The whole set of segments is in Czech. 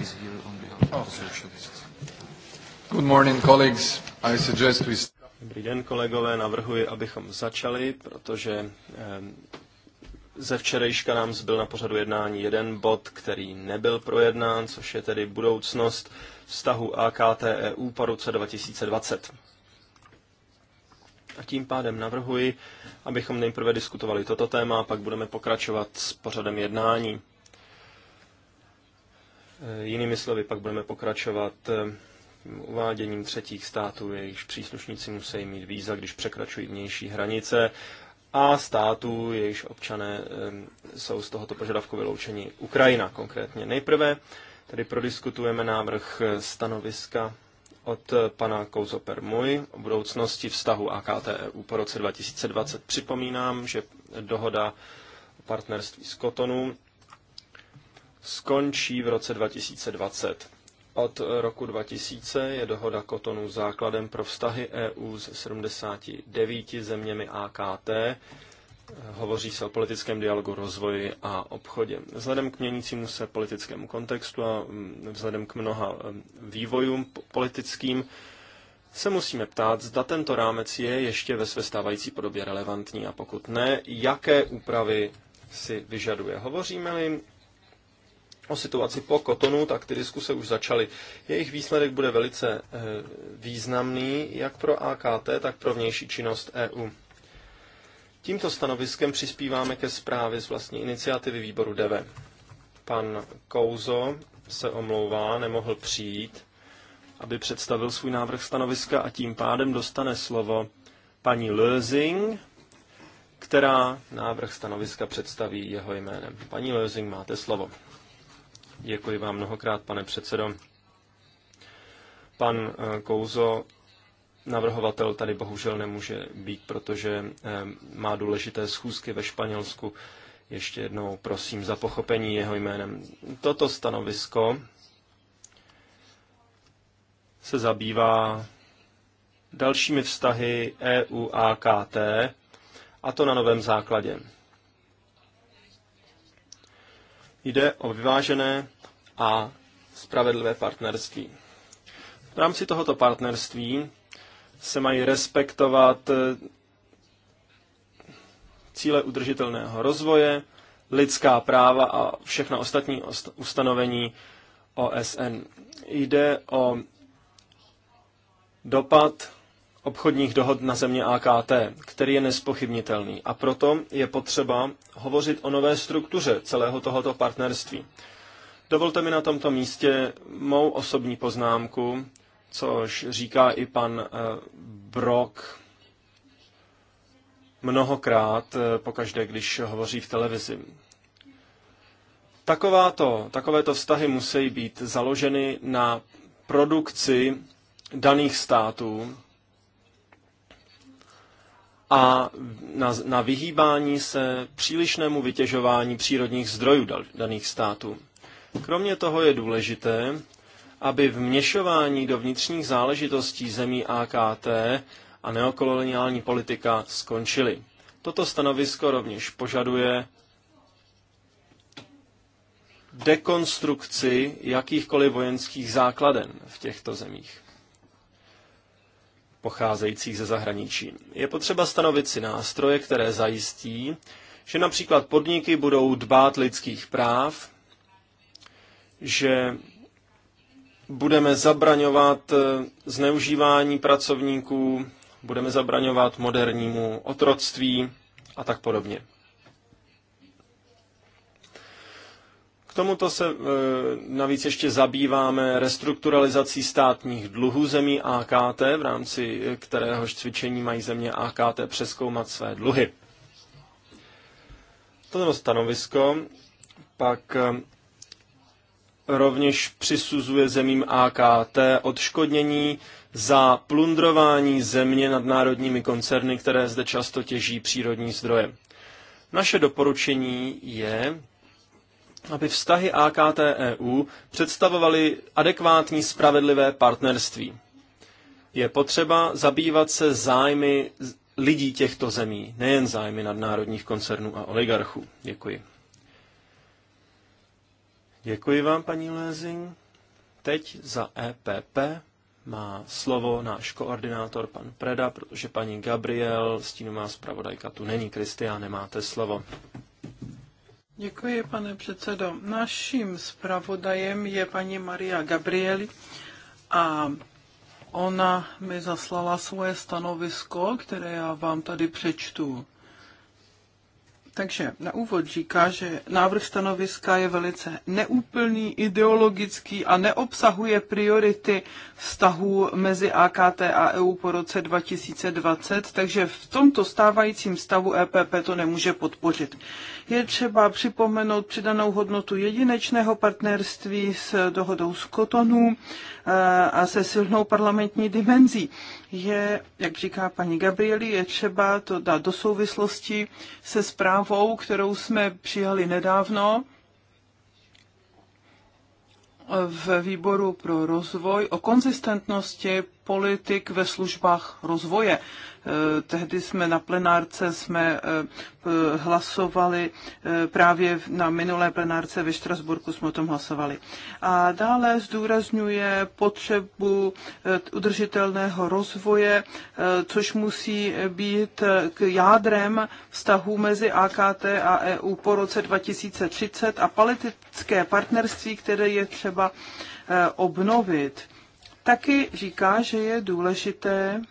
is here on behalf of the socialists. Good morning, colleagues. I suggest we... Dobrý den, kolegové. Navrhuji, abychom začali, protože eh, ze včerejška nám zbyl na pořadu jednání jeden bod, který nebyl projednán, což je tedy budoucnost vztahu AKT-EU po roce 2020. A tím pádem navrhuji, abychom nejprve diskutovali toto téma, a pak budeme pokračovat s pořadem jednání. Eh, jinými slovy, pak budeme pokračovat eh, uváděním třetích států, jejichž příslušníci musí mít víza, když překračují vnější hranice a států, jejichž občané eh, jsou z tohoto požadavku vyloučeni. Ukrajina konkrétně. Nejprve Tady prodiskutujeme návrh stanoviska od pana Muj o budoucnosti vztahu AKTEU po roce 2020. Připomínám, že dohoda o partnerství s Kotonu skončí v roce 2020. Od roku 2000 je dohoda Kotonu základem pro vztahy EU s 79 zeměmi AKT. Hovoří se o politickém dialogu, rozvoji a obchodě. Vzhledem k měnícímu se politickému kontextu a mm, vzhledem k mnoha mm, vývojům politickým, se musíme ptát, zda tento rámec je ještě ve své stávající podobě relevantní a pokud ne, jaké úpravy si vyžaduje. Hovoříme-li o situaci po Kotonu, tak ty diskuse už začaly. Jejich výsledek bude velice eh, významný jak pro AKT, tak pro vnější činnost EU. Tímto stanoviskem přispíváme ke zprávě z vlastní iniciativy výboru DEVE. Pan Kouzo se omlouvá, nemohl přijít, aby představil svůj návrh stanoviska a tím pádem dostane slovo paní Lözing, která návrh stanoviska představí jeho jménem. Paní Lözing, máte slovo. Děkuji vám mnohokrát, pane předsedo. Pan eh, Kouzo, navrhovatel tady bohužel nemůže být, protože eh, má důležité schůzky ve Španělsku. Ještě jednou prosím za pochopení jeho jménem. Toto stanovisko se zabývá dalšími vztahy EU a KT, a to na novém základě. Jde o vyvážené a spravedlivé partnerství. V rámci tohoto partnerství se mají respektovat eh, cíle udržitelného rozvoje, lidská práva a všechna ostatní ustanovení OSN. Jde o dopad obchodních dohod na země AKT, který je nespochybnitelný. A proto je potřeba hovořit o nové struktuře celého tohoto partnerství. Dovolte mi na tomto místě mou osobní poznámku, což říká i pan eh, Brok mnohokrát, eh, pokaždé, když hovoří v televizi. Takováto, takovéto vztahy musí být založeny na produkci daných států a na, na vyhýbání se přílišnému vytěžování přírodních zdrojů daných států. Kromě toho je důležité, aby vměšování do vnitřních záležitostí zemí AKT a neokoloniální politika skončily. Toto stanovisko rovněž požaduje dekonstrukci jakýchkoliv vojenských základen v těchto zemích pocházejících ze zahraničí. Je potřeba stanovit si nástroje, které zajistí, že například podniky budou dbát lidských práv, že budeme zabraňovat eh, zneužívání pracovníků, budeme zabraňovat modernímu otroctví a tak podobně. tomuto se e, navíc ještě zabýváme restrukturalizací státních dluhů zemí AKT, v rámci kteréhož cvičení mají země AKT přeskoumat své dluhy. Toto stanovisko pak e, rovněž přisuzuje zemím AKT odškodnění za plundrování země nad národními koncerny, které zde často těží přírodní zdroje. Naše doporučení je, aby vztahy AKT-EU představovaly adekvátní spravedlivé partnerství. Je potřeba zabývat se zájmy lidí těchto zemí, nejen zájmy nadnárodních koncernů a oligarchů. Děkuji. Děkuji vám, paní Lézing. Teď za EPP má slovo náš koordinátor pan Preda, protože paní Gabriel, stínová zpravodajka, tu není. Kristiáne, máte slovo. Děkuji, pane předsedo. Naším zpravodajem je paní Maria Gabrieli a ona mi zaslala svoje stanovisko, které já vám tady přečtu. Takže na úvod říká, že návrh stanoviska je velice neúplný, ideologický a neobsahuje priority vztahů mezi AKT a EU po roce 2020, takže v tomto stávajícím stavu EPP to nemůže podpořit. Je třeba připomenout přidanou hodnotu jedinečného partnerství s dohodou z Kotonu, a se silnou parlamentní dimenzí. Je, jak říká paní Gabrieli, je třeba to dát do souvislosti se zprávou, kterou jsme přijali nedávno v výboru pro rozvoj o konzistentnosti politik ve službách rozvoje. Eh, tehdy jsme na plenárce jsme eh, hlasovali eh, právě na minulé plenárce ve Štrasburku jsme o tom hlasovali. A dále zdůrazňuje potřebu udržitelného rozvoje, což musí být k jádrem vztahu mezi AKT a EU po roce 2030 a politické partnerství, které je třeba obnovit. Taky říká, že je důležité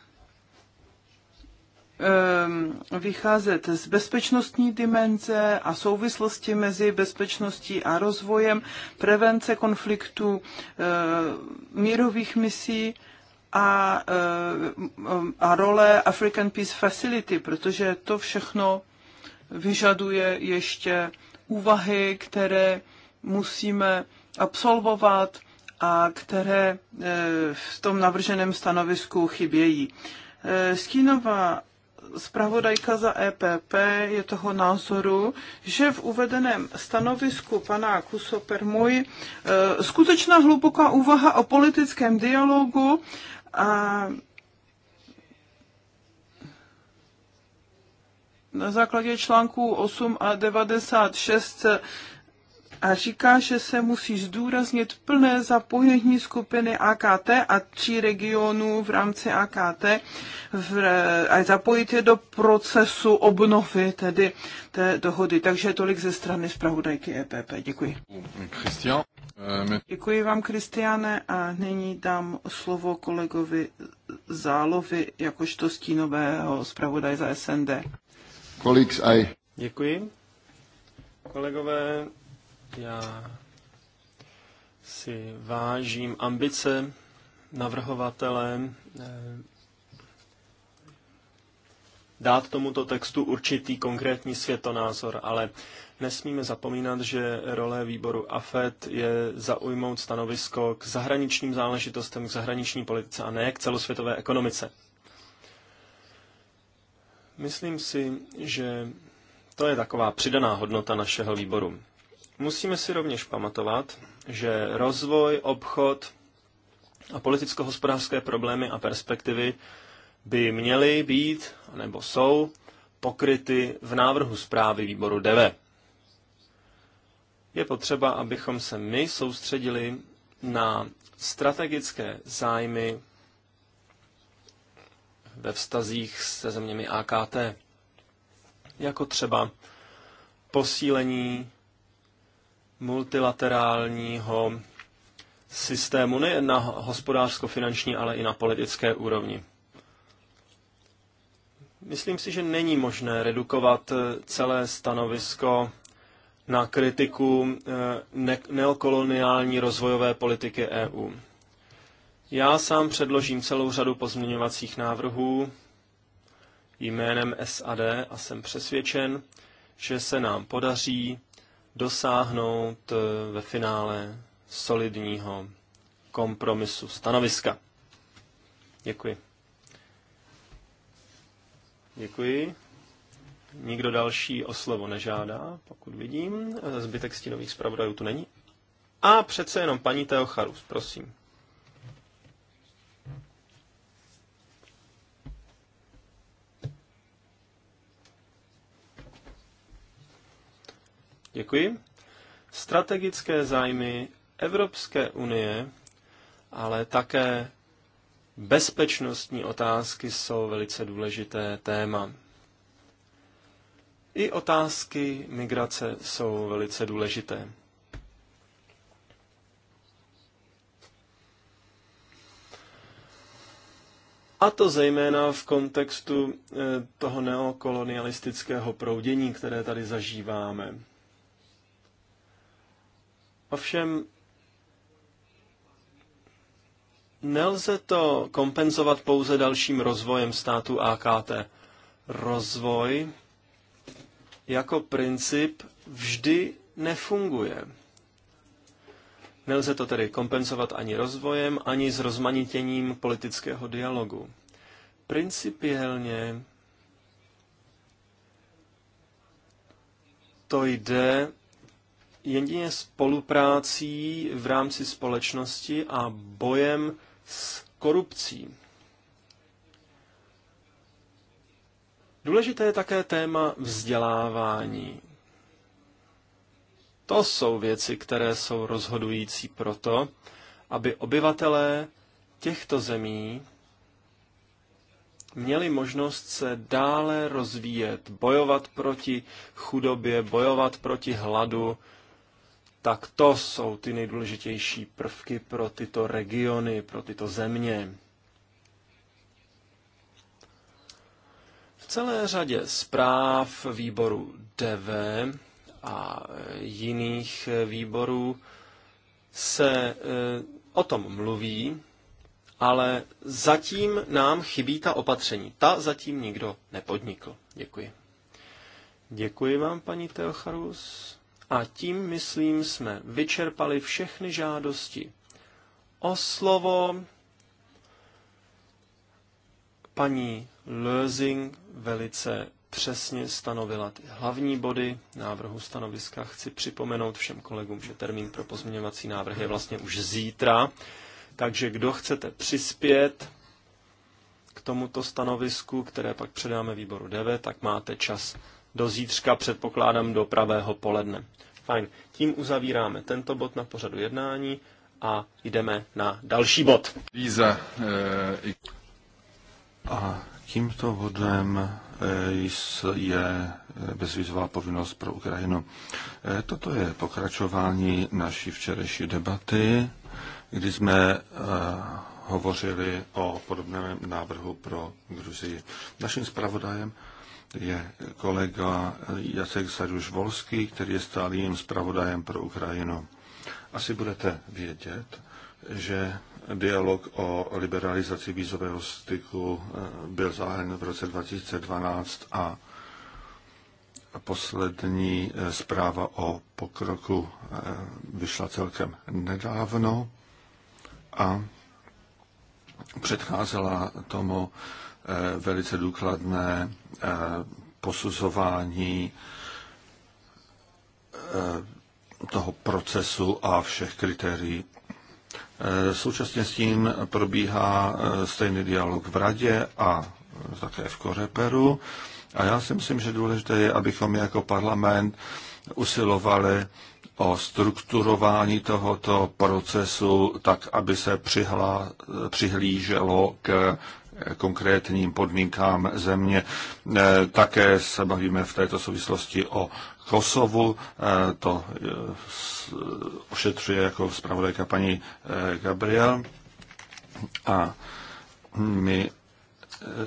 Ehm, vycházet z bezpečnostní dimenze a souvislosti mezi bezpečností a rozvojem, prevence konfliktu, ehm, mírových misí a, ehm, a role African Peace Facility, protože to všechno vyžaduje ještě úvahy, které musíme absolvovat a které v tom navrženém stanovisku chybějí. Stínová zpravodajka za EPP je toho názoru, že v uvedeném stanovisku pana Kusopermuj e, skutečná hluboká úvaha o politickém dialogu a na základě článků 8 a 96 a říká, že se musí zdůraznit plné zapojení skupiny AKT a tří regionů v rámci AKT v, a zapojit je do procesu obnovy tedy té dohody. Takže tolik ze strany zpravodajky EPP. Děkuji. Christian. Euh, Děkuji vám, Kristiane, a nyní dám slovo kolegovi Zálovi jakožto stínového zpravodaj za SND. Děkuji. Kolegové, já si vážím ambice navrhovatele eh, dát tomuto textu určitý konkrétní světonázor, ale nesmíme zapomínat, že role výboru AFET je zaujmout stanovisko k zahraničním záležitostem, k zahraniční politice a ne k celosvětové ekonomice. Myslím si, že to je taková přidaná hodnota našeho výboru. Musíme si rovněž pamatovat, že rozvoj, obchod a politicko-hospodářské problémy a perspektivy by měly být, nebo jsou, pokryty v návrhu zprávy výboru DEVE. Je potřeba, abychom se my soustředili na strategické zájmy ve vztazích se zeměmi AKT, jako třeba posílení multilaterálního systému nejen na hospodářsko-finanční, ale i na politické úrovni. Myslím si, že není možné redukovat eh, celé stanovisko na kritiku eh, ne- neokoloniální rozvojové politiky EU. Já sám předložím celou řadu pozměňovacích návrhů jménem SAD a jsem přesvědčen, že se nám podaří dosáhnout eh, ve finále solidního kompromisu stanoviska. Děkuji. Děkuji. Nikdo další o slovo nežádá, pokud vidím. Eh, Zbytek stínových zpravodajů tu není. A přece jenom paní Teocharus, prosím. Děkuji. Strategické zájmy Evropské unie, ale také bezpečnostní otázky jsou velice důležité téma. I otázky migrace jsou velice důležité. A to zejména v kontextu eh, toho neokolonialistického proudění, které tady zažíváme. Ovšem, nelze to kompenzovat pouze dalším rozvojem státu AKT. Rozvoj jako princip vždy nefunguje. Nelze to tedy kompenzovat ani rozvojem, ani s rozmanitěním politického dialogu. Principiálně to jde jedině spoluprácí v rámci společnosti a bojem s korupcí. Důležité je také téma vzdělávání. To jsou věci, které jsou rozhodující proto, aby obyvatelé těchto zemí měli možnost se dále rozvíjet, bojovat proti chudobě, bojovat proti hladu, tak to jsou ty nejdůležitější prvky pro tyto regiony, pro tyto země. V celé řadě zpráv výboru DV a jiných výborů se eh, o tom mluví, ale zatím nám chybí ta opatření. Ta zatím nikdo nepodnikl. Děkuji. Děkuji vám, paní Teocharus. A tím, myslím, jsme vyčerpali všechny žádosti o slovo. Paní Lözing velice přesně stanovila ty hlavní body návrhu stanoviska. Chci připomenout všem kolegům, že termín pro pozměňovací návrh je vlastně už zítra. Takže kdo chcete přispět k tomuto stanovisku, které pak předáme výboru DV, tak máte čas do zítřka, předpokládám, do pravého poledne. Fajn, tím uzavíráme tento bod na pořadu jednání a jdeme na další bod. Líza, e... Eh, a tímto bodem eh, je eh, bezvýzová povinnost pro Ukrajinu. Toto je pokračování naší včerejší debaty, kdy jsme hovořili o podobném návrhu pro Gruzii. Naším zpravodajem je kolega Jacek Saruš Volský, který je stálým zpravodajem pro Ukrajinu. Asi budete vědět, že dialog o liberalizaci vízového styku eh, byl zahájen v roce 2012 a poslední eh, zpráva o pokroku eh, vyšla celkem nedávno a předcházela tomu Eh, velice důkladné eh, posuzování eh, toho procesu a všech kritérií. Současně s tím probíhá stejný dialog v Radě a také v Koreperu. A já si myslím, že důležité je, abychom jako parlament usilovali o strukturování tohoto procesu tak, aby se přihla, přihlíželo k konkrétním podmínkám země. Eh, také se bavíme v této souvislosti o Kosovu. Eh, to eh, ošetřuje jako zpravodajka paní Gabriel. A my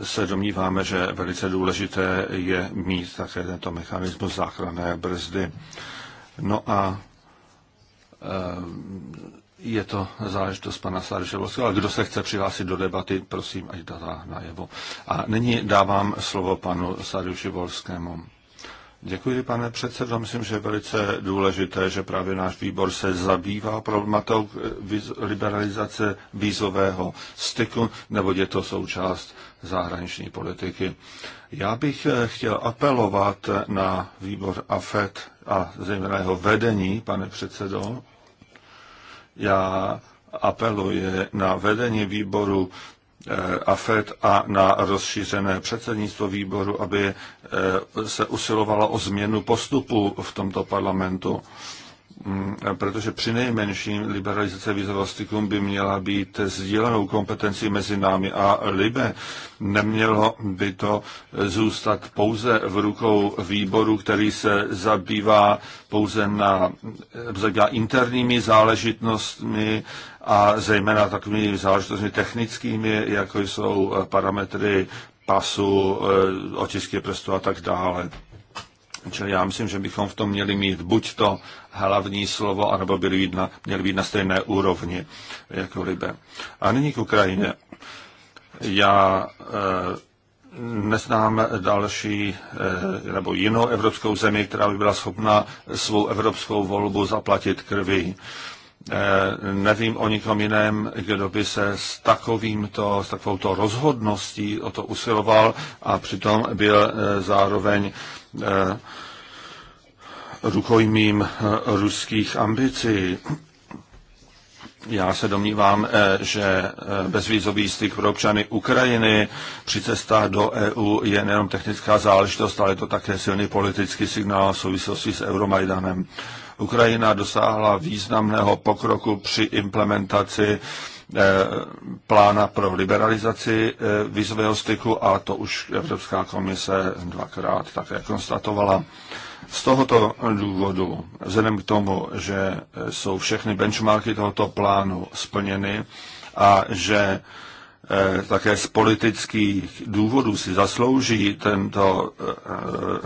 se domníváme, že velice důležité je mít také tento mechanismus záchranné brzdy. No a je to záležitost pana Sarželovského, ale kdo se chce přihlásit do debaty, prosím, ať dá najevo. A nyní dávám slovo panu Sarželovskému. Děkuji, pane předsedo. Myslím, že je velice důležité, že právě náš výbor se zabývá problematou liberalizace vízového styku, nebo je to součást zahraniční politiky. Já bych chtěl apelovat na výbor AFET a zejména jeho vedení, pane předsedo, já apeluji na vedení výboru eh, AFED a na rozšířené předsednictvo výboru, aby eh, se usilovalo o změnu postupu v tomto parlamentu. Mm, protože při nejmenším liberalizace vízového styku by měla být sdílenou kompetencí mezi námi a Libe. Nemělo by to zůstat pouze v rukou výboru, který se zabývá pouze na zabývá interními záležitostmi a zejména takovými záležitostmi technickými, jako jsou parametry pasu, eh, otisky prstů a tak dále. Čili já myslím, že bychom v tom měli mít buď to hlavní slovo, anebo byli být na, měli být na stejné úrovni jako Libe. A nyní k Ukrajině. Já e, neznám další e, nebo jinou evropskou zemi, která by byla schopna svou evropskou volbu zaplatit krví. E, Eh, nevím o nikom jiném, kdo by se s takovýmto, s takovouto rozhodností o to usiloval a přitom byl eh, zároveň eh, rukojmím ruských ambicí. Já se domnívám, že bezvízový styk pro občany Ukrajiny při cestách do EU je nejenom technická záležitost, ale je to také silný politický signál v souvislosti s Euromajdanem. Ukrajina dosáhla významného pokroku při implementaci eh, plána pro liberalizaci eh, vizového styku a to už Evropská komise dvakrát také konstatovala. Z tohoto důvodu, vzhledem k tomu, že jsou všechny benchmarky tohoto plánu splněny a že eh, také z politických důvodů si zaslouží tento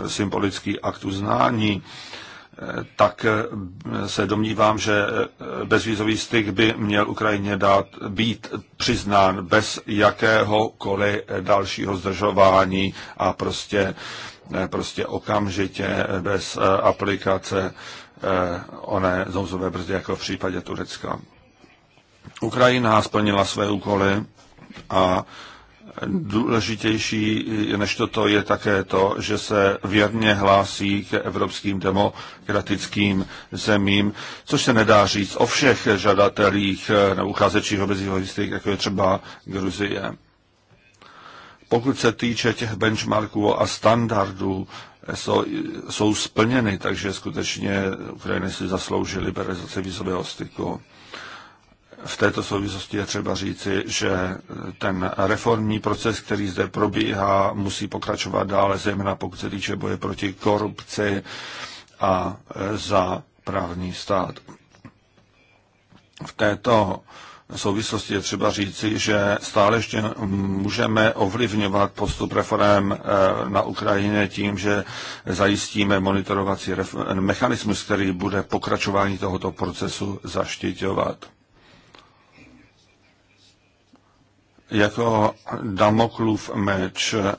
symbolický akt uznání, tak eh, se domnívám, že eh, bezvízový styk by měl Ukrajině dát být přiznán bez jakéhokoliv dalšího zdržování a prostě, eh, prostě okamžitě bez aplikace oné zouzové brzdy, jako v případě Turecka. Ukrajina splnila své úkoly a Důležitější než toto je také to, že se věrně hlásí k evropským demokratickým zemím, což se nedá říct o všech žadatelích eh, na uchazečích o jako je třeba Gruzie. Pokud se týče těch benchmarků a standardů, eh, jsou, jsou splněny, takže skutečně Ukrajiny si zasloužili realizaci vízového styku. V této souvislosti je třeba říci, že ten reformní proces, který zde probíhá, musí pokračovat dále, zejména pokud se týče boje proti korupci a e, za právní stát. V této souvislosti je třeba říci, že stále ještě můžeme ovlivňovat postup reform e, na Ukrajině tím, že zajistíme monitorovací mechanismus, který bude pokračování tohoto procesu zaštiťovat. jako Damoklův meč eh,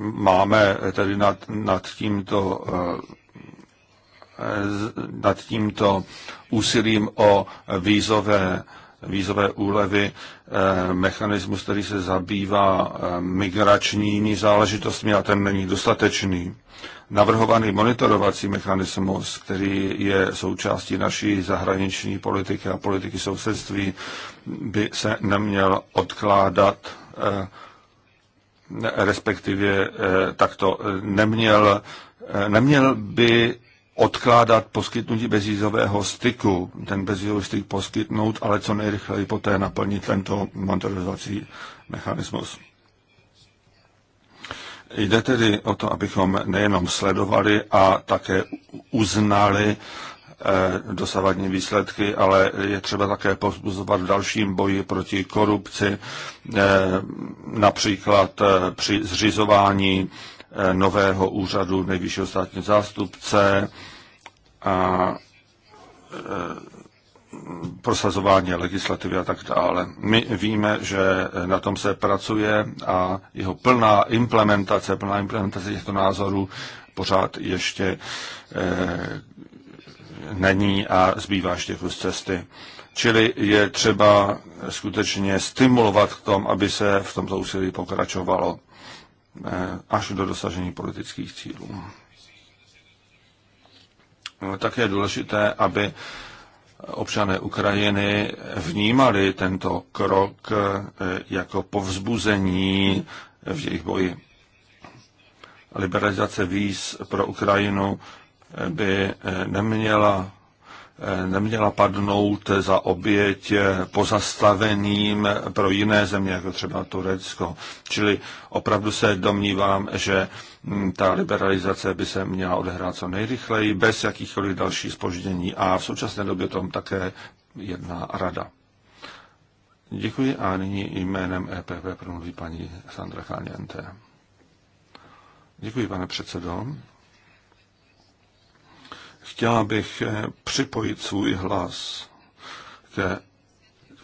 máme tedy nad, nad tímto eh, nad tímto úsilím o vízové vízové úlevy, eh, mechanismus, který se zabývá eh, migračními záležitostmi a ten není dostatečný. Navrhovaný monitorovací mechanismus, který je součástí naší zahraniční politiky a politiky sousedství, by se neměl odkládat eh, respektive takto neměl, neměl by odkládat poskytnutí bezvízového styku, ten bezvízový styk poskytnout, ale co nejrychleji poté naplnit tento monitorizací mechanismus. Jde tedy o to, abychom nejenom sledovali a také uznali eh, dosavadní výsledky, ale je třeba také pozbuzovat v dalším boji proti korupci, eh, například eh, při zřizování Eh, nového úřadu nejvyššího státního zástupce a eh, prosazování legislativy a tak dále. My víme, že na tom se pracuje a jeho plná implementace, plná implementace těchto názorů pořád ještě e, není a zbývá ještě kus cesty. Čili je třeba skutečně stimulovat k tomu, aby se v tomto úsilí pokračovalo. Eh, až do dosažení politických cílů. No, Také je důležité, aby občané Ukrajiny vnímali tento krok eh, jako povzbuzení v jejich boji. Liberalizace víz pro Ukrajinu by eh, neměla Eh, neměla padnout za oběť eh, pozastaveným pro jiné země, jako třeba Turecko. Čili opravdu se domnívám, že hm, ta liberalizace by se měla odehrát co nejrychleji, bez jakýchkoliv dalších spoždění a v současné době tom také jedná rada. Děkuji a nyní jménem EPP promluví paní Sandra Chaniente. Děkuji, pane předsedo. Chtěla bych eh, připojit svůj hlas ke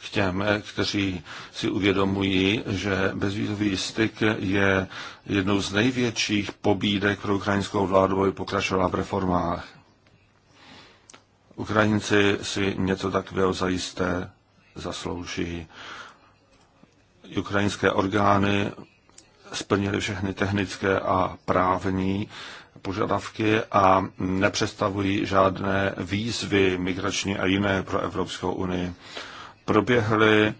k těm, eh, kteří si uvědomují, že bezvízový styk je jednou z největších pobídek pro ukrajinskou vládu, aby pokračovala v reformách. Ukrajinci si něco takového zajisté zaslouží. Ukrajinské orgány splnily všechny technické a právní požadavky a nepředstavují žádné výzvy migrační a jiné pro Evropskou unii. Proběhly eh,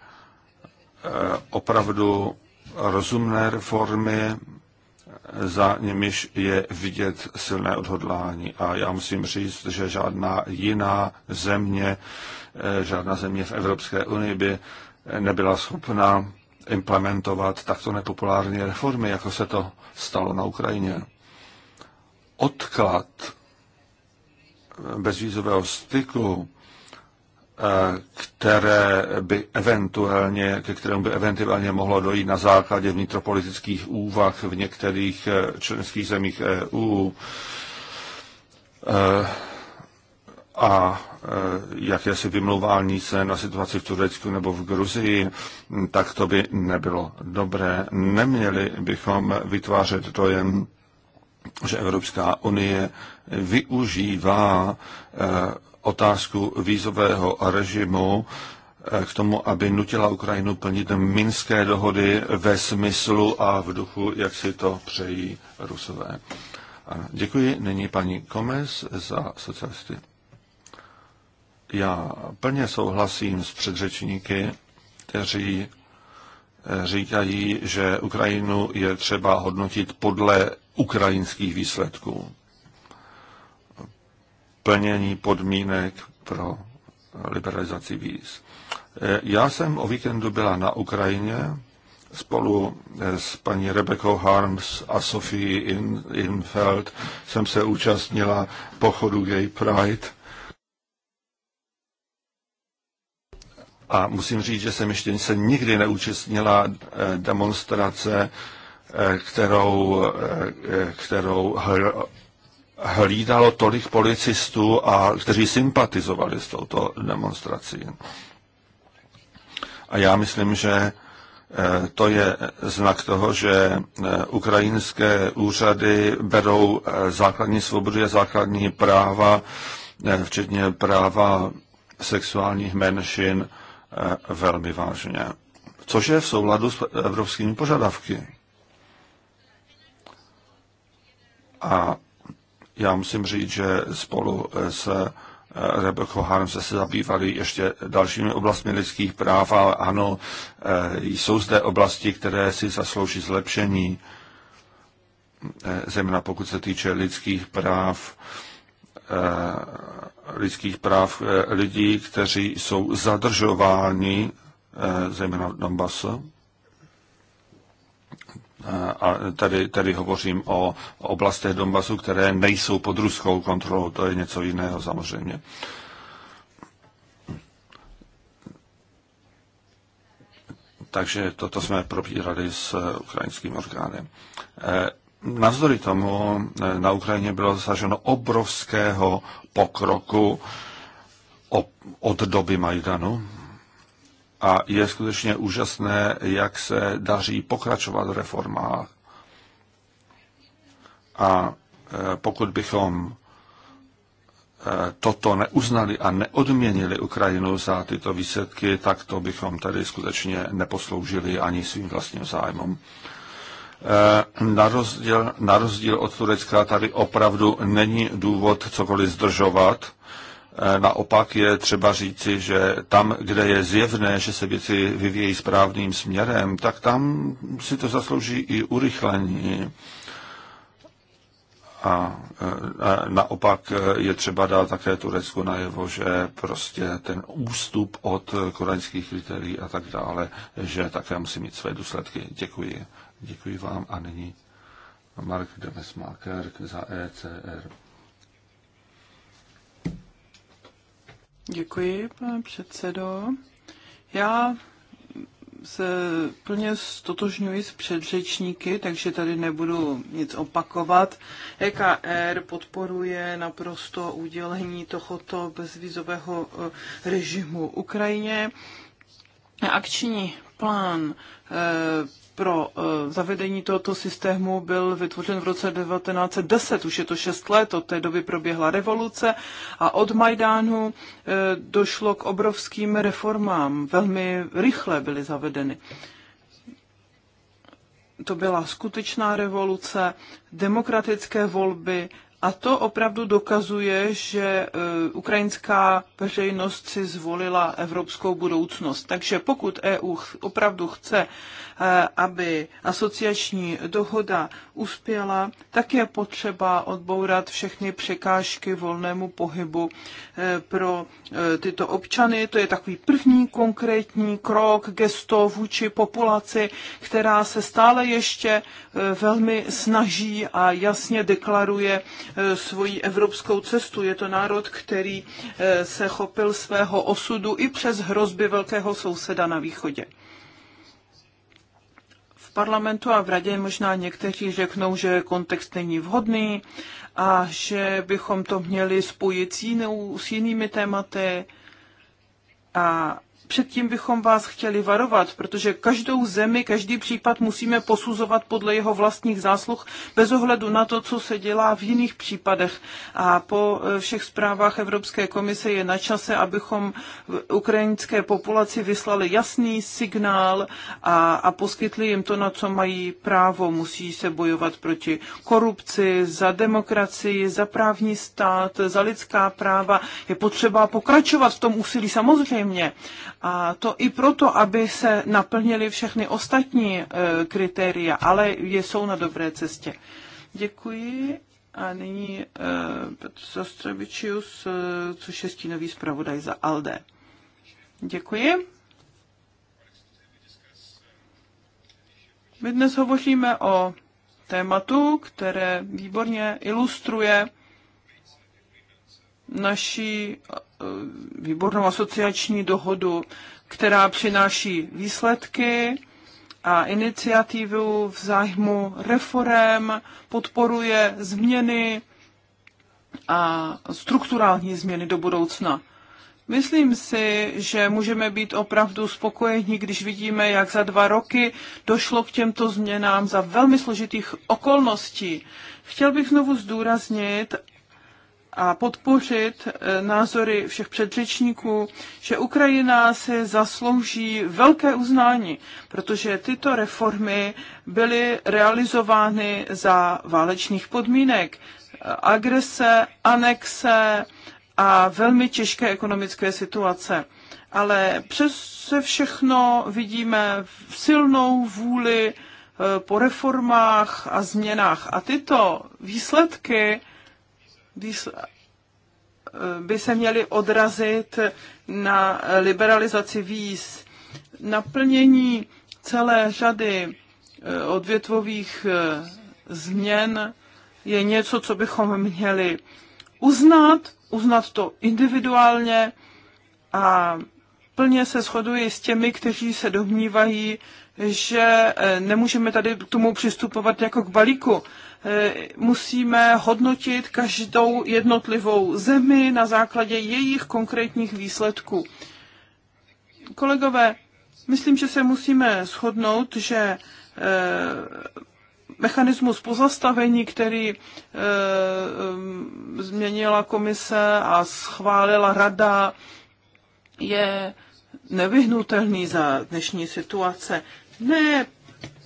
opravdu rozumné reformy, za nimiž je vidět silné odhodlání. A já musím říct, že žádná jiná země, eh, žádná země v Evropské unii by nebyla schopna implementovat takto nepopulární reformy, jako se to stalo na Ukrajině odklad bezvízového styku, eh, které by eventuálně, ke kterému by eventuálně mohlo dojít na základě vnitropolitických úvah v některých eh, členských zemích EU, eh, a jakési vymlouvání se na situaci v Turecku nebo v Gruzii, tak to by nebylo dobré. Neměli bychom vytvářet dojem, že Evropská unie využívá eh, otázku vízového režimu eh, k tomu, aby nutila Ukrajinu plnit minské dohody ve smyslu a v duchu, jak si to přejí rusové. Děkuji. Nyní paní Komes za socialisty. Já plně souhlasím s předřečníky, kteří eh, říkají, že Ukrajinu je třeba hodnotit podle ukrajinských výsledků. Plnění podmínek pro liberalizaci víz. Eh, já jsem o víkendu byla na Ukrajině spolu eh, s paní Rebekou Harms a Sophie In- Infeld jsem se účastnila pochodu Gay Pride. A musím říct, že jsem ještě se nikdy neúčastnila eh, demonstrace kterou, kterou hlídalo tolik policistů, a kteří sympatizovali s touto demonstrací. A já myslím, že eh, to je znak toho, že eh, ukrajinské úřady berou eh, základní svobody a základní práva, včetně práva sexuálních menšin, velmi vážně. Což je v souladu s evropskými požadavky. A já musím říct, že spolu eh, s eh, Rebecca Harms se se zabývali ještě dalšími oblastmi lidských práv ale ano, eh, jsou zde oblasti, které si zaslouží zlepšení, zejména pokud se týče lidských práv, lidských práv lidí, kteří jsou zadržováni, zejména v Donbasu a tady, tady hovořím o oblastech Donbasu, které nejsou pod ruskou kontrolou, to je něco jiného samozřejmě. Takže toto jsme probírali s ukrajinským orgánem. Eh, navzdory tomu eh, na Ukrajině bylo dosaženo obrovského pokroku od doby Majdanu a je skutečně úžasné, jak se daří pokračovat v reformách. A e, pokud bychom e, toto neuznali a neodměnili Ukrajinu za tyto výsledky, tak to bychom tady skutečně neposloužili ani svým vlastním zájmům. E, na rozdíl, na rozdíl od Turecka tady opravdu není důvod cokoliv zdržovat Eh, naopak je třeba říci, že tam, kde je zjevné, že se věci vyvíjejí správným směrem, tak tam si to zaslouží i urychlení. A, eh, naopak eh, je třeba dát také Turecku najevo, že prostě ten ústup od koreňských kritérií a tak dále, že také musí mít své důsledky. Děkuji. Děkuji vám a nyní Mark Demesmaker za ECR. Děkuji, pane předsedo. Já se plně stotožňuji s předřečníky, takže tady nebudu nic opakovat. EKR podporuje naprosto udělení tohoto bezvizového eh, režimu Ukrajině. Akční plán eh, pro eh, zavedení tohoto systému byl vytvořen v roce 1910, už je to 6 let, od té doby proběhla revoluce a od Majdánu eh, došlo k obrovským reformám, velmi rychle byly zavedeny. To byla skutečná revoluce, demokratické volby a to opravdu dokazuje, že eh, ukrajinská veřejnost si zvolila evropskou budoucnost. Takže pokud EU opravdu chce Eh, aby asociační dohoda uspěla, tak je potřeba odbourat všechny překážky volnému pohybu eh, pro eh, tyto občany. To je takový první konkrétní krok, gesto vůči populaci, která se stále ještě velmi snaží a jasně deklaruje svoji evropskou cestu. Je to národ, který se chopil svého osudu i přes hrozby velkého souseda na východě parlamentu a v radě možná někteří řeknou, že kontext není vhodný a že bychom to měli spojit s, jinou, s jinými tématy. A předtím bychom vás chtěli varovat, protože každou zemi, každý případ musíme posuzovat podle jeho vlastních zásluh, bez ohledu na to, co se dělá v jiných případech. A po eh, všech zprávách Evropské komise je na čase, abychom ukrajinské populaci vyslali jasný signál a, a poskytli jim to, na co mají právo. Musí se bojovat proti korupci, za demokracii, za právní stát, za lidská práva. Je potřeba pokračovat v tom úsilí samozřejmě a to i proto, aby se naplnili všechny ostatní e, kritéria, ale jsou na dobré cestě. Děkuji. A nyní e, Petr Sostrevičius, e, což je stínový zpravodaj za ALDE. Děkuji. My dnes hovoříme o tématu, které výborně ilustruje naší eh, výbornou asociační dohodu, která přináší výsledky a iniciativu v zájmu reform, podporuje změny a strukturální změny do budoucna. Myslím si, že můžeme být opravdu spokojení, když vidíme, jak za dva roky došlo k těmto změnám za velmi složitých okolností. Chtěl bych znovu zdůraznit a podpořit eh, názory všech předřečníků, že Ukrajina si zaslouží velké uznání, protože tyto reformy byly realizovány za válečných podmínek, agrese, anexe a velmi těžké ekonomické situace. Ale přes se všechno vidíme v silnou vůli eh, po reformách a změnách. A tyto výsledky Eh, by se měly odrazit na liberalizaci víz, naplnění celé řady eh, odvětvových eh, změn je něco, co bychom měli uznat, uznat to individuálně a plně se shoduji s těmi, kteří se domnívají, že nemůžeme tady k tomu přistupovat jako k balíku. Eh, musíme hodnotit každou jednotlivou zemi na základě jejich konkrétních výsledků. Kolegové, myslím, že se musíme shodnout, že eh, mechanismus pozastavení, který eh, mm, změnila komise a schválila rada, je nevyhnutelný za dnešní situace. Ne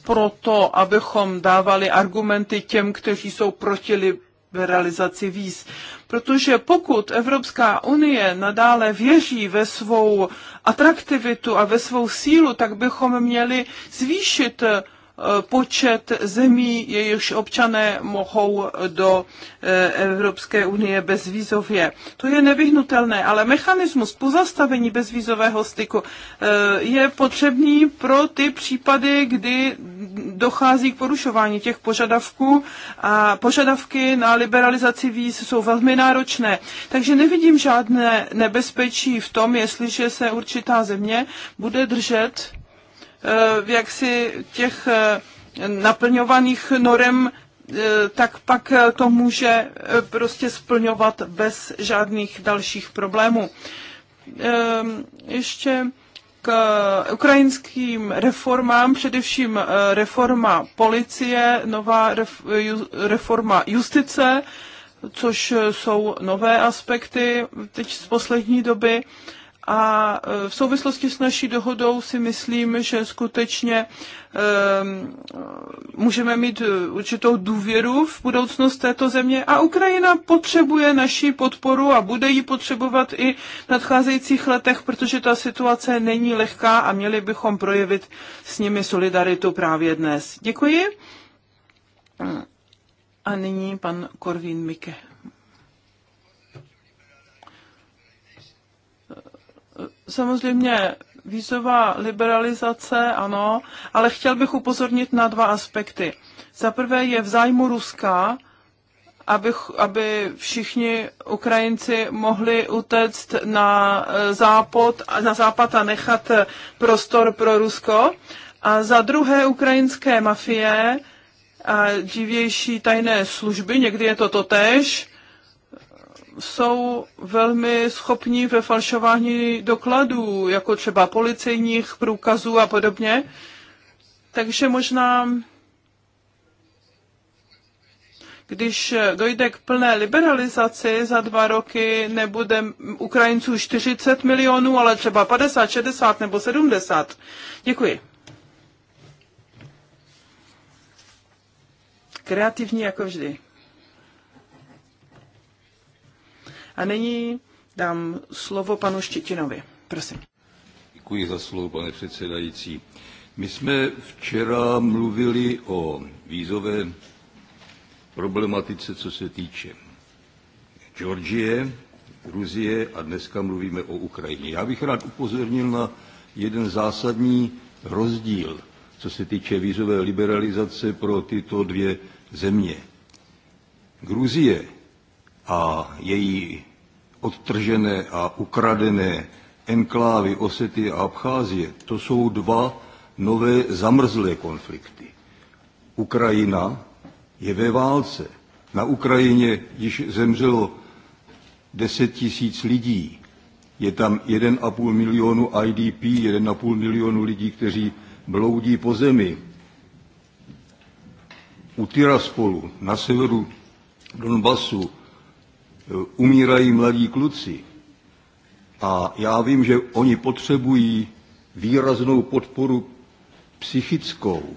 proto, abychom dávali argumenty těm, kteří jsou proti liberalizaci víz. Protože pokud Evropská unie nadále věří ve svou atraktivitu a ve svou sílu, tak bychom měli zvýšit počet zemí, jejichž občané mohou do eh, Evropské unie bezvízově. To je nevyhnutelné, ale mechanismus pozastavení bezvízového styku eh, je potřebný pro ty případy, kdy dochází k porušování těch požadavků a požadavky na liberalizaci víz jsou velmi náročné. Takže nevidím žádné nebezpečí v tom, jestliže se určitá země bude držet Eh, v jaksi těch eh, naplňovaných norem, eh, tak pak to může prostě splňovat bez žádných dalších problémů. Ehm, ještě k ukrajinským reformám, především reforma policie, nová reforma justice, což jsou nové aspekty teď z poslední doby. A e, v souvislosti s naší dohodou si myslím, že skutečně můžeme mít e, určitou důvěru v budoucnost této země a Ukrajina potřebuje naši podporu a bude ji potřebovat i v nadcházejících letech, protože ta situace není lehká a měli bychom projevit s nimi solidaritu právě dnes. Děkuji. A nyní pan Korvin Mike. samozřejmě vízová liberalizace, ano, ale chtěl bych upozornit na dva aspekty. Za prvé je v zájmu Ruska, aby, aby všichni Ukrajinci mohli utéct na, eh, západ, na západ a nechat eh, prostor pro Rusko. A za druhé ukrajinské mafie a dřívější tajné služby, někdy je to totéž, jsou velmi schopní ve falšování dokladů, jako třeba policejních průkazů a podobně. Takže možná, když dojde k plné liberalizaci za dva roky, nebude Ukrajinců 40 milionů, ale třeba 50, 60 nebo 70. Děkuji. Kreativní jako vždy. A nyní dám slovo panu Štětinovi. Prosím. Děkuji za slovo, pane předsedající. My jsme včera mluvili o vízové problematice, co se týče Georgie, Gruzie a dneska mluvíme o Ukrajině. Já bych rád upozornil na jeden zásadní rozdíl, co se týče vízové liberalizace pro tyto dvě země. Gruzie a její odtržené a ukradené enklávy Osety a Abcházie, to jsou dva nové zamrzlé konflikty. Ukrajina je ve válce. Na Ukrajině již zemřelo 10 tisíc lidí. Je tam 1,5 milionu IDP, 1,5 milionu lidí, kteří bloudí po zemi. U Tiraspolu na severu Donbasu Eh, umírají mladí kluci. A já vím, že oni potřebují výraznou podporu psychickou.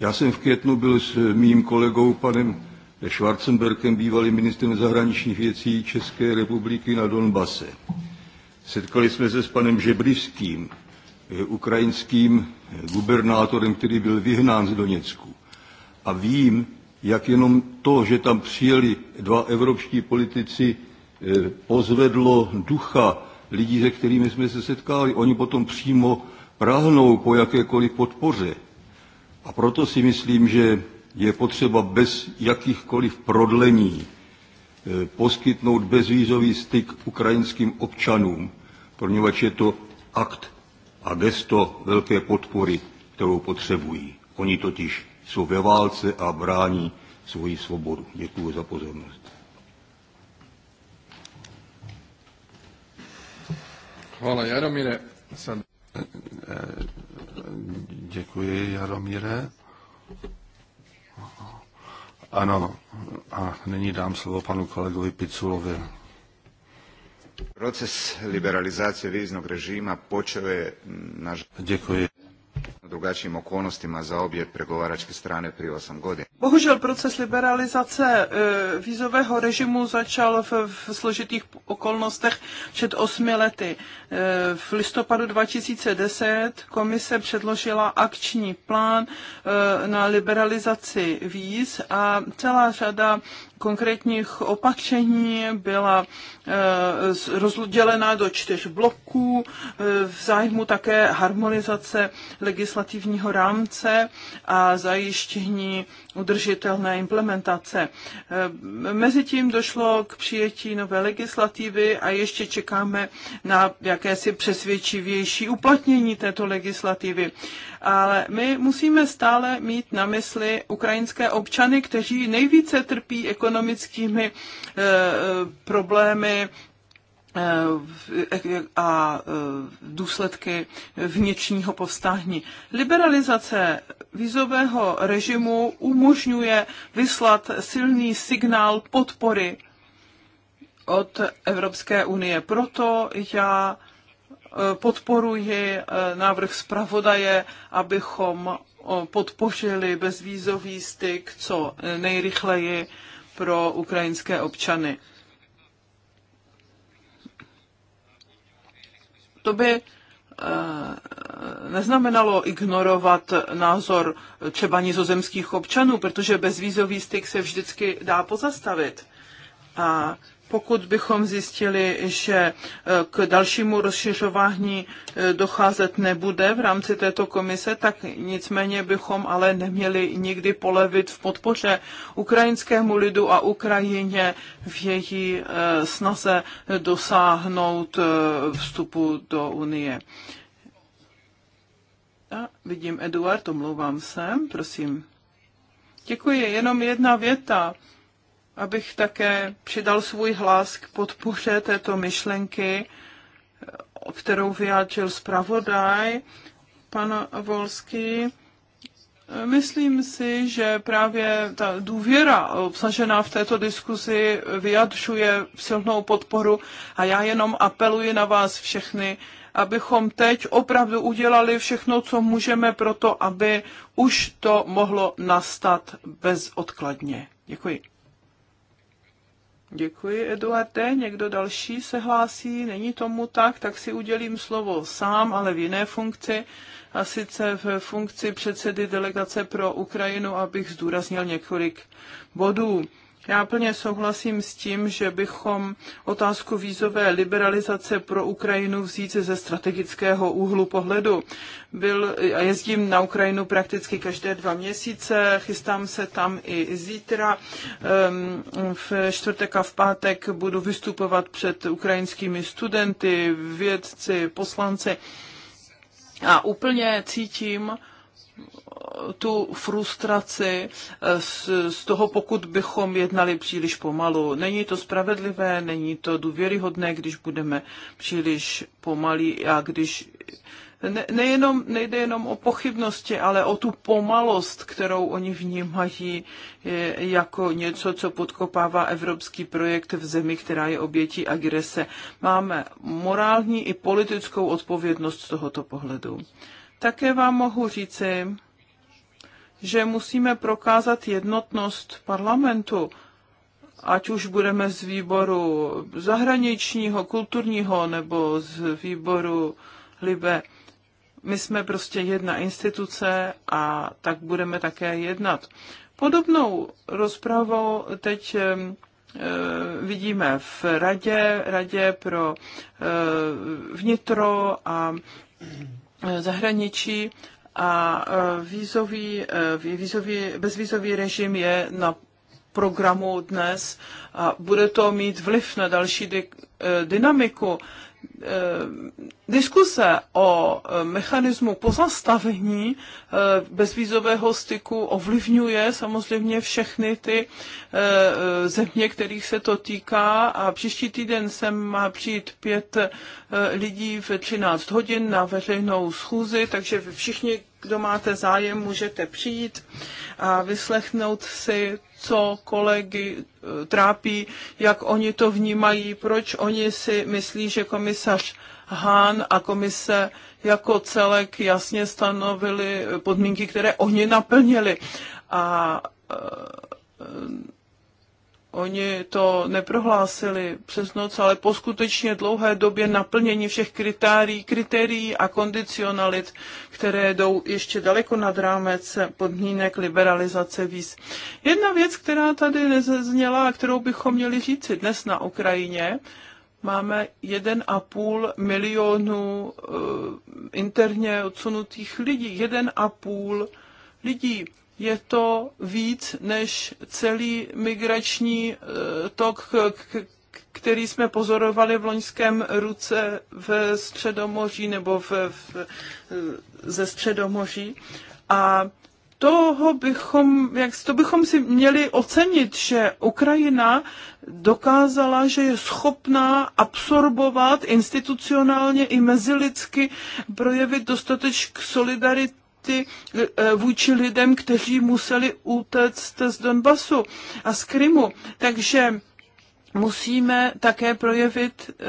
Já jsem v květnu byl s mým kolegou panem Schwarzenbergem, bývalým ministrem zahraničních věcí České republiky na Donbase. Setkali jsme se s panem Žebrivským, eh, ukrajinským gubernátorem, který byl vyhnán z Doněcku. A vím, jak jenom to, že tam přijeli dva evropští politici, eh, pozvedlo ducha lidí, se kterými jsme se setkali. Oni potom přímo prahnou po jakékoliv podpoře. A proto si myslím, že je potřeba bez jakýchkoliv prodlení eh, poskytnout bezvízový styk ukrajinským občanům, poněvadž je to akt a gesto velké podpory, kterou potřebují. Oni totiž jsou ve válce a brání svoji svobodu. Děkuji za pozornost. Hvala Jaromíre. Sad... Děkuji Jaromíre. Ano, a nyní dám slovo panu kolegovi Piculovi. Proces liberalizace víznog režima počeo je... Na... Děkuji drugačijim okolnostima za obje pregovaračke strane prije osam godina. Bohužel proces liberalizace e, vízového režimu začal v, v složitých okolnostech před osmi lety. E, v listopadu 2010 komise předložila akční plán e, na liberalizaci víz a celá řada konkrétních opatření byla eh, rozdělena do čtyř bloků eh, v zájmu také harmonizace legislativního rámce a zajištění udržitelné implementace. Eh, Mezitím došlo k přijetí nové legislativy a ještě čekáme na jakési přesvědčivější uplatnění této legislativy ale my musíme stále mít na mysli ukrajinské občany, kteří nejvíce trpí ekonomickými eh, eh, problémy eh, a důsledky vnitřního povstání. Liberalizace vízového režimu umožňuje vyslat silný signál podpory od Evropské unie. Proto já podporuji eh, návrh zpravodaje, abychom eh, podpořili bezvízový styk co nejrychleji pro ukrajinské občany. To by eh, neznamenalo ignorovat názor třeba nizozemských občanů, protože bezvízový styk se vždycky dá pozastavit. A pokud bychom zjistili, že e, k dalšímu rozšiřování e, docházet nebude v rámci této komise, tak nicméně bychom ale neměli nikdy polevit v podpoře ukrajinskému lidu a Ukrajině v její e, snaze dosáhnout vstupu do Unie. A vidím Eduard, omlouvám se, prosím. Děkuji, jenom jedna věta abych také přidal svůj hlas k podpoře této myšlenky, kterou vyjádřil zpravodaj pan Volský. Myslím si, že právě ta důvěra obsažená v této diskuzi vyjadřuje silnou podporu a já jenom apeluji na vás všechny, abychom teď opravdu udělali všechno, co můžeme pro to, aby už to mohlo nastat bezodkladně. Děkuji. Děkuji, Eduarde. Někdo další se hlásí? Není tomu tak, tak si udělím slovo sám, ale v jiné funkci, a sice v funkci předsedy delegace pro Ukrajinu, abych zdůraznil několik bodů. Já plně souhlasím s tím, že bychom otázku vízové liberalizace pro Ukrajinu vzít ze strategického úhlu pohledu. Byl, jezdím na Ukrajinu prakticky každé dva měsíce, chystám se tam i zítra. Ehm, v čtvrtek a v pátek budu vystupovat před ukrajinskými studenty, vědci, poslanci. A úplně cítím, tu frustraci eh, z, z toho, pokud bychom jednali příliš pomalu. Není to spravedlivé, není to důvěryhodné, když budeme příliš pomalí a když ne, nejenom, nejde jenom o pochybnosti, ale o tu pomalost, kterou oni vnímají eh, jako něco, co podkopává evropský projekt v zemi, která je obětí agrese. Máme morální i politickou odpovědnost z tohoto pohledu. Také vám mohu říci, že musíme prokázat jednotnost parlamentu, ať už budeme z výboru zahraničního, kulturního nebo z výboru Libe. My jsme prostě jedna instituce a tak budeme také jednat. Podobnou rozpravou teď eh, vidíme v radě, radě pro eh, vnitro a eh, zahraničí a e, vízový, e, vízový, bezvízový režim je na programu dnes a bude to mít vliv na další e, dynamiku. Eh, diskuse o eh, mechanismu pozastavení eh, bezvízového styku ovlivňuje samozřejmě všechny ty země, kterých se to týká a příští týden sem má přijít pět lidí ve 13 hodin na veřejnou schůzi, takže všichni kdo máte zájem, můžete přijít a vyslechnout si, co kolegy eh, trápí, jak oni to vnímají, proč oni si myslí, že komisař Hán a komise jako celek jasně stanovili podmínky, které oni naplnili. A eh, Oni to neprohlásili přes noc, ale po skutečně dlouhé době naplnění všech kritérií, kritérií a kondicionalit, které jdou ještě daleko nad rámec podmínek liberalizace víz. Jedna věc, která tady nezazněla a kterou bychom měli říci dnes na Ukrajině, máme 1,5 milionu eh, interně odsunutých lidí. 1,5 lidí je to víc než celý migrační eh, tok, který jsme pozorovali v loňském ruce ve Středomoří nebo v, v, eh, ze Středomoří. A toho bychom, jak, to bychom si měli ocenit, že Ukrajina dokázala, že je schopná absorbovat institucionálně i mezilidsky, projevit dostatek solidarity gety e, e, vůči lidem, kteří museli utéct z Donbasu a z Krymu. Takže musíme také projevit, eh,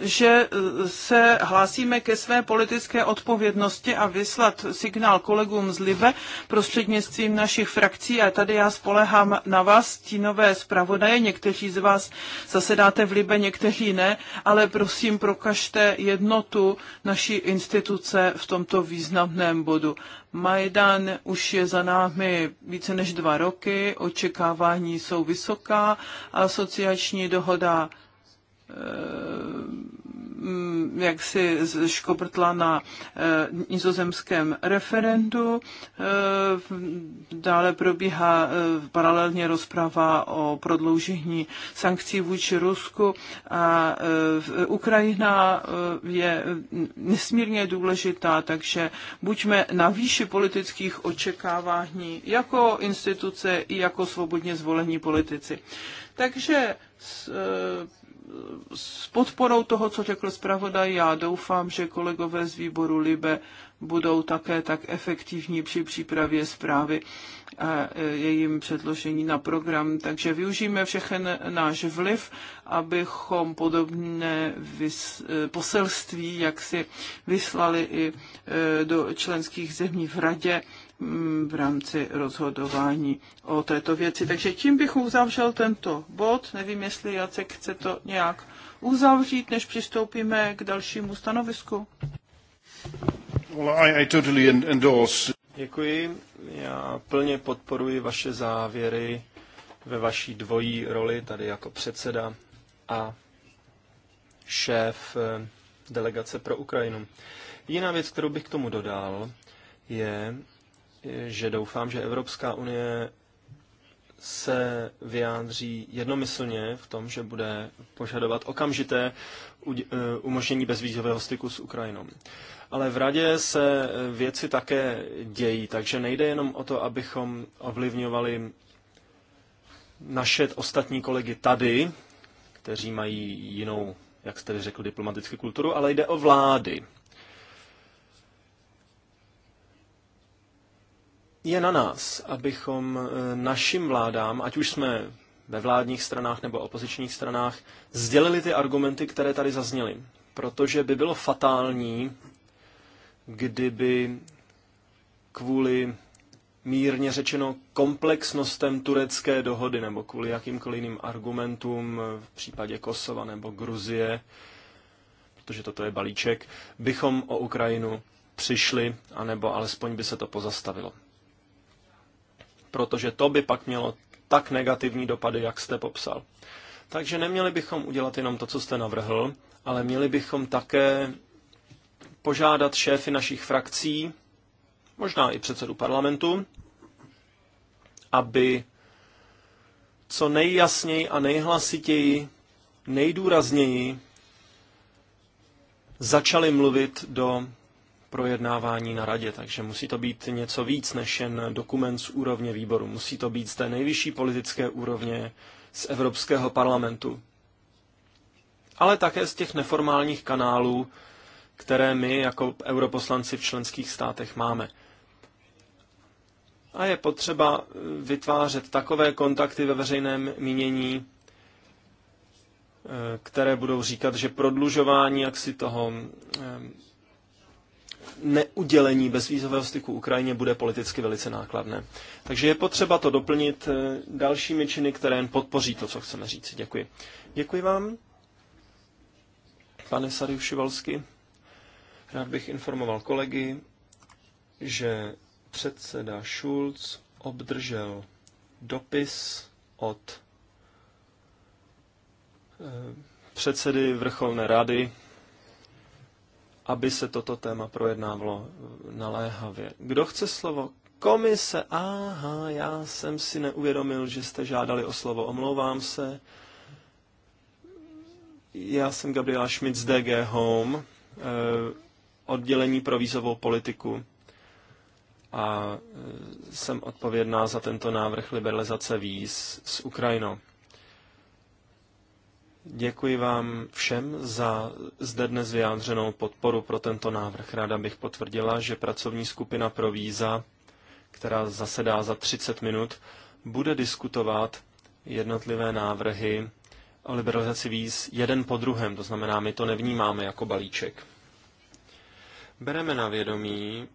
že eh, se hlásíme ke své politické odpovědnosti a vyslat signál kolegům z Libe prostřednictvím našich frakcí. A tady já spolehám na vás, stínové zpravodaje. Někteří z vás zasedáte v Libe, někteří ne, ale prosím, prokažte jednotu naší instituce v tomto významném bodu. Majdan už je za námi více než dva roky, očekávání jsou vysoká, asociační dohoda eh, Mm, jaksi škobrtla na eh, nizozemském referendu. Eh, dále probíhá eh, paralelně rozprava o prodloužení sankcí vůči Rusku a Ukrajina je nesmírně důležitá, takže buďme na výši politických očekávání jako instituce i jako svobodně zvolení politici. Takže s podporou toho, co řekl zpravodaj, já doufám, že kolegové z výboru Libe budou také tak efektivní při přípravě zprávy a e, jejím předložení na program. Takže využijeme všechen náš vliv, abychom podobné vys- e, poselství, jak si vyslali i e, do členských zemí v radě, Mm, v rámci rozhodování o této věci. Takže tím bych uzavřel tento bod. Nevím, jestli Jacek chce to nějak uzavřít, než přistoupíme k dalšímu stanovisku. Well, I, I totally endorse. Děkuji. Já plně podporuji vaše závěry ve vaší dvojí roli tady jako předseda a šéf eh, delegace pro Ukrajinu. Jiná věc, kterou bych k tomu dodal, je, že doufám, že Evropská unie se vyjádří jednomyslně v tom, že bude požadovat okamžité eh, umožnění bezvízového styku s Ukrajinou. Ale v radě se věci také dějí, takže nejde jenom o to, abychom ovlivňovali naše ostatní kolegy tady, kteří mají jinou, jak jste řekl, diplomatickou kulturu, ale jde o vlády. je na nás, abychom eh, našim vládám, ať už jsme ve vládních stranách nebo opozičních stranách, sdělili ty argumenty, které tady zazněly. Protože by bylo fatální, kdyby kvůli mírně řečeno komplexnostem turecké dohody nebo kvůli jakýmkoliv jiným argumentům eh, v případě Kosova nebo Gruzie, protože toto je balíček, bychom o Ukrajinu přišli, anebo alespoň by se to pozastavilo protože to by pak mělo tak negativní dopady, jak jste popsal. Takže neměli bychom udělat jenom to, co jste navrhl, ale měli bychom také požádat šéfy našich frakcí, možná i předsedu parlamentu, aby co nejjasněji a nejhlasitěji, nejdůrazněji začali mluvit do projednávání na radě, takže musí to být něco víc než jen dokument z úrovně výboru. Musí to být z té nejvyšší politické úrovně z Evropského parlamentu. Ale také z těch neformálních kanálů, které my jako europoslanci v členských státech máme. A je potřeba vytvářet takové kontakty ve veřejném mínění, eh, které budou říkat, že prodlužování jaksi toho eh, neudělení bezvízového styku Ukrajině bude politicky velice nákladné. Takže je potřeba to doplnit eh, dalšími činy, které jen podpoří to, co chceme říct. Děkuji. Děkuji vám, pane Šivalsky. Rád bych informoval kolegy, že předseda Schulz obdržel dopis od eh, předsedy Vrcholné rady aby se toto téma projednávalo naléhavě. Kdo chce slovo? Komise. Aha, já jsem si neuvědomil, že jste žádali o slovo. Omlouvám se. Já jsem Gabriela Schmidt z DG Home, eh, oddělení pro vízovou politiku a eh, jsem odpovědná za tento návrh liberalizace víz s Ukrajinou. Děkuji vám všem za zde dnes vyjádřenou podporu pro tento návrh. Ráda bych potvrdila, že pracovní skupina pro víza, která zasedá za 30 minut, bude diskutovat jednotlivé návrhy o liberalizaci víz jeden po druhém. To znamená, my to nevnímáme jako balíček. Bereme na vědomí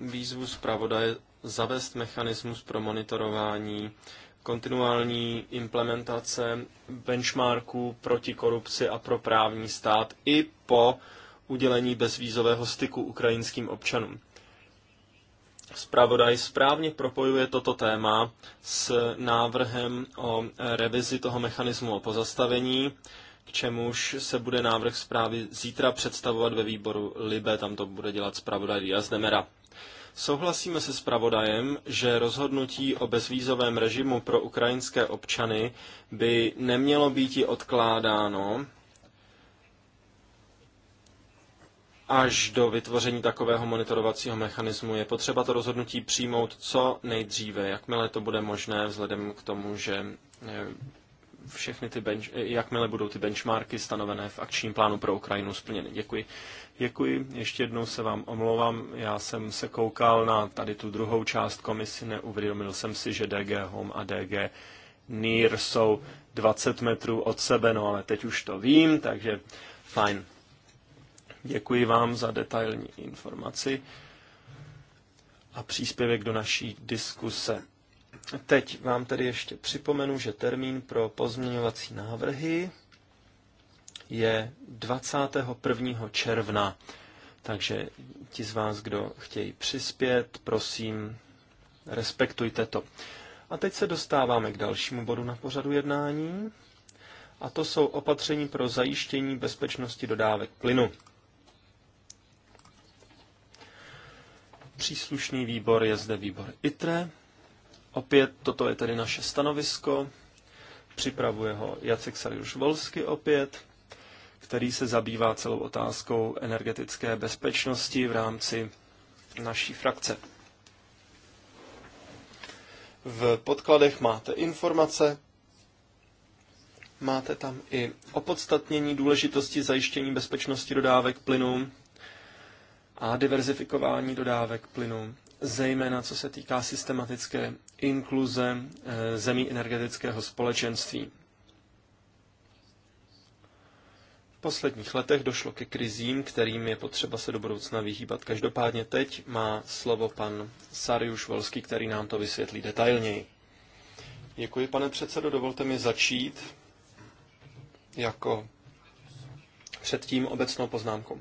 výzvu zpravodaje zavést mechanismus pro monitorování kontinuální implementace benchmarků proti korupci a pro právní stát i po udělení bezvízového styku ukrajinským občanům. Spravodaj správně propojuje toto téma s návrhem o revizi toho mechanismu o pozastavení, k čemuž se bude návrh zprávy zítra představovat ve výboru Libe, tam to bude dělat zpravodaj Diaz Demera. Souhlasíme se zpravodajem, že rozhodnutí o bezvízovém režimu pro ukrajinské občany by nemělo být i odkládáno až do vytvoření takového monitorovacího mechanismu. Je potřeba to rozhodnutí přijmout co nejdříve, jakmile to bude možné, vzhledem k tomu, že eh, všechny ty bench, jakmile budou ty benchmarky stanovené v akčním plánu pro Ukrajinu splněny. Děkuji. Děkuji, ještě jednou se vám omlouvám. Já jsem se koukal na tady tu druhou část komisy, neuvědomil jsem si, že DG Home a DG NIR jsou 20 metrů od sebe, no ale teď už to vím, takže fajn. Děkuji vám za detailní informaci a příspěvek do naší diskuse. Teď vám tedy ještě připomenu, že termín pro pozměňovací návrhy je 21. června. Takže ti z vás, kdo chtějí přispět, prosím, respektujte to. A teď se dostáváme k dalšímu bodu na pořadu jednání, a to jsou opatření pro zajištění bezpečnosti dodávek plynu. Příslušný výbor je zde výbor ITRE, Opět toto je tedy naše stanovisko. Připravuje ho Jacek Sariuš Volsky opět, který se zabývá celou otázkou energetické bezpečnosti v rámci naší frakce. V podkladech máte informace, máte tam i opodstatnění důležitosti zajištění bezpečnosti dodávek plynu a diverzifikování dodávek plynu zejména co se týká systematické inkluze eh, zemí energetického společenství. V posledních letech došlo ke krizím, kterým je potřeba se do budoucna vyhýbat. Každopádně teď má slovo pan Sariuš Volský, který nám to vysvětlí detailněji. Děkuji, pane předsedo. Dovolte mi začít jako předtím obecnou poznámkou.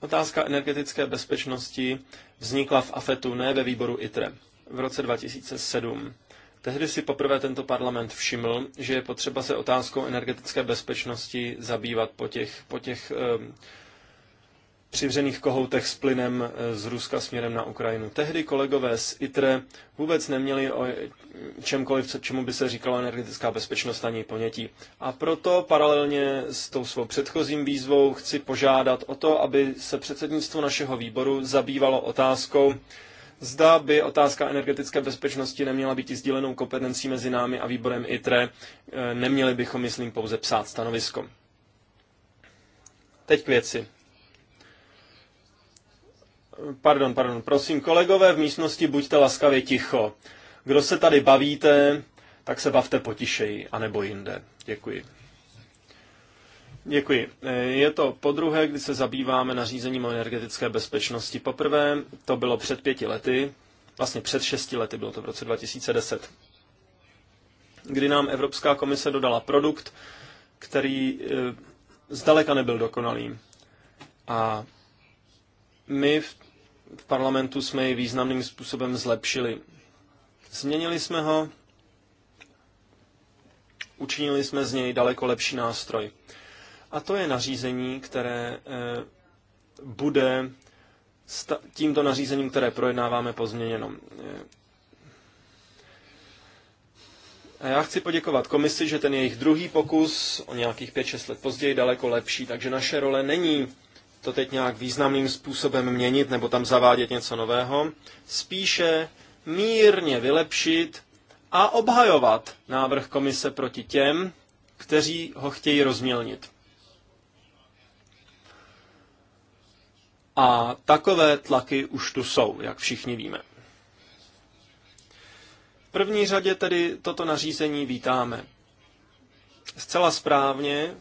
Otázka energetické bezpečnosti vznikla v AFETu, ne ve výboru ITRE, v roce 2007. Tehdy si poprvé tento parlament všiml, že je potřeba se otázkou energetické bezpečnosti zabývat po těch, po těch eh, přivřených kohoutech s plynem eh, z Ruska směrem na Ukrajinu. Tehdy kolegové z ITRE vůbec neměli o čemkoliv, čemu by se říkalo energetická bezpečnost ani ponětí. A proto paralelně s tou svou předchozím výzvou chci požádat o to, aby se předsednictvo našeho výboru zabývalo otázkou, zda by otázka energetické bezpečnosti neměla být i sdílenou kompetencí mezi námi a výborem ITRE. Eh, neměli bychom, myslím, pouze psát stanovisko. Teď k věci. Pardon, pardon, prosím, kolegové v místnosti, buďte laskavě ticho. Kdo se tady bavíte, tak se bavte potišeji, anebo jinde. Děkuji. Děkuji. Je to podruhé, kdy se zabýváme nařízením o energetické bezpečnosti. Poprvé to bylo před pěti lety, vlastně před šesti lety, bylo to v roce 2010, kdy nám Evropská komise dodala produkt, který eh, zdaleka nebyl dokonalý. A my v v parlamentu jsme ji významným způsobem zlepšili. Změnili jsme ho, učinili jsme z něj daleko lepší nástroj. A to je nařízení, které eh, bude tímto nařízením, které projednáváme, pozměněno. Eh, a já chci poděkovat komisi, že ten jejich druhý pokus o nějakých 5-6 let později daleko lepší, takže naše role není to teď nějak významným způsobem měnit nebo tam zavádět něco nového, spíše mírně vylepšit a obhajovat návrh komise proti těm, kteří ho chtějí rozmělnit. A takové tlaky už tu jsou, jak všichni víme. V první řadě tedy toto nařízení vítáme. Zcela správně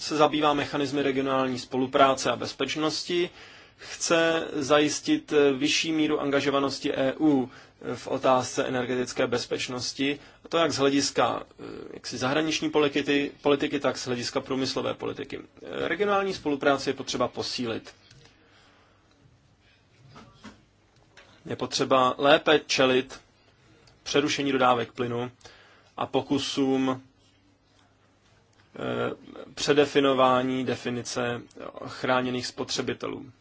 se zabývá mechanismy regionální spolupráce a bezpečnosti, chce zajistit vyšší míru angažovanosti EU v otázce energetické bezpečnosti, a to jak z hlediska eh, jaksi zahraniční politiky, politiky, tak z hlediska průmyslové politiky. Regionální spolupráci je potřeba posílit. Je potřeba lépe čelit přerušení dodávek plynu a pokusům Eh, předefinování definice chráněných spotřebitelů.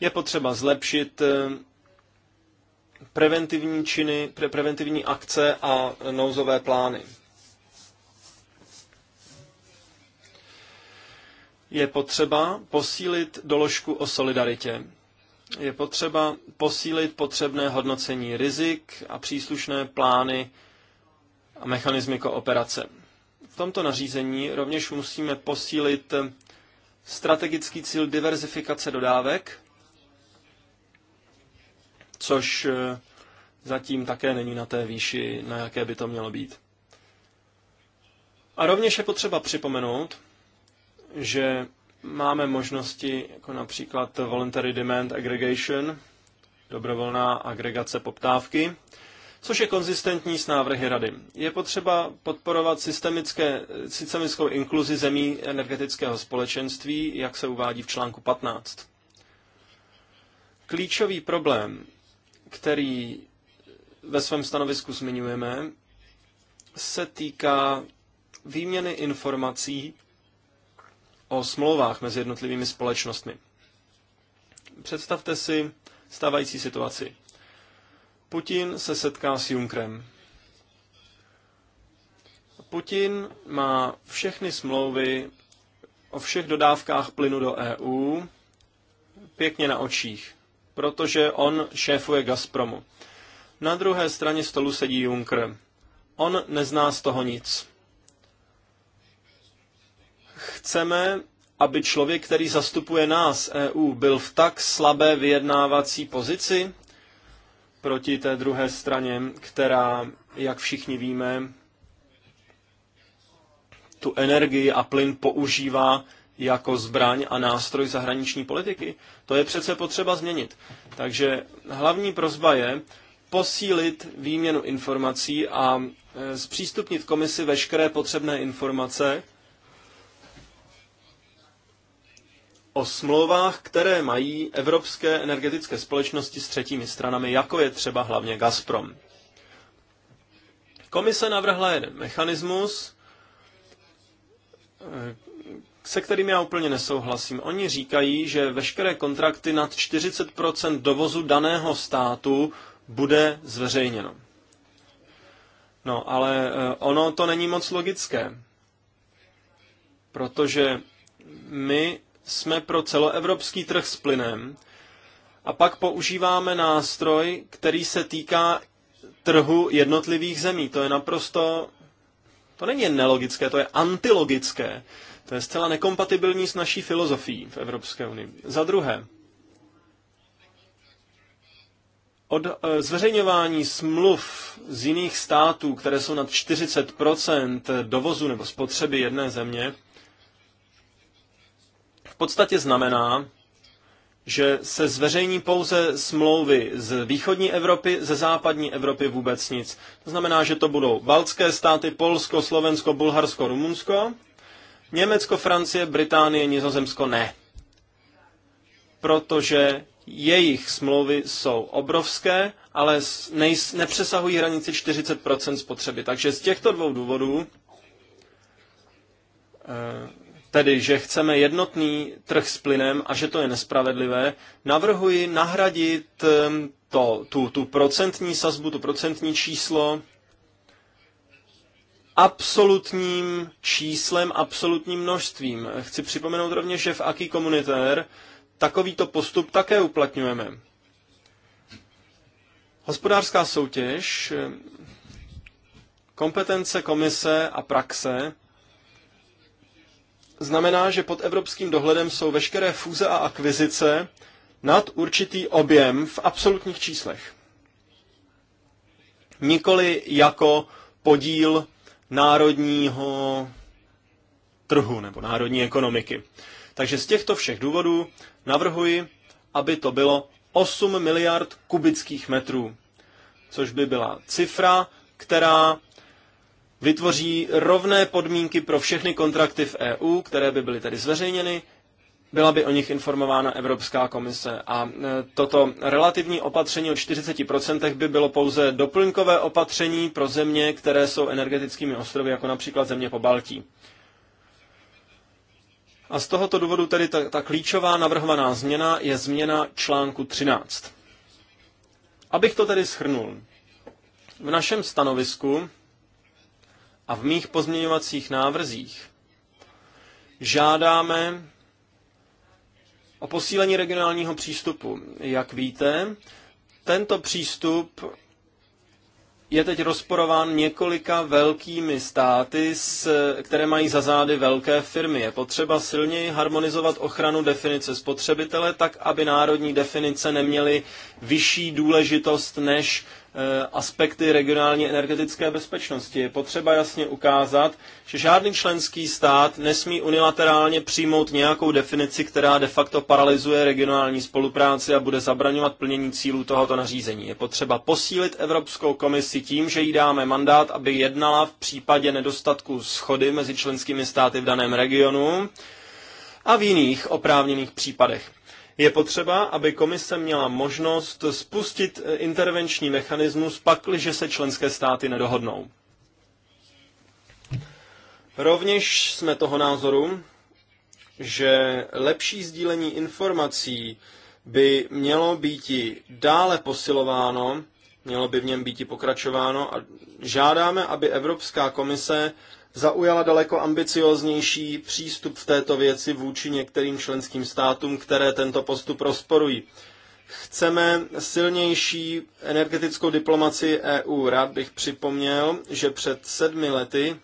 Je potřeba zlepšit eh, preventivní činy, pre, preventivní akce a nouzové plány. Je potřeba posílit doložku o solidaritě. Je potřeba posílit potřebné hodnocení rizik a příslušné plány a mechanizmy kooperace tomto nařízení rovněž musíme posílit strategický cíl diverzifikace dodávek, což eh, zatím také není na té výši, na jaké by to mělo být. A rovněž je potřeba připomenout, že máme možnosti jako například voluntary demand aggregation, dobrovolná agregace poptávky, což je konzistentní s návrhy Rady. Je potřeba podporovat systemické, systemickou inkluzi zemí energetického společenství, jak se uvádí v článku 15. Klíčový problém, který ve svém stanovisku zmiňujeme, se týká výměny informací o smlouvách mezi jednotlivými společnostmi. Představte si stávající situaci. Putin se setká s Junkrem. Putin má všechny smlouvy o všech dodávkách plynu do EU pěkně na očích, protože on šéfuje Gazpromu. Na druhé straně stolu sedí Juncker. On nezná z toho nic. Chceme, aby člověk, který zastupuje nás, EU, byl v tak slabé vyjednávací pozici? proti té druhé straně, která, jak všichni víme, tu energii a plyn používá jako zbraň a nástroj zahraniční politiky. To je přece potřeba změnit. Takže hlavní prozba je posílit výměnu informací a e, zpřístupnit komisi veškeré potřebné informace, o smlouvách, které mají evropské energetické společnosti s třetími stranami, jako je třeba hlavně Gazprom. Komise navrhla jeden mechanismus, eh, se kterým já úplně nesouhlasím. Oni říkají, že veškeré kontrakty nad 40 dovozu daného státu bude zveřejněno. No, ale eh, ono to není moc logické, protože my jsme pro celoevropský trh s plynem a pak používáme nástroj, který se týká trhu jednotlivých zemí. To je naprosto, to není jen nelogické, to je antilogické. To je zcela nekompatibilní s naší filozofií v Evropské unii. Za druhé, od e, zveřejňování smluv z jiných států, které jsou nad 40 dovozu nebo spotřeby jedné země, podstatě znamená, že se zveřejní pouze smlouvy z východní Evropy, ze západní Evropy vůbec nic. To znamená, že to budou baltské státy, Polsko, Slovensko, Bulharsko, Rumunsko, Německo, Francie, Británie, Nizozemsko ne. Protože jejich smlouvy jsou obrovské, ale nejs, nepřesahují hranici 40% spotřeby. Takže z těchto dvou důvodů eh, tedy že chceme jednotný trh s plynem a že to je nespravedlivé, navrhuji nahradit ehm, to, tu, tu procentní sazbu, tu procentní číslo absolutním číslem, absolutním množstvím. Chci připomenout rovněž, že v AKI komunitér takovýto postup také uplatňujeme. Hospodářská soutěž, ehm, kompetence komise a praxe znamená, že pod evropským dohledem jsou veškeré fúze a akvizice nad určitý objem v absolutních číslech. Nikoli jako podíl národního trhu nebo národní ekonomiky. Takže z těchto všech důvodů navrhuji, aby to bylo 8 miliard kubických metrů, což by byla cifra, která vytvoří rovné podmínky pro všechny kontrakty v EU, které by byly tedy zveřejněny, byla by o nich informována Evropská komise. A e, toto relativní opatření o 40% by bylo pouze doplňkové opatření pro země, které jsou energetickými ostrovy, jako například země po Baltí. A z tohoto důvodu tedy ta, ta klíčová navrhovaná změna je změna článku 13. Abych to tedy shrnul, V našem stanovisku a v mých pozměňovacích návrzích žádáme o posílení regionálního přístupu. Jak víte, tento přístup je teď rozporován několika velkými státy, které mají za zády velké firmy. Je potřeba silněji harmonizovat ochranu definice spotřebitele tak, aby národní definice neměly vyšší důležitost než Eh, aspekty regionální energetické bezpečnosti. Je potřeba jasně ukázat, že žádný členský stát nesmí unilaterálně přijmout nějakou definici, která de facto paralyzuje regionální spolupráci a bude zabraňovat plnění cílů tohoto nařízení. Je potřeba posílit Evropskou komisi tím, že jí dáme mandát, aby jednala v případě nedostatku schody mezi členskými státy v daném regionu a v jiných oprávněných případech. Je potřeba, aby komise měla možnost spustit eh, intervenční mechanismus, pakliže se členské státy nedohodnou. Rovněž jsme toho názoru, že lepší sdílení informací by mělo být i dále posilováno, mělo by v něm být i pokračováno a žádáme, aby Evropská komise zaujala daleko ambicioznější přístup v této věci vůči některým členským státům, které tento postup rozporují. Chceme silnější energetickou diplomaci EU. Rád bych připomněl, že před sedmi lety,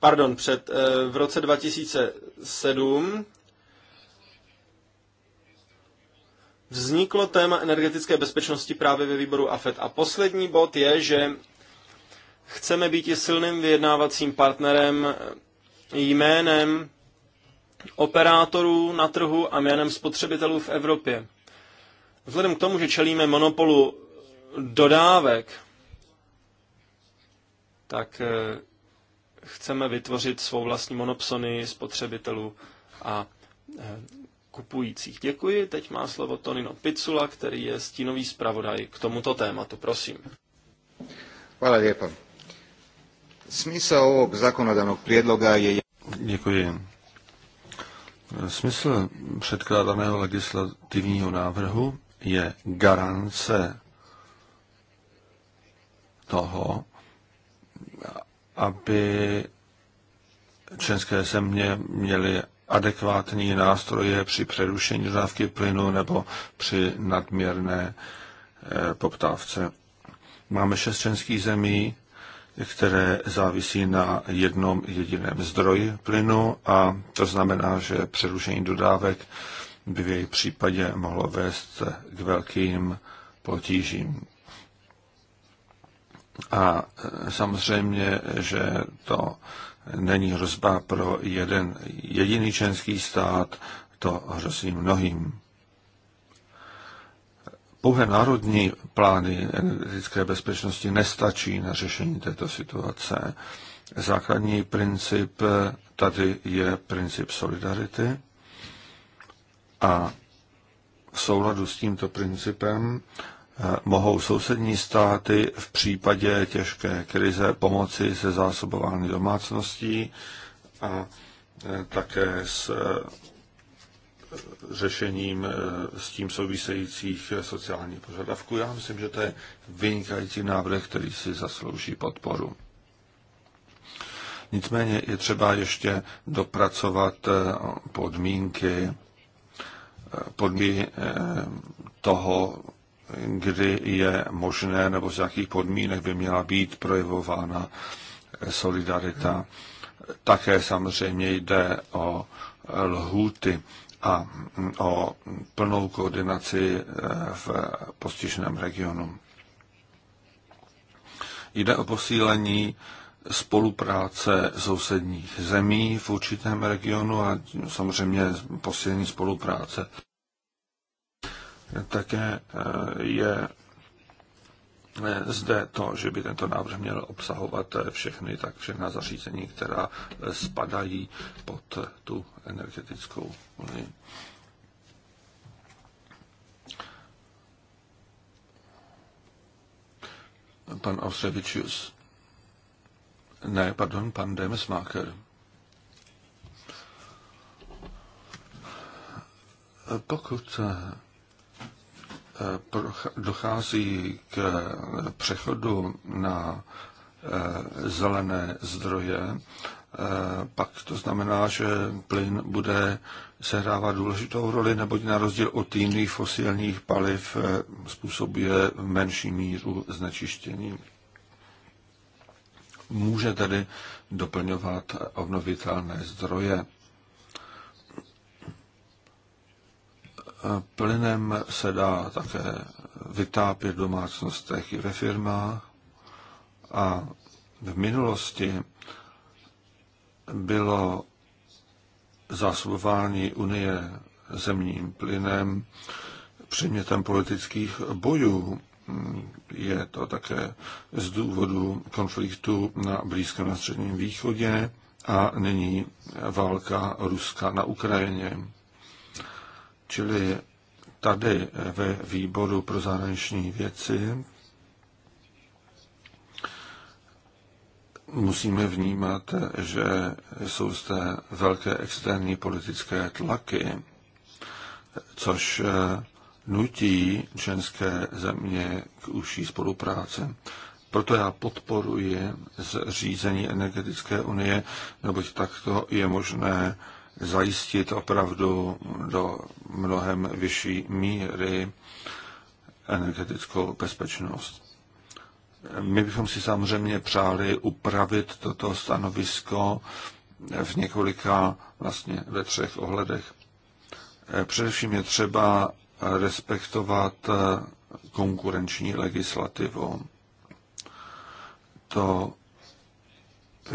pardon, před, eh, v roce 2007 vzniklo téma energetické bezpečnosti právě ve výboru AFET. A poslední bod je, že Chceme být i silným vyjednávacím partnerem jménem operátorů na trhu a jménem spotřebitelů v Evropě. Vzhledem k tomu, že čelíme monopolu dodávek, tak eh, chceme vytvořit svou vlastní monopsony spotřebitelů a eh, kupujících. Děkuji. Teď má slovo Tonino Picula, který je stínový zpravodaj k tomuto tématu. Prosím. Hvala lijepa. Smysl ovog zakonodavnog prijedloga je... Děkuji. Smysl předkládaného legislativního návrhu je garance toho, aby české země měly adekvátní nástroje při přerušení dodávky plynu nebo při nadměrné eh, poptávce. Máme šest členských zemí, které závisí na jednom jediném zdroji plynu a to znamená, že přerušení dodávek by v jejich případě mohlo vést k velkým potížím. A e, samozřejmě, že to není hrozba pro jeden jediný členský stát, to hrozí mnohým. Pouhé národní plány energetické bezpečnosti nestačí na řešení této situace. Základní princip tady je princip solidarity a v souladu s tímto principem eh, mohou sousední státy v případě těžké krize pomoci se zásobování domácností a eh, také s řešením eh, s tím souvisejících eh, sociálních požadavků. Já myslím, že to je vynikající návrh, který si zaslouží podporu. Nicméně je třeba ještě dopracovat eh, podmínky, podmínky toho, kdy je možné nebo z jakých podmínek by měla být projevována solidarita. Také samozřejmě jde o lhůty a o plnou koordinaci eh, v postiženém regionu. Jde o posílení spolupráce sousedních zemí v určitém regionu a samozřejmě posílení spolupráce. Také eh, je zde to, že by tento návrh měl obsahovat všechny, tak všechna zařízení, která spadají pod tu energetickou unii. Pan Ostrevičius. Ne, pardon, pan Demesmacher. Pokud Eh, dochází k eh, přechodu na eh, zelené zdroje, pak to znamená, že plyn bude sehrávat důležitou roli, neboť na rozdíl od jiných fosilních paliv způsobuje menší míru znečištění. Může tedy doplňovat obnovitelné zdroje. Plynem se dá také vytápět v domácnostech i ve firmách a v minulosti bylo zásobování Unie zemním plynem předmětem politických bojů. Je to také z důvodu konfliktu na Blízkém a Středním východě a nyní válka Ruska na Ukrajině. Čili tady ve výboru pro zahraniční věci musíme vnímat, že jsou zde velké externí politické tlaky, což nutí ženské země k užší spolupráce. Proto já podporuji zřízení energetické unie, neboť takto je možné zajistit opravdu do mnohem vyšší míry energetickou bezpečnost. My bychom si samozřejmě přáli upravit toto stanovisko v několika, vlastně ve třech ohledech. Především je třeba respektovat konkurenční legislativu. To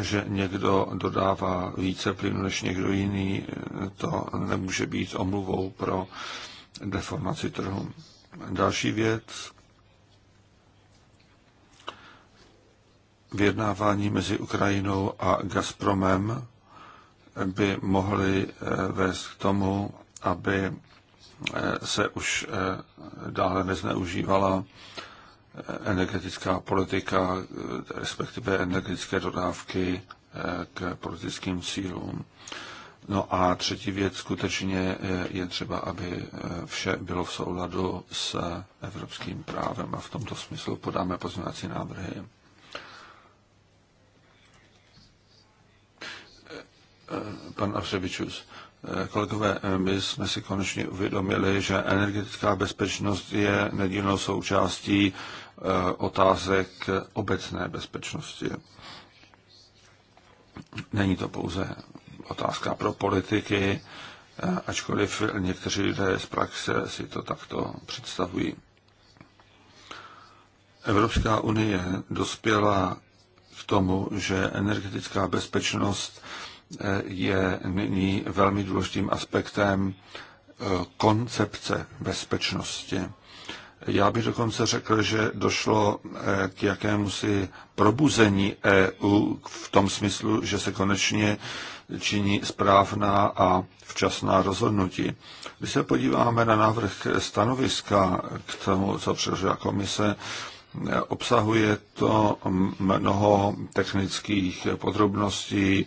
že někdo dodává více plynu než někdo jiný, to nemůže být omluvou pro deformaci trhu. Další věc, vyjednávání mezi Ukrajinou a Gazpromem by mohly eh, vést k tomu, aby eh, se už eh, dále nezneužívala energetická politika, respektive energetické dodávky eh, k politickým cílům. No a třetí věc skutečně eh, je třeba, aby eh, vše bylo v souladu s evropským právem a v tomto smyslu podáme pozměňovací návrhy. Pan Avřevičus, kolegové, my jsme si konečně uvědomili, že energetická bezpečnost je nedílnou součástí Eh, otázek obecné bezpečnosti. Není to pouze otázka pro politiky, eh, ačkoliv někteří lidé z praxe si to takto představují. Evropská unie dospěla k tomu, že energetická bezpečnost eh, je nyní velmi důležitým aspektem koncepce bezpečnosti. Já bych dokonce řekl, že došlo eh, k jakémusi probuzení EU v tom smyslu, že se konečně činí správná a včasná rozhodnutí. Když se podíváme na návrh stanoviska k tomu, co předložila komise, obsahuje to mnoho technických podrobností,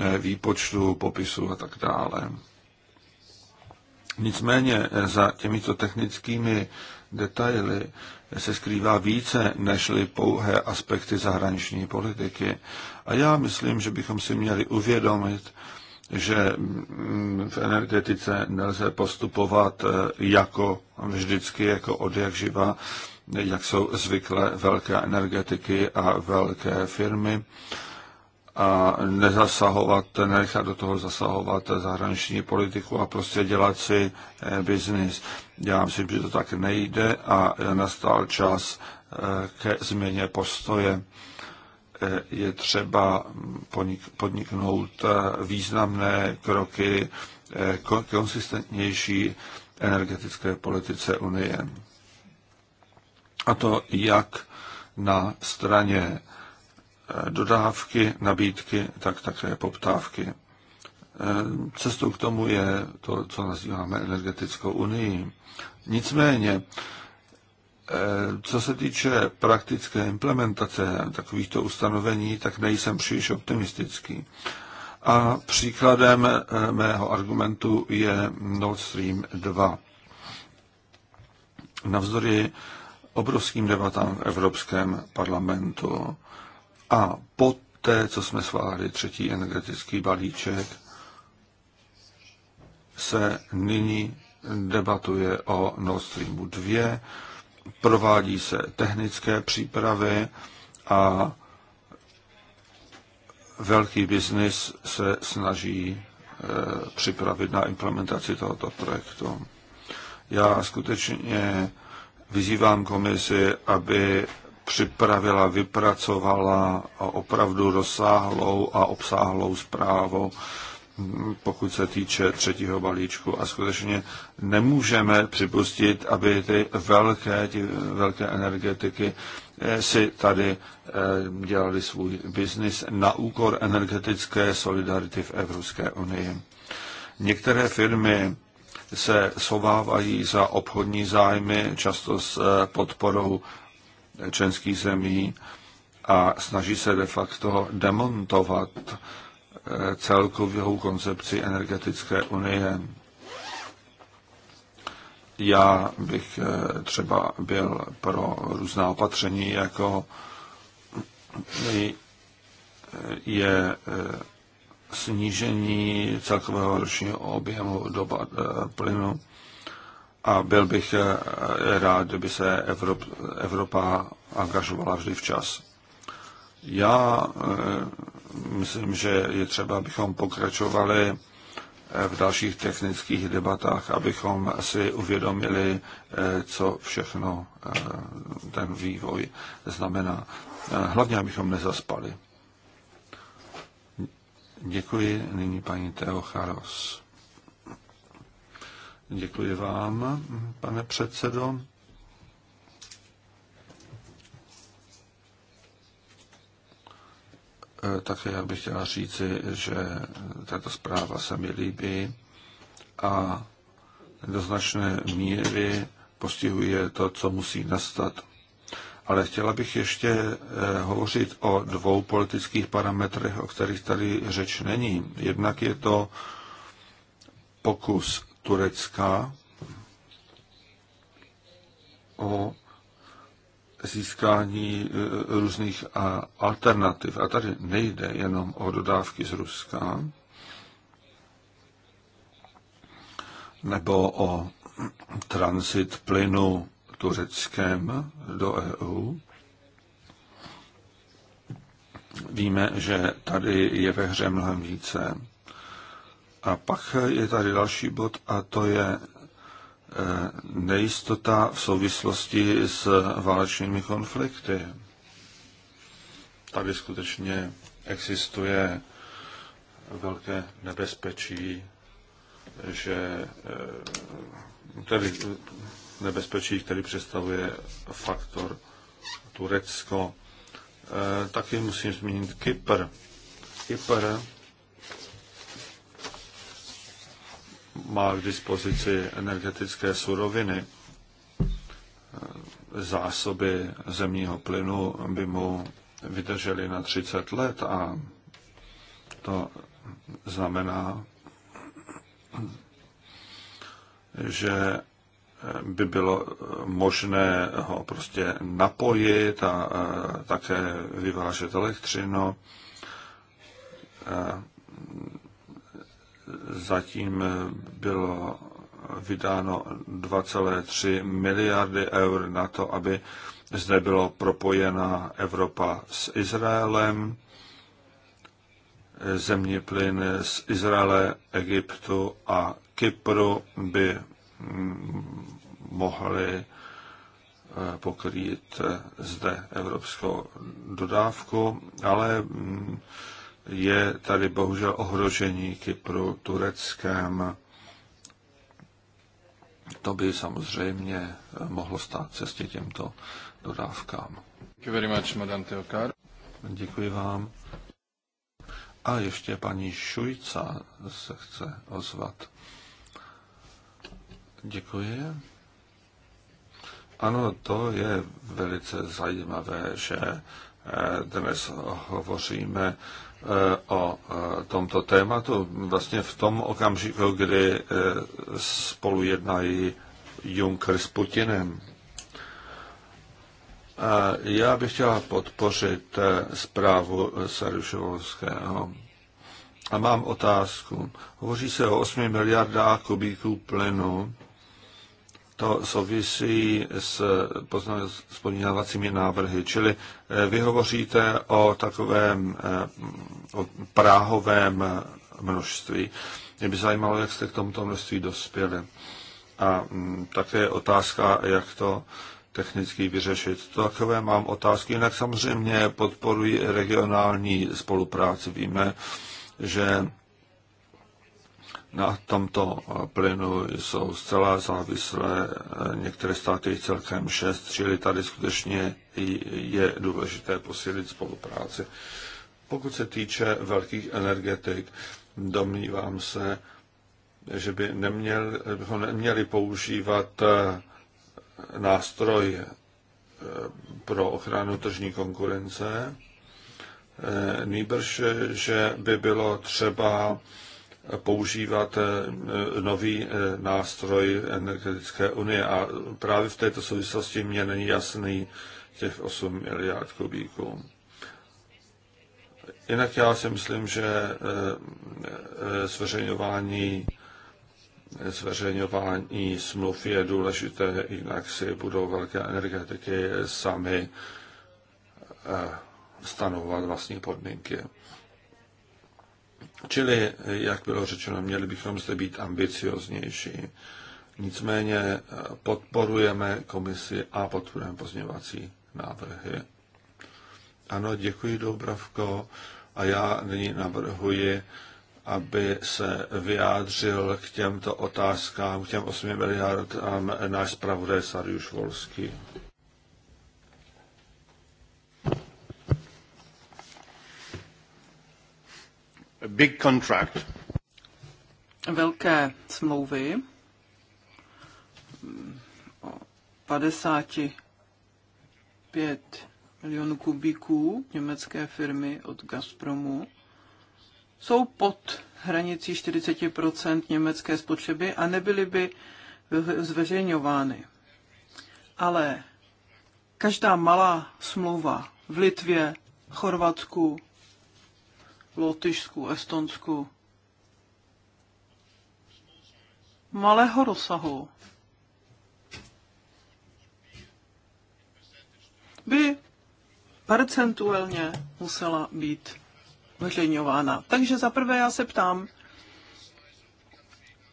eh, výpočtu, popisu a tak dále. Nicméně eh, za těmito technickými detaily se skrývá více nežli pouhé aspekty zahraniční politiky. A já myslím, že bychom si měli uvědomit, že mm, v energetice nelze postupovat eh, jako vždycky, jako od jak živa, jak jsou zvykle velké energetiky a velké firmy a nezasahovat, nechat do toho zasahovat zahraniční politiku a prostě dělat si eh, biznis. Já myslím, že to tak nejde a e, nastal čas e, ke změně postoje. E, je třeba podniknout významné kroky konsistentnější energetické politice Unie. A to jak na straně dodávky, nabídky, tak také poptávky. Eh, cestou k tomu je to, co nazýváme energetickou unii. Nicméně, eh, co se týče praktické implementace takovýchto ustanovení, tak nejsem příliš optimistický. A příkladem eh, mého argumentu je Nord Stream 2. Navzdory obrovským debatám v Evropském parlamentu a po té, co jsme schválili třetí energetický balíček, se nyní debatuje o Nord Streamu 2, provádí se technické přípravy a velký biznis se snaží e, připravit na implementaci tohoto projektu. Já skutečně vyzývám komisi, aby připravila, vypracovala opravdu rozsáhlou a obsáhlou zprávu pokud se týče třetího balíčku. A skutečně nemůžeme připustit, aby ty velké, ty velké energetiky eh, si tady eh, dělali svůj biznis na úkor energetické solidarity v Evropské unii. Některé firmy se sovávají za obchodní zájmy, často s eh, podporou členských zemí a snaží se de facto demontovat celkovou koncepci energetické unie. Já bych eh, třeba byl pro různá opatření, jako je eh, snížení celkového ročního objemu doba eh, plynu a byl bych rád, kdyby se Evrop, Evropa angažovala vždy včas. Já myslím, že je třeba, abychom pokračovali eh, v dalších technických debatách, abychom si uvědomili, eh, co všechno eh, ten vývoj znamená. Hlavně, abychom nezaspali. Děkuji nyní paní Teo Charos. Děkuji vám, pane předsedo. Eh, také já bych chtěla říci, že tato zpráva se mi líbí a do značné míry postihuje to, co musí nastat. Ale chtěla bych ještě eh, hovořit o dvou politických parametrech, o kterých tady řeč není. Jednak je to pokus Turecka o získání e, různých alternativ. A tady nejde jenom o dodávky z Ruska, nebo o transit plynu tureckém do EU. Víme, že tady je ve hře mnohem více. A pak je tady další bod a to je nejistota v souvislosti s válečnými konflikty. Tady skutečně existuje velké nebezpečí, že eh, tedy eh, nebezpečí, který představuje faktor Turecko. Eh, taky musím zmínit Kypr. Kypr má k dispozici energetické suroviny, zásoby zemního plynu by mu vydržely na 30 let a to znamená, že by bylo možné ho prostě napojit a také vyvážet elektřinu zatím bylo vydáno 2,3 miliardy eur na to, aby zde bylo propojena Evropa s Izraelem, zemní plyn z Izraele, Egyptu a Kypru by mm, mohly eh, pokrýt eh, zde evropskou dodávku, ale mm, je tady bohužel ohrožení Kypru tureckém. To by samozřejmě mohlo stát cestě těmto dodávkám. Děkuji vám. A ještě paní Šujca se chce ozvat. Děkuji. Ano, to je velice zajímavé, že eh, dnes hovoříme Eh, o eh, tomto tématu. Vlastně v tom okamžiku, kdy eh, spolu jednají Juncker s Putinem. Já bych chtěla podpořit zprávu Sarušovského. A mám otázku. Hovoří se o 8 miliardách kubíků plynu, to souvisí s pozměňovacími návrhy. Čili eh, vy hovoříte o takovém eh, o práhovém množství. Mě by zajímalo, jak jste k tomuto množství dospěli. A mm, také otázka, jak to technicky vyřešit. Takové mám otázky. Jinak samozřejmě podporuji regionální spolupráci. Víme, že na tomto plynu jsou zcela závislé eh, některé státy celkem šest, čili tady skutečně je důležité posílit spolupráci. Pokud se týče velkých energetik, domnívám se, že by neměli, bychom neměli používat eh, nástroj eh, pro ochranu tržní konkurence, nýbrž, že by bylo třeba používat eh, nový eh, nástroj energetické unie. A právě v této souvislosti mě není jasný těch 8 miliard kubíků. Jinak já si myslím, že eh, zveřejňování, zveřejňování smluv je důležité, jinak si budou velké energetiky sami stanovat vlastní podmínky. Čili, jak bylo řečeno, měli bychom zde být ambicioznější. Nicméně eh, podporujeme komisi a podporujeme pozměňovací návrhy. Ano, děkuji, Dobravko. A já nyní navrhuji, aby se vyjádřil k těmto otázkám, k těm 8 miliardám náš zpravodaj Sariuš Volský. big contract. Velké smlouvy o 55 milionů kubíků německé firmy od Gazpromu jsou pod hranicí 40 německé spotřeby a nebyly by zveřejňovány. Ale každá malá smlouva v Litvě, Chorvatsku, Lotyšsku, Estonsku. Malého rozsahu by percentuálně musela být zveřejňována. Takže za prvé já se ptám,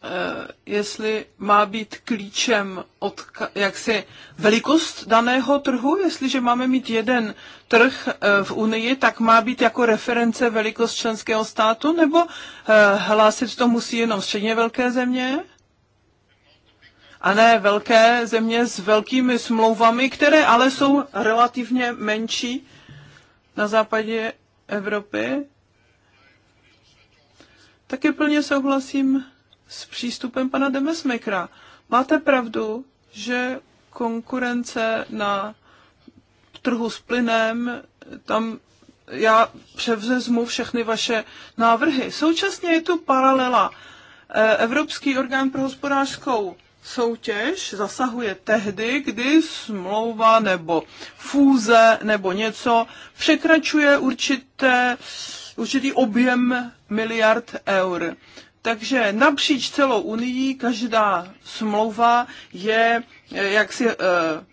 Eh, jestli má být klíčem od jaksi velikost daného trhu, jestliže máme mít jeden trh eh, v Unii, tak má být jako reference velikost členského státu, nebo eh, hlásit to musí jenom středně velké země? a ne velké země s velkými smlouvami, které ale jsou relativně menší na západě Evropy. Taky plně souhlasím s přístupem pana Demesmekra. Máte pravdu, že konkurence na trhu s plynem, tam já převzezmu všechny vaše návrhy. Současně je tu paralela. E, Evropský orgán pro hospodářskou soutěž zasahuje tehdy, kdy smlouva nebo fúze nebo něco překračuje určité, určitý objem miliard eur. Takže napříč celou unii každá smlouva je eh, jaksi e,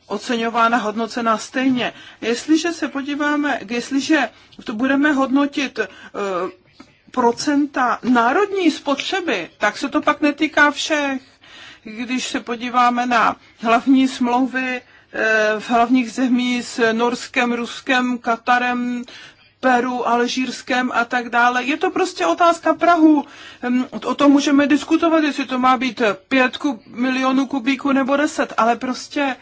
oceňována, hodnocena stejně. Jestliže se podíváme, jestliže to budeme hodnotit e, procenta národní spotřeby, tak se to pak netýká všech. Když se podíváme na hlavní smlouvy v hlavních zemích s Norskem, Ruskem, Katarem, Peru, Alžírském a tak dále. Je to prostě otázka Prahu. Hm, o tom můžeme diskutovat, jestli to má být pět milionů kubíků nebo deset, ale prostě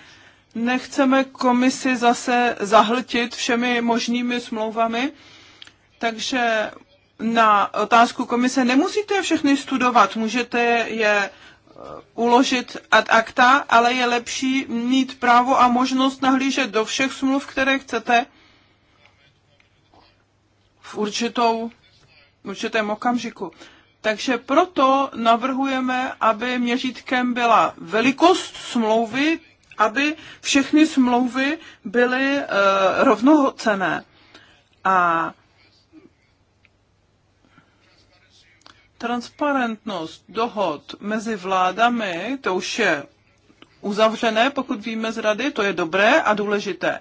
nechceme komisi zase zahltit všemi možnými smlouvami, takže na otázku komise nemusíte všechny studovat, můžete je eh, uložit ad acta, ale je lepší mít právo a možnost nahlížet do všech smluv, které chcete, v určitou, v určitém okamžiku. Takže proto navrhujeme, aby měřítkem byla velikost smlouvy, aby všechny smlouvy byly e, rovnohocené. A transparentnost dohod mezi vládami, to už je uzavřené, pokud víme z rady, to je dobré a důležité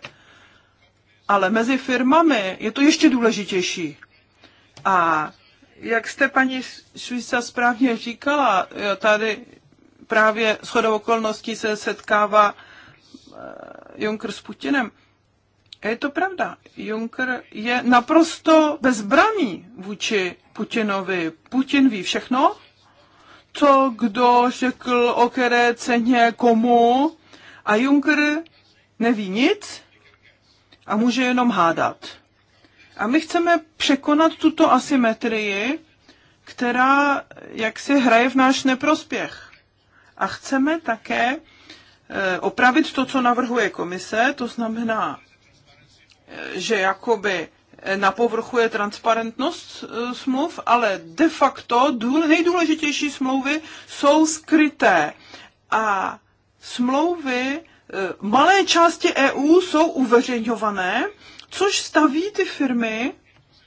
ale mezi firmami je to ještě důležitější. A jak jste paní Švýca správně říkala, eh, tady právě shodou okolností se setkává eh, Juncker s Putinem. je to pravda. Juncker je naprosto bezbraný vůči Putinovi. Putin ví všechno, co kdo řekl, o které ceně, komu. A Juncker neví nic a může jenom hádat. A my chceme překonat tuto asymetrii, která jak si hraje v náš neprospěch. A chceme také eh, opravit to, co navrhuje komise, to znamená, eh, že jakoby eh, na povrchu je transparentnost smluv, ale de facto nejdůležitější smlouvy jsou skryté. A smlouvy E, malé části EU jsou uveřejňované, což staví ty firmy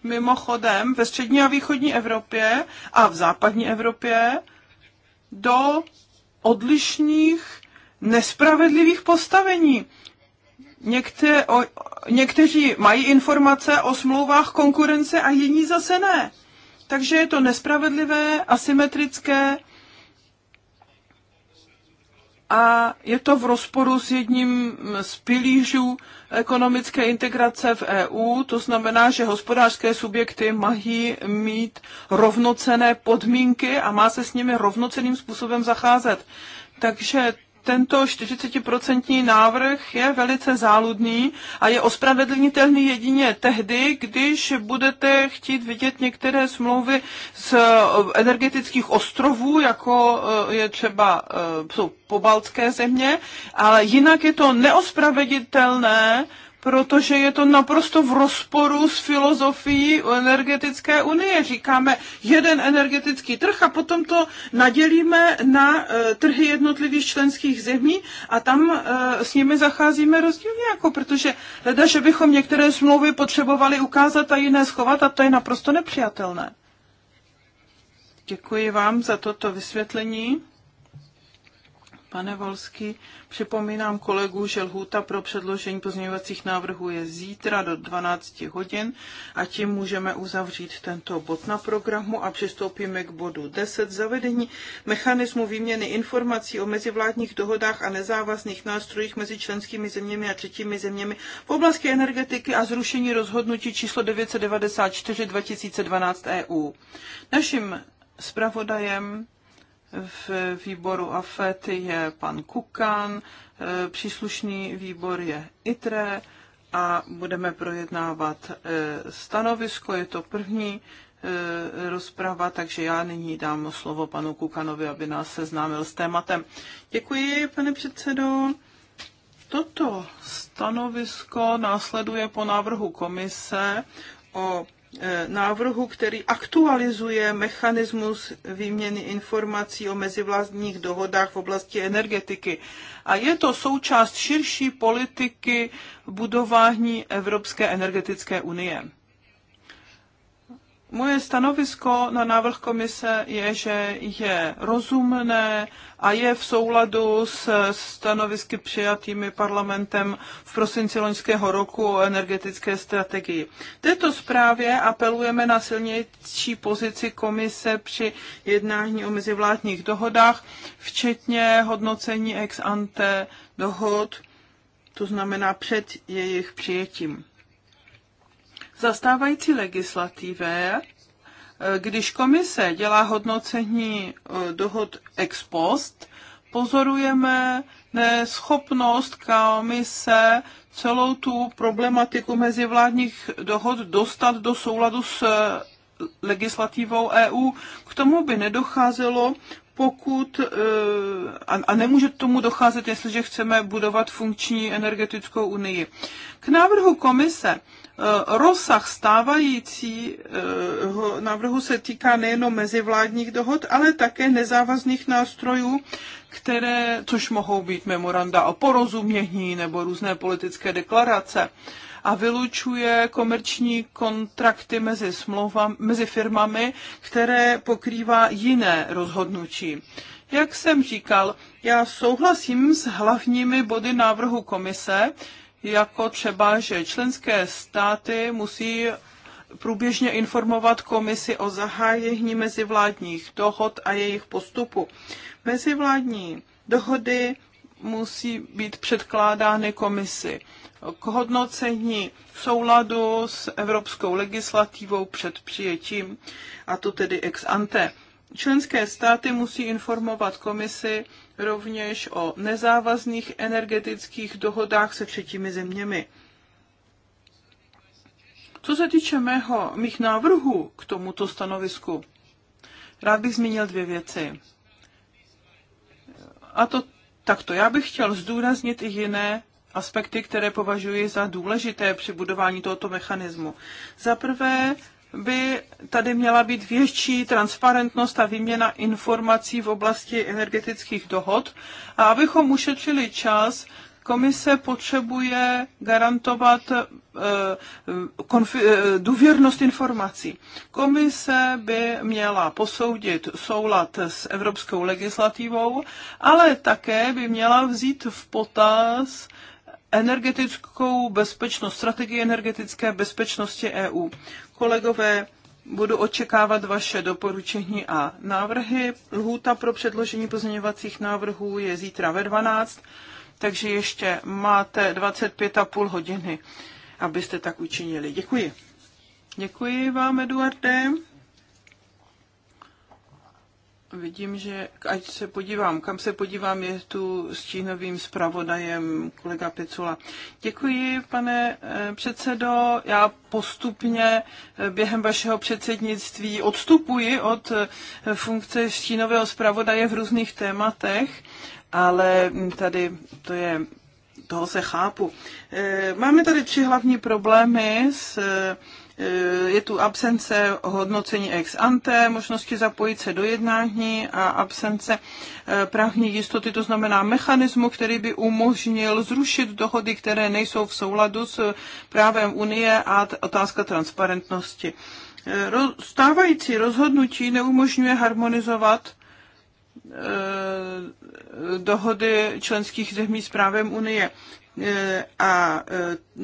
mimochodem ve střední a východní Evropě a v západní Evropě do odlišných nespravedlivých postavení. Někte, o, někteří mají informace o smlouvách konkurence a jiní zase ne. Takže je to nespravedlivé, asymetrické a je to v rozporu s jedním z pilířů ekonomické integrace v EU, to znamená, že hospodářské subjekty mají mít rovnocené podmínky a má se s nimi rovnoceným způsobem zacházet. Takže tento 40% návrh je velice záludný a je ospravedlnitelný jedině tehdy, když budete chtít vidět některé smlouvy z eh, energetických ostrovů, jako eh, je třeba eh, jsou pobaltské země, ale jinak je to neospraveditelné protože je to naprosto v rozporu s filozofií energetické unie. Říkáme jeden energetický trh a potom to nadělíme na e, trhy jednotlivých členských zemí a tam e, s nimi zacházíme rozdílně, jako protože hleda, že bychom některé smlouvy potřebovali ukázat a jiné schovat a to je naprosto nepřijatelné. Děkuji vám za toto vysvětlení. Pane Volsky, připomínám kolegu, že lhůta pro předložení pozměňovacích návrhů je zítra do 12 hodin a tím můžeme uzavřít tento bod na programu a přistoupíme k bodu 10. Zavedení mechanismu výměny informací o mezivládních dohodách a nezávazných nástrojích mezi členskými zeměmi a třetími zeměmi v oblasti energetiky a zrušení rozhodnutí číslo 994 2012 EU. Naším zpravodajem v výboru AFET je pan Kukan, e, příslušný výbor je ITRE a budeme projednávat e, stanovisko. Je to první e, rozprava, takže já nyní dám slovo panu Kukanovi, aby nás seznámil s tématem. Děkuji, pane předsedo. Toto stanovisko následuje po návrhu komise o Eh, návrhu, který aktualizuje mechanismus výměny informací o mezivládních dohodách v oblasti energetiky. A je to součást širší politiky budování Evropské energetické unie. Moje stanovisko na návrh komise je, že je rozumné a je v souladu s stanovisky přijatými parlamentem v prosinci loňského roku o energetické strategii. V této zprávě apelujeme na silnější pozici komise při jednání o mezivládních dohodách, včetně hodnocení ex ante dohod, to znamená před jejich přijetím zastávající legislativě, eh, když komise dělá hodnocení eh, dohod ex post, pozorujeme neschopnost komise celou tu problematiku mezivládních dohod dostat do souladu s eh, legislativou EU. K tomu by nedocházelo, pokud, a nemůže k tomu docházet, jestliže chceme budovat funkční energetickou unii. K návrhu komise Eh, rozsah stávajícího eh, návrhu se týká nejenom mezivládních dohod, ale také nezávazných nástrojů, které, což mohou být memoranda o porozumění nebo různé politické deklarace a vylučuje komerční kontrakty mezi, smlouvami, mezi firmami, které pokrývá jiné rozhodnutí. Jak jsem říkal, já souhlasím s hlavními body návrhu komise, jako třeba, že členské státy musí průběžně informovat komisi o zahájení mezivládních dohod a jejich postupu. Mezivládní dohody musí být předkládány komisi k hodnocení v souladu s evropskou legislativou před přijetím, a to tedy ex ante. Členské státy musí informovat komisi rovněž o nezávazných energetických dohodách se třetími zeměmi. Co se týče mého, mých návrhů k tomuto stanovisku, rád bych zmínil dvě věci. A to takto. Já bych chtěl zdůraznit i jiné aspekty, které považuji za důležité při budování tohoto mechanismu. Za prvé, by tady měla být větší transparentnost a výměna informací v oblasti energetických dohod. A abychom ušetřili čas, komise potřebuje garantovat eh, eh, důvěrnost informací. Komise by měla posoudit soulad s evropskou legislativou, ale také by měla vzít v potaz energetickou bezpečnost, strategii energetické bezpečnosti EU. Kolegové, budu očekávat vaše doporučení a návrhy. Lhůta pro předložení pozměňovacích návrhů je zítra ve 12, takže ještě máte 25,5 hodiny, abyste tak učinili. Děkuji. Děkuji vám, Eduardem. Vidím, že ať se podívám, kam se podívám, je tu s stínovým zpravodajem kolega Picula. Děkuji, pane eh, předsedo. Já postupně eh, během vašeho předsednictví odstupuji od eh, funkce stínového zpravodaje v různých tématech, ale hm, tady to je toho se chápu. Máme tady tři hlavní problémy s Eh, je tu absence hodnocení ex ante, možnosti zapojit se do jednání a absence eh, právní jistoty, to znamená mechanismu, který by umožnil zrušit dohody, které nejsou v souladu s eh, právem Unie a otázka transparentnosti. Stávající rozhodnutí neumožňuje harmonizovat dohody členských zemí s právem Unie a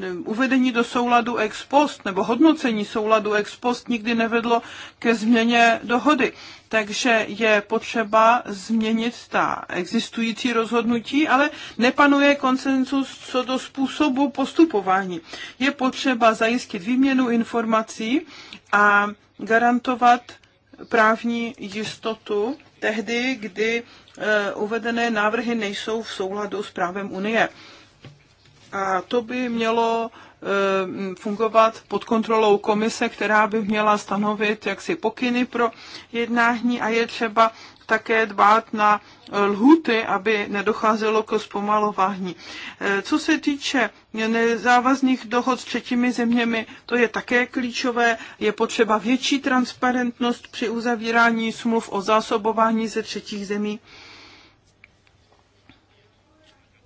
e, uvedení do souladu ex post nebo hodnocení souladu ex post nikdy nevedlo ke změně dohody. Takže je potřeba změnit ta existující rozhodnutí, ale nepanuje konsenzus co do způsobu postupování. Je potřeba zajistit výměnu informací a garantovat právní jistotu tehdy, kdy e, uvedené návrhy nejsou v souladu s právem Unie. A to by mělo eh, fungovat pod kontrolou komise, která by měla stanovit jaksi pokyny pro jednání a je třeba také dbát na lhuty, aby nedocházelo k zpomalování. Eh, co se týče nezávazných dohod s třetími zeměmi, to je také klíčové. Je potřeba větší transparentnost při uzavírání smluv o zásobování ze třetích zemí.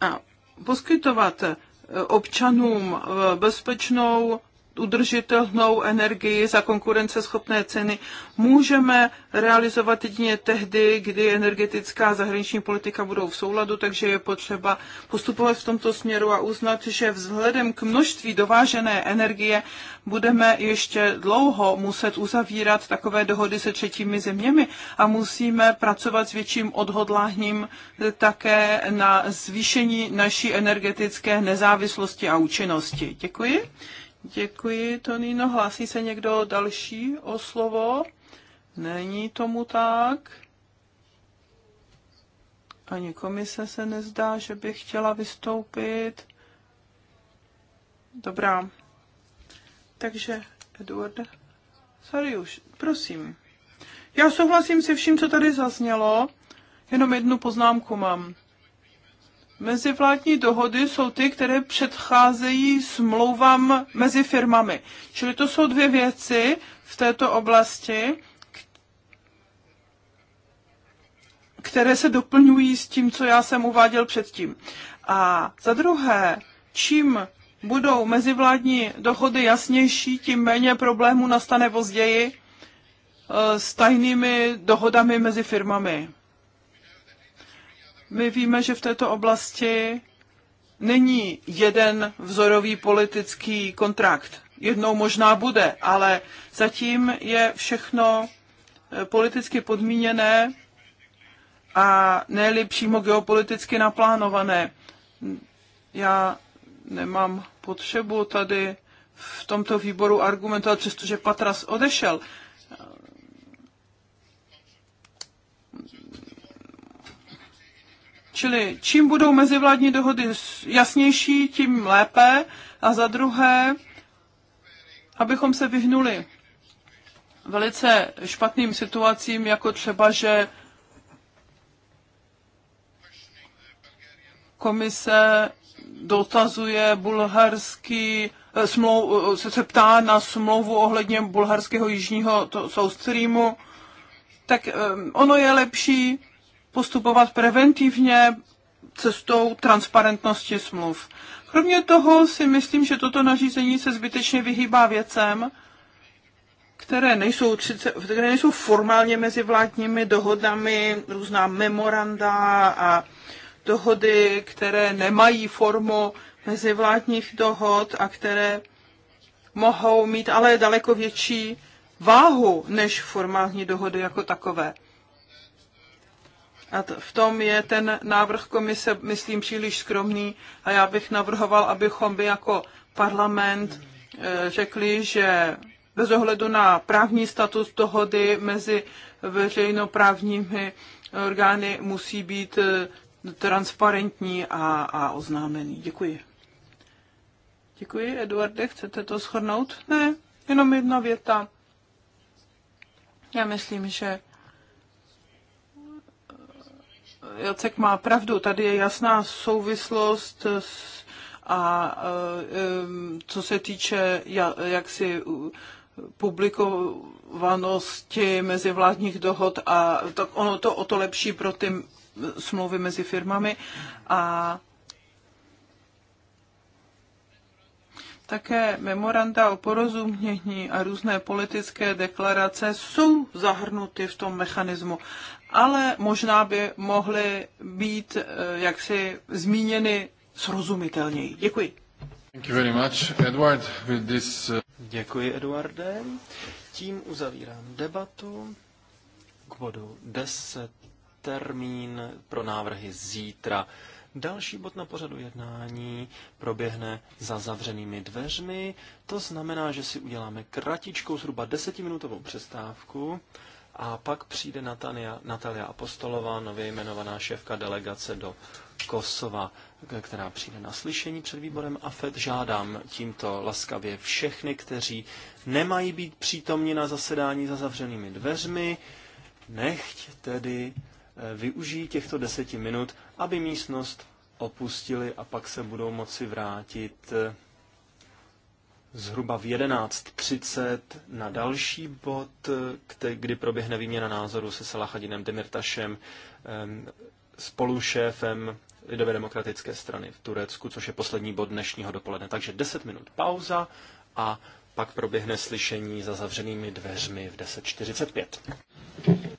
A poskytovat občanům eh, bezpečnou udržitelnou energii za konkurenceschopné ceny můžeme realizovat jedině tehdy, kdy energetická a zahraniční politika budou v souladu, takže je potřeba postupovat v tomto směru a uznat, že vzhledem k množství dovážené energie budeme ještě dlouho muset uzavírat takové dohody se třetími zeměmi a musíme pracovat s větším odhodláním také na zvýšení naší energetické nezávislosti a účinnosti. Děkuji. Děkuji, Tonino. Hlásí se někdo další o slovo? Není tomu tak. Ani komise se nezdá, že by chtěla vystoupit. Dobrá. Takže, Eduard, sorry už, prosím. Já souhlasím se vším, co tady zaznělo, jenom jednu poznámku mám. Mezivládní dohody jsou ty, které předcházejí smlouvám mezi firmami. Čili to jsou dvě věci v této oblasti, které se doplňují s tím, co já jsem uváděl předtím. A za druhé, čím budou mezivládní dohody jasnější, tím méně problémů nastane později eh, s tajnými dohodami mezi firmami. My víme, že v této oblasti není jeden vzorový politický kontrakt. Jednou možná bude, ale zatím je všechno eh, politicky podmíněné a ne přímo geopoliticky naplánované. Já nemám potřebu tady v tomto výboru argumentovat, přestože Patras odešel, Čili čím budou mezivládní dohody jasnější, tím lépe. A za druhé, abychom se vyhnuli velice špatným situacím, jako třeba, že komise dotazuje bulharský eh, smlou, eh, se, se ptá na smlouvu ohledně bulharského jižního to, South Streamu, tak um, ono je lepší postupovat preventivně cestou transparentnosti smluv. Kromě toho si myslím, že toto nařízení se zbytečně vyhýbá věcem, které nejsou, které nejsou formálně mezi vládními dohodami, různá memoranda a dohody, které nemají formu mezivládních dohod a které mohou mít ale daleko větší váhu než formální dohody jako takové. A v tom je ten návrh komise, myslím, příliš skromný a já bych navrhoval, abychom by jako parlament eh, řekli, že bez ohledu na právní status dohody mezi veřejnoprávními orgány musí být eh, transparentní a, a oznámený. Děkuji. Děkuji, Eduarde. Chcete to shodnout? Ne, jenom jedna věta. Já myslím, že Jacek má pravdu, tady je jasná souvislost s, a co se týče jaksi publikovanosti vládních dohod a tak ono to o to lepší pro ty smlouvy mezi firmami a Také memoranda o porozumění a různé politické deklarace jsou zahrnuty v tom mechanismu, ale možná by mohly být eh, jaksi zmíněny srozumitelněji. Děkuji. Thank you very much, Edward. With this, eh, Děkuji, Eduarde. Tím uzavírám debatu k bodu 10. Termín pro návrhy zítra Další bod na pořadu jednání proběhne za zavřenými dveřmi. To znamená, že si uděláme kratičkou, zhruba desetiminutovou přestávku a pak přijde Natania, Natalia Apostolová, nově jmenovaná šéfka delegace do Kosova, která přijde na slyšení před výborem AFED. Žádám tímto laskavě všechny, kteří nemají být přítomni na zasedání za zavřenými dveřmi, nechť tedy eh, využijí těchto deseti minut aby místnost opustili a pak se budou moci vrátit eh, zhruba v 11.30 na další bod, eh, kdy proběhne výměna názoru se Salahadinem Demirtašem, ehm, spolušéfem Lidové demokratické strany v Turecku, což je poslední bod dnešního dopoledne. Takže 10 minut pauza a pak proběhne slyšení za zavřenými dveřmi v 10.45.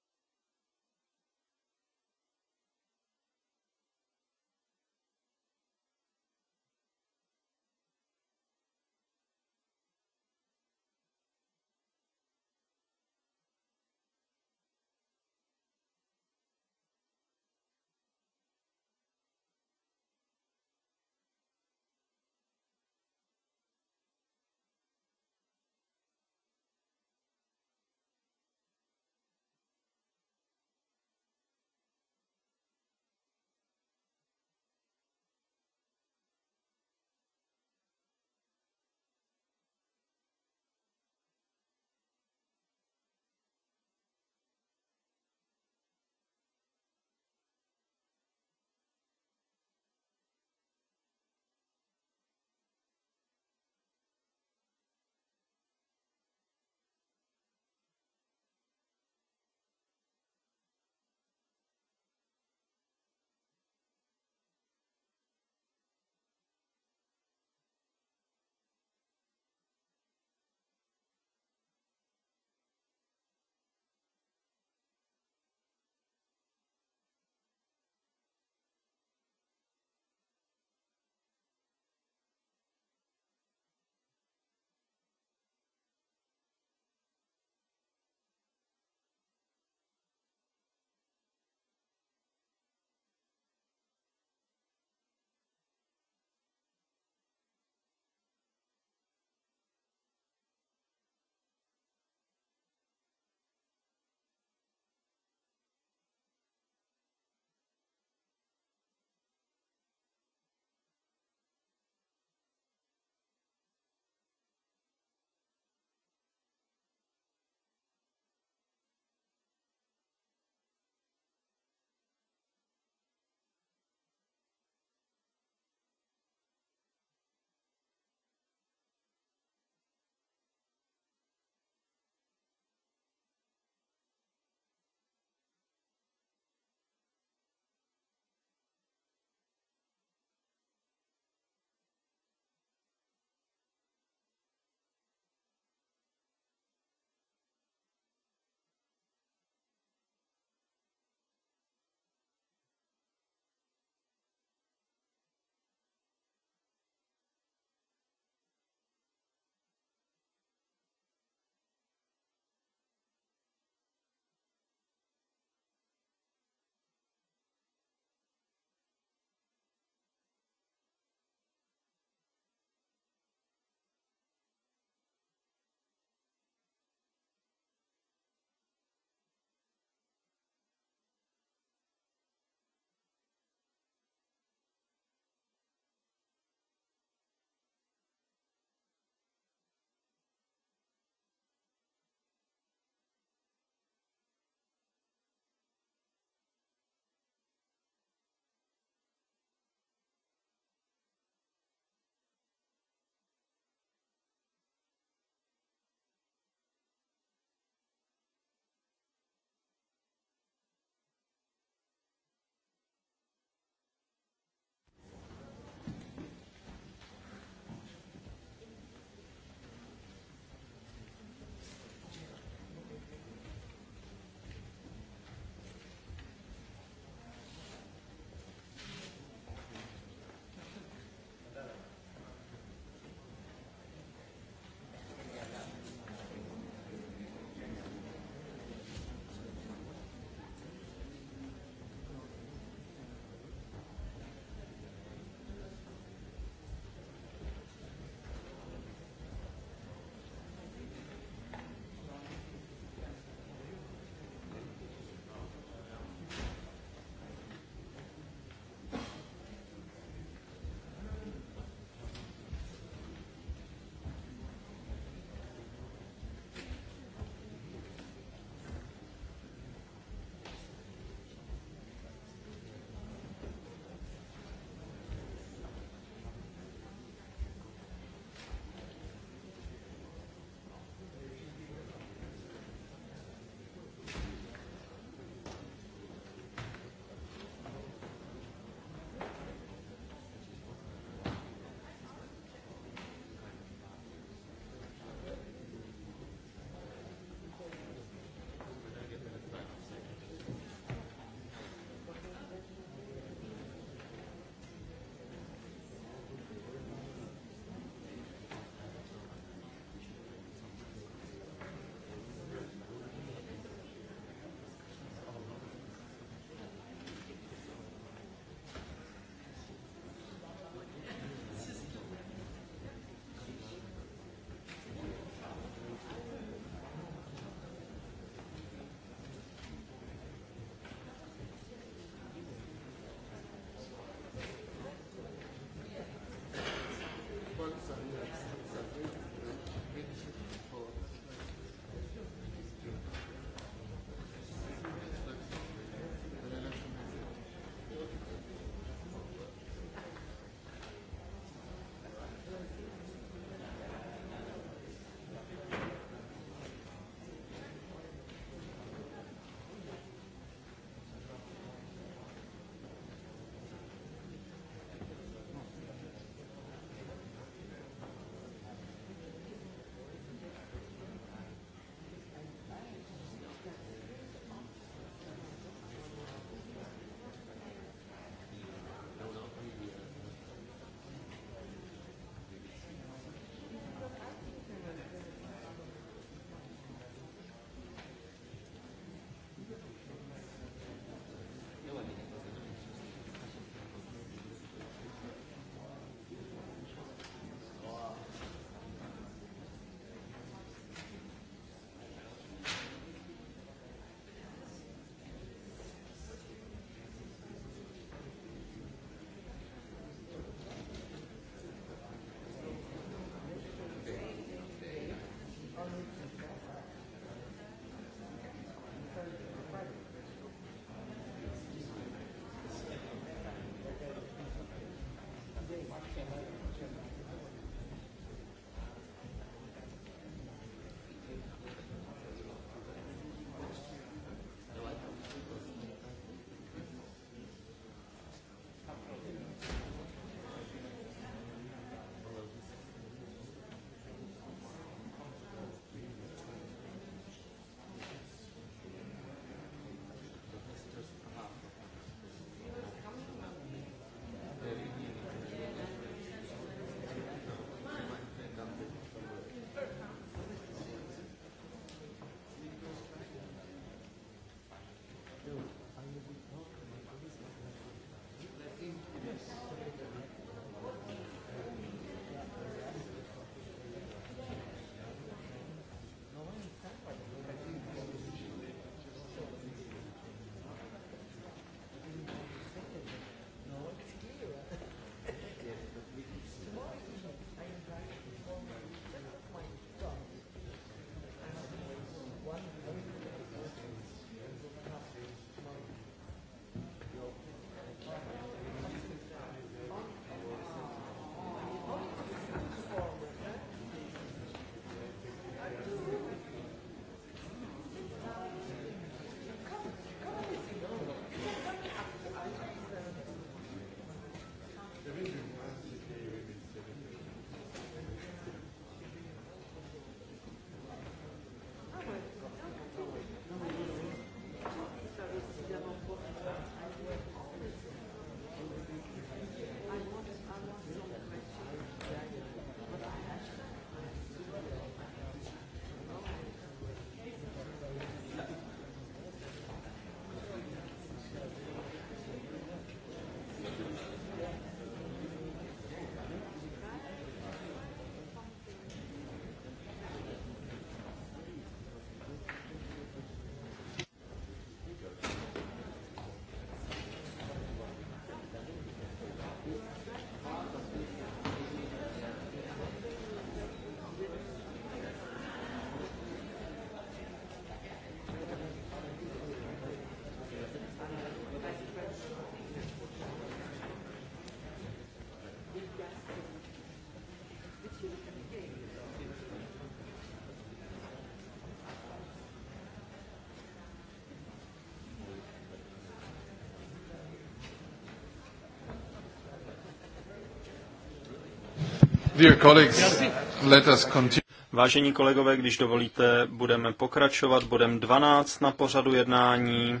Vážení kolegové, když dovolíte, budeme pokračovat bodem 12 na pořadu jednání,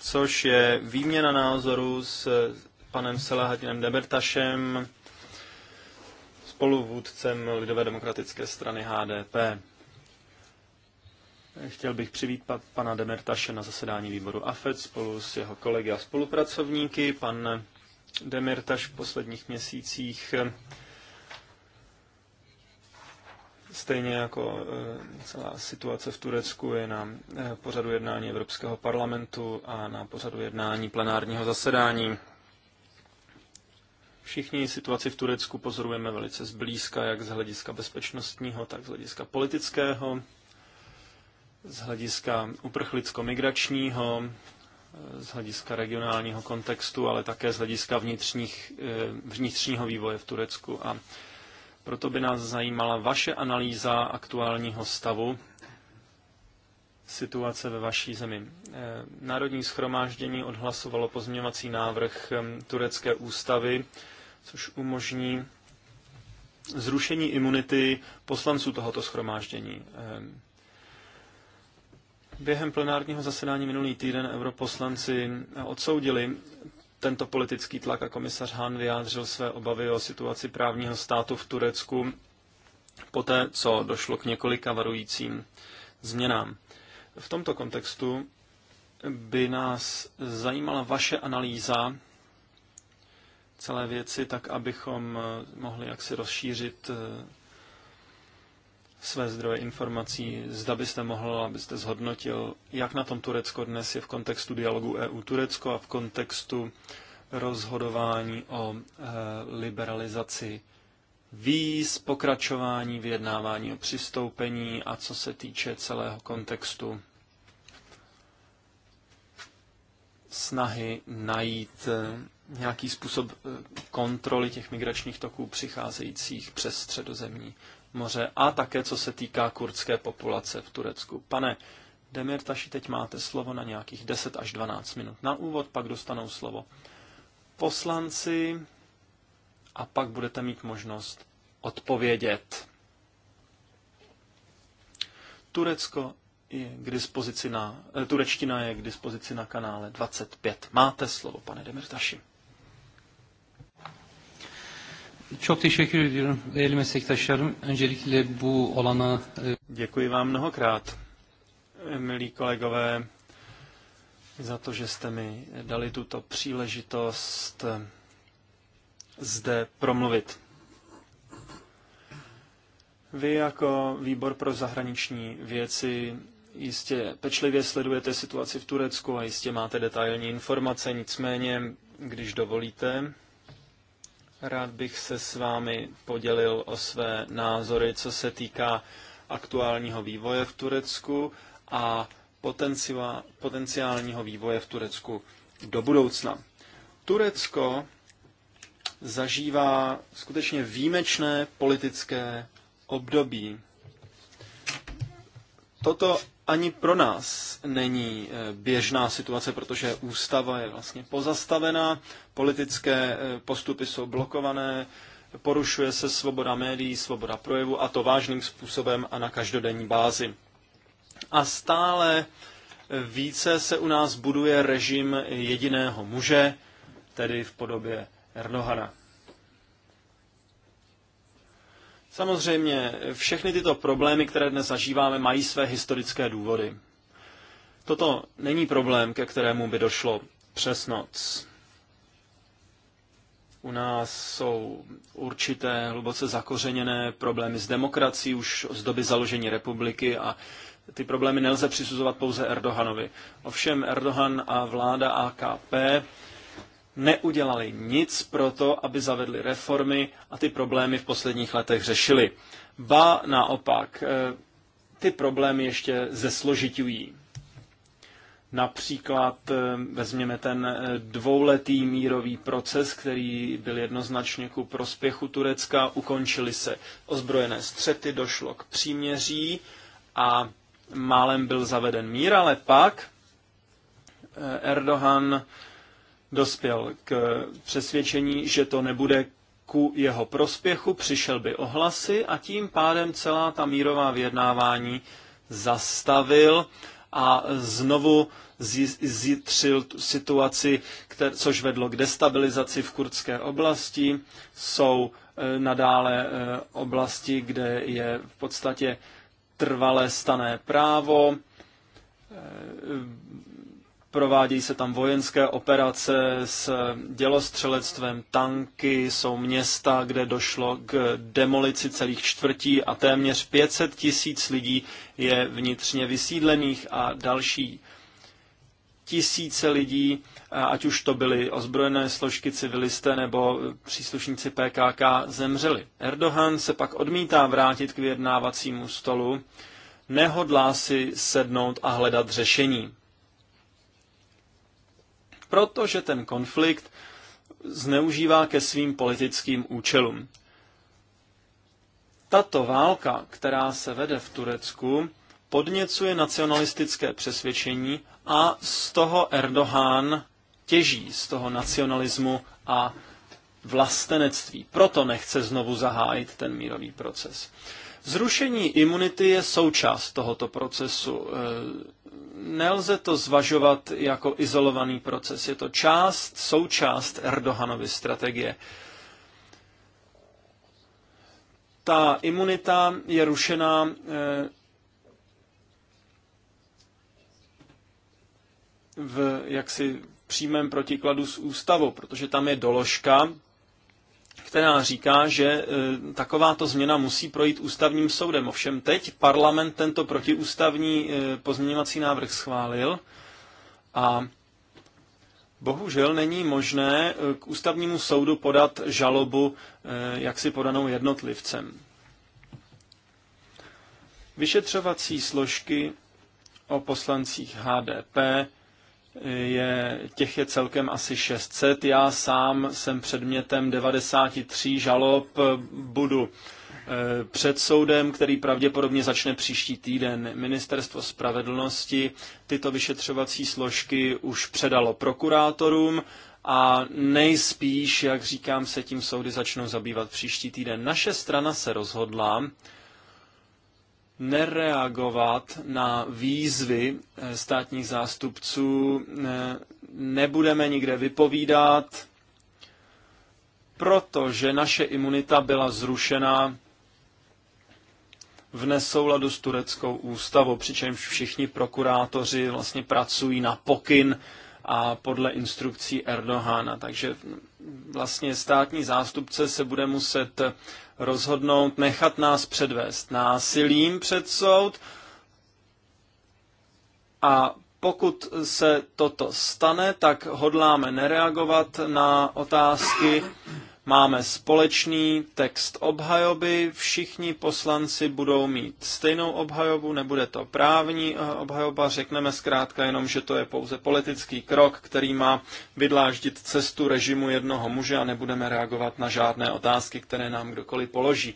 což je výměna názoru s panem Selahadinem Debertašem, spoluvůdcem Lidové demokratické strany HDP. Chtěl bych přivítat pana Demertaše na zasedání výboru AFED spolu s jeho kolegy a spolupracovníky. Pan Demirtaš v posledních měsících Stejně jako eh, celá situace v Turecku je na eh, pořadu jednání Evropského parlamentu a na pořadu jednání plenárního zasedání. Všichni situaci v Turecku pozorujeme velice zblízka, jak z hlediska bezpečnostního, tak z hlediska politického, z hlediska uprchlicko-migračního, eh, z hlediska regionálního kontextu, ale také z hlediska vnitřních, vnitřního vývoje v Turecku. A proto by nás zajímala vaše analýza aktuálního stavu situace ve vaší zemi. Eh, Národní schromáždění odhlasovalo pozměňovací návrh eh, turecké ústavy, což umožní zrušení imunity poslanců tohoto schromáždění. Eh, Během plenárního zasedání minulý týden europoslanci odsoudili tento politický tlak a komisař Hahn vyjádřil své obavy o situaci právního státu v Turecku poté, co došlo k několika varujícím změnám. V tomto kontextu by nás zajímala vaše analýza celé věci, tak abychom mohli jaksi rozšířit eh, své zdroje informací, zda byste mohl, abyste zhodnotil, jak na tom Turecko dnes je v kontextu dialogu EU-Turecko a v kontextu rozhodování o e, liberalizaci víz, pokračování vyjednávání o přistoupení a co se týče celého kontextu snahy najít e, nějaký způsob e, kontroly těch migračních toků přicházejících přes středozemní moře a také co se týká kurdské populace v Turecku. Pane Demirtaši, teď máte slovo na nějakých 10 až 12 minut. Na úvod pak dostanou slovo poslanci a pak budete mít možnost odpovědět. Turecko je k dispozici na, eh, turečtina je k dispozici na kanále 25. Máte slovo, pane Demirtaši. Çok teşekkür ediyorum değerli meslektaşlarım. Öncelikle bu olana... E, Děkuji vám mnohokrát, milí kolegové, za to, že jste mi dali tuto příležitost e, zde promluvit. Vy jako výbor pro zahraniční věci jistě pečlivě sledujete situaci v Turecku a jistě máte detailní informace, nicméně, když dovolíte, Rád bych se s vámi podělil o své názory, co se týká aktuálního vývoje v Turecku a potenciálního vývoje v Turecku do budoucna. Turecko zažívá skutečně výjimečné politické období. Toto ani pro nás není eh, běžná situace, protože ústava je vlastně pozastavená, politické eh, postupy jsou blokované, porušuje se svoboda médií, svoboda projevu a to vážným způsobem a na každodenní bázi. A stále eh, více se u nás buduje režim jediného muže, tedy v podobě Erdogana. Samozřejmě, všechny tyto problémy, které dnes zažíváme, mají své historické důvody. Toto není problém, ke kterému by došlo přes noc. U nás jsou určité hluboce zakořeněné problémy s demokracií už z doby založení republiky a ty problémy nelze přisuzovat pouze Erdoganovi. Ovšem Erdogan a vláda AKP neudělali nic pro to, aby zavedli reformy a ty problémy v posledních letech řešili. Ba naopak, eh, ty problémy ještě zesložitují. Například eh, vezměme ten eh, dvouletý mírový proces, který byl jednoznačně ku prospěchu Turecka. Ukončily se ozbrojené střety, došlo k příměří a málem byl zaveden mír, ale pak Erdogan dospěl k přesvědčení, že to nebude ku jeho prospěchu, přišel by ohlasy a tím pádem celá ta mírová vyjednávání zastavil a znovu zjitřil situaci, kter, což vedlo k destabilizaci v kurdské oblasti. Jsou e, nadále e, oblasti, kde je v podstatě trvalé stané právo. E, Provádějí se tam vojenské operace s dělostřelectvem, tanky, jsou města, kde došlo k demolici celých čtvrtí a téměř 500 tisíc lidí je vnitřně vysídlených a další tisíce lidí, ať už to byly ozbrojené složky civilisté nebo příslušníci PKK, zemřeli. Erdogan se pak odmítá vrátit k vyjednávacímu stolu, nehodlá si sednout a hledat řešení protože ten konflikt zneužívá ke svým politickým účelům. Tato válka, která se vede v Turecku, podněcuje nacionalistické přesvědčení a z toho Erdohán těží, z toho nacionalismu a vlastenectví. Proto nechce znovu zahájit ten mírový proces. Zrušení imunity je součást tohoto procesu. Eh, nelze to zvažovat jako izolovaný proces. Je to část, součást Erdoganovy strategie. Ta imunita je rušená eh, v jaksi přímém protikladu s ústavou, protože tam je doložka, která říká, že e, takováto změna musí projít ústavním soudem. Ovšem teď parlament tento protiústavní e, pozměňovací návrh schválil a bohužel není možné e, k ústavnímu soudu podat žalobu jaksi podanou jednotlivcem. Vyšetřovací složky o poslancích HDP je, těch je celkem asi 600. Já sám jsem předmětem 93 žalob, eh, budu eh, před soudem, který pravděpodobně začne příští týden. Ministerstvo spravedlnosti tyto vyšetřovací složky už předalo prokurátorům a nejspíš, jak říkám, se tím soudy začnou zabývat příští týden. Naše strana se rozhodla, nereagovat na výzvy eh, státních zástupců, eh, nebudeme nikde vypovídat, protože naše imunita byla zrušena v nesouladu s tureckou ústavou, přičemž všichni prokurátoři vlastně pracují na pokyn a podle instrukcí Erdohána. Takže vlastně státní zástupce se bude muset rozhodnout nechat nás předvést násilím před soud a pokud se toto stane, tak hodláme nereagovat na otázky Máme společný text obhajoby, všichni poslanci budou mít stejnou obhajobu, nebude to právní eh, obhajoba, řekneme zkrátka jenom, že to je pouze politický krok, který má vydláždit cestu režimu jednoho muže a nebudeme reagovat na žádné otázky, které nám kdokoliv položí.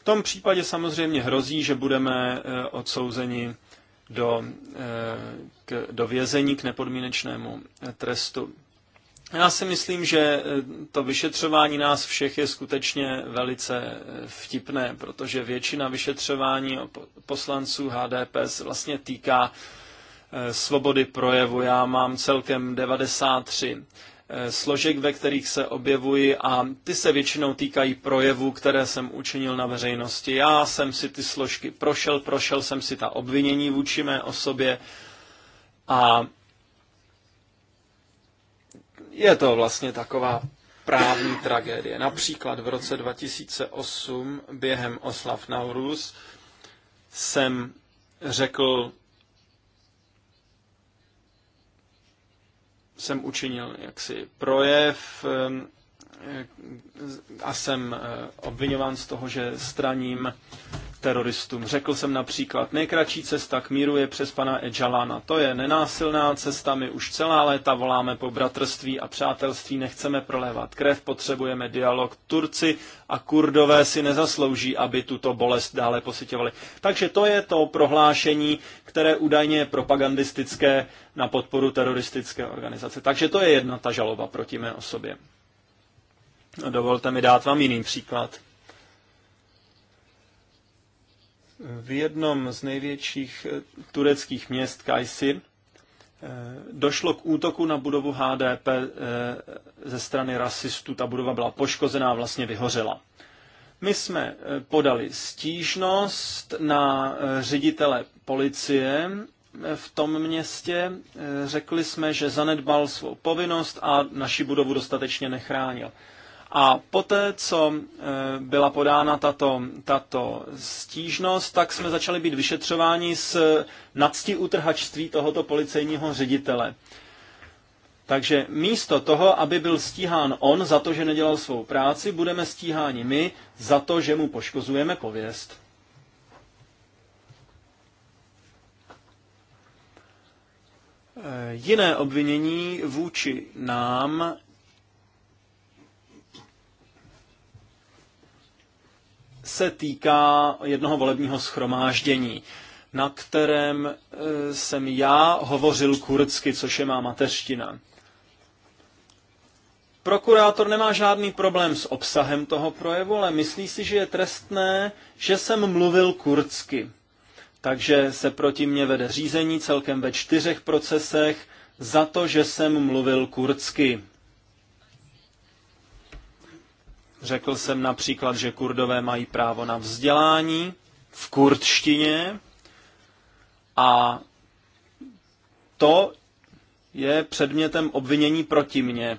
V tom případě samozřejmě hrozí, že budeme eh, odsouzeni do, eh, k, do vězení k nepodmínečnému trestu. Já si myslím, že eh, to vyšetřování nás všech je skutečně velice eh, vtipné, protože většina vyšetřování poslanců HDP se vlastně týká eh, svobody projevu. Já mám celkem 93 složek, ve kterých se objevuji a ty se většinou týkají projevů, které jsem učinil na veřejnosti. Já jsem si ty složky prošel, prošel jsem si ta obvinění vůči mé osobě a je to vlastně taková právní tragédie. Například v roce 2008 během oslav Naurus jsem řekl, jsem učinil jaksi projev a jsem eh, obvinován z toho, že straním teroristům. Řekl jsem například, nejkratší cesta k míru je přes pana Ejalana. To je nenásilná cesta, my už celá léta voláme po bratrství a přátelství, nechceme prolevat krev, potřebujeme dialog. Turci a Kurdové si nezaslouží, aby tuto bolest dále posytěvali. Takže to je to prohlášení, které údajně je propagandistické na podporu teroristické organizace. Takže to je jedna ta žaloba proti mé osobě. Dovolte mi dát vám jiný příklad. v jednom z největších eh, tureckých měst Kajsir eh, došlo k útoku na budovu HDP eh, ze strany rasistů. Ta budova byla poškozená, vlastně vyhořela. My jsme podali stížnost na ředitele policie v tom městě. Řekli jsme, že zanedbal svou povinnost a naši budovu dostatečně nechránil. A poté, co eh, byla podána tato, tato stížnost, tak jsme začali být vyšetřováni s nadstí utrhačství tohoto policejního ředitele. Takže místo toho, aby byl stíhán on za to, že nedělal svou práci, budeme stíháni my za to, že mu poškozujeme pověst. Eh, jiné obvinění vůči nám se týká jednoho volebního schromáždění, na kterém e, jsem já hovořil kurdsky, což je má mateřština. Prokurátor nemá žádný problém s obsahem toho projevu, ale myslí si, že je trestné, že jsem mluvil kurdsky. Takže se proti mně vede řízení celkem ve čtyřech procesech za to, že jsem mluvil kurdsky. Řekl jsem například, že kurdové mají právo na vzdělání v kurdštině a to je předmětem obvinění proti mně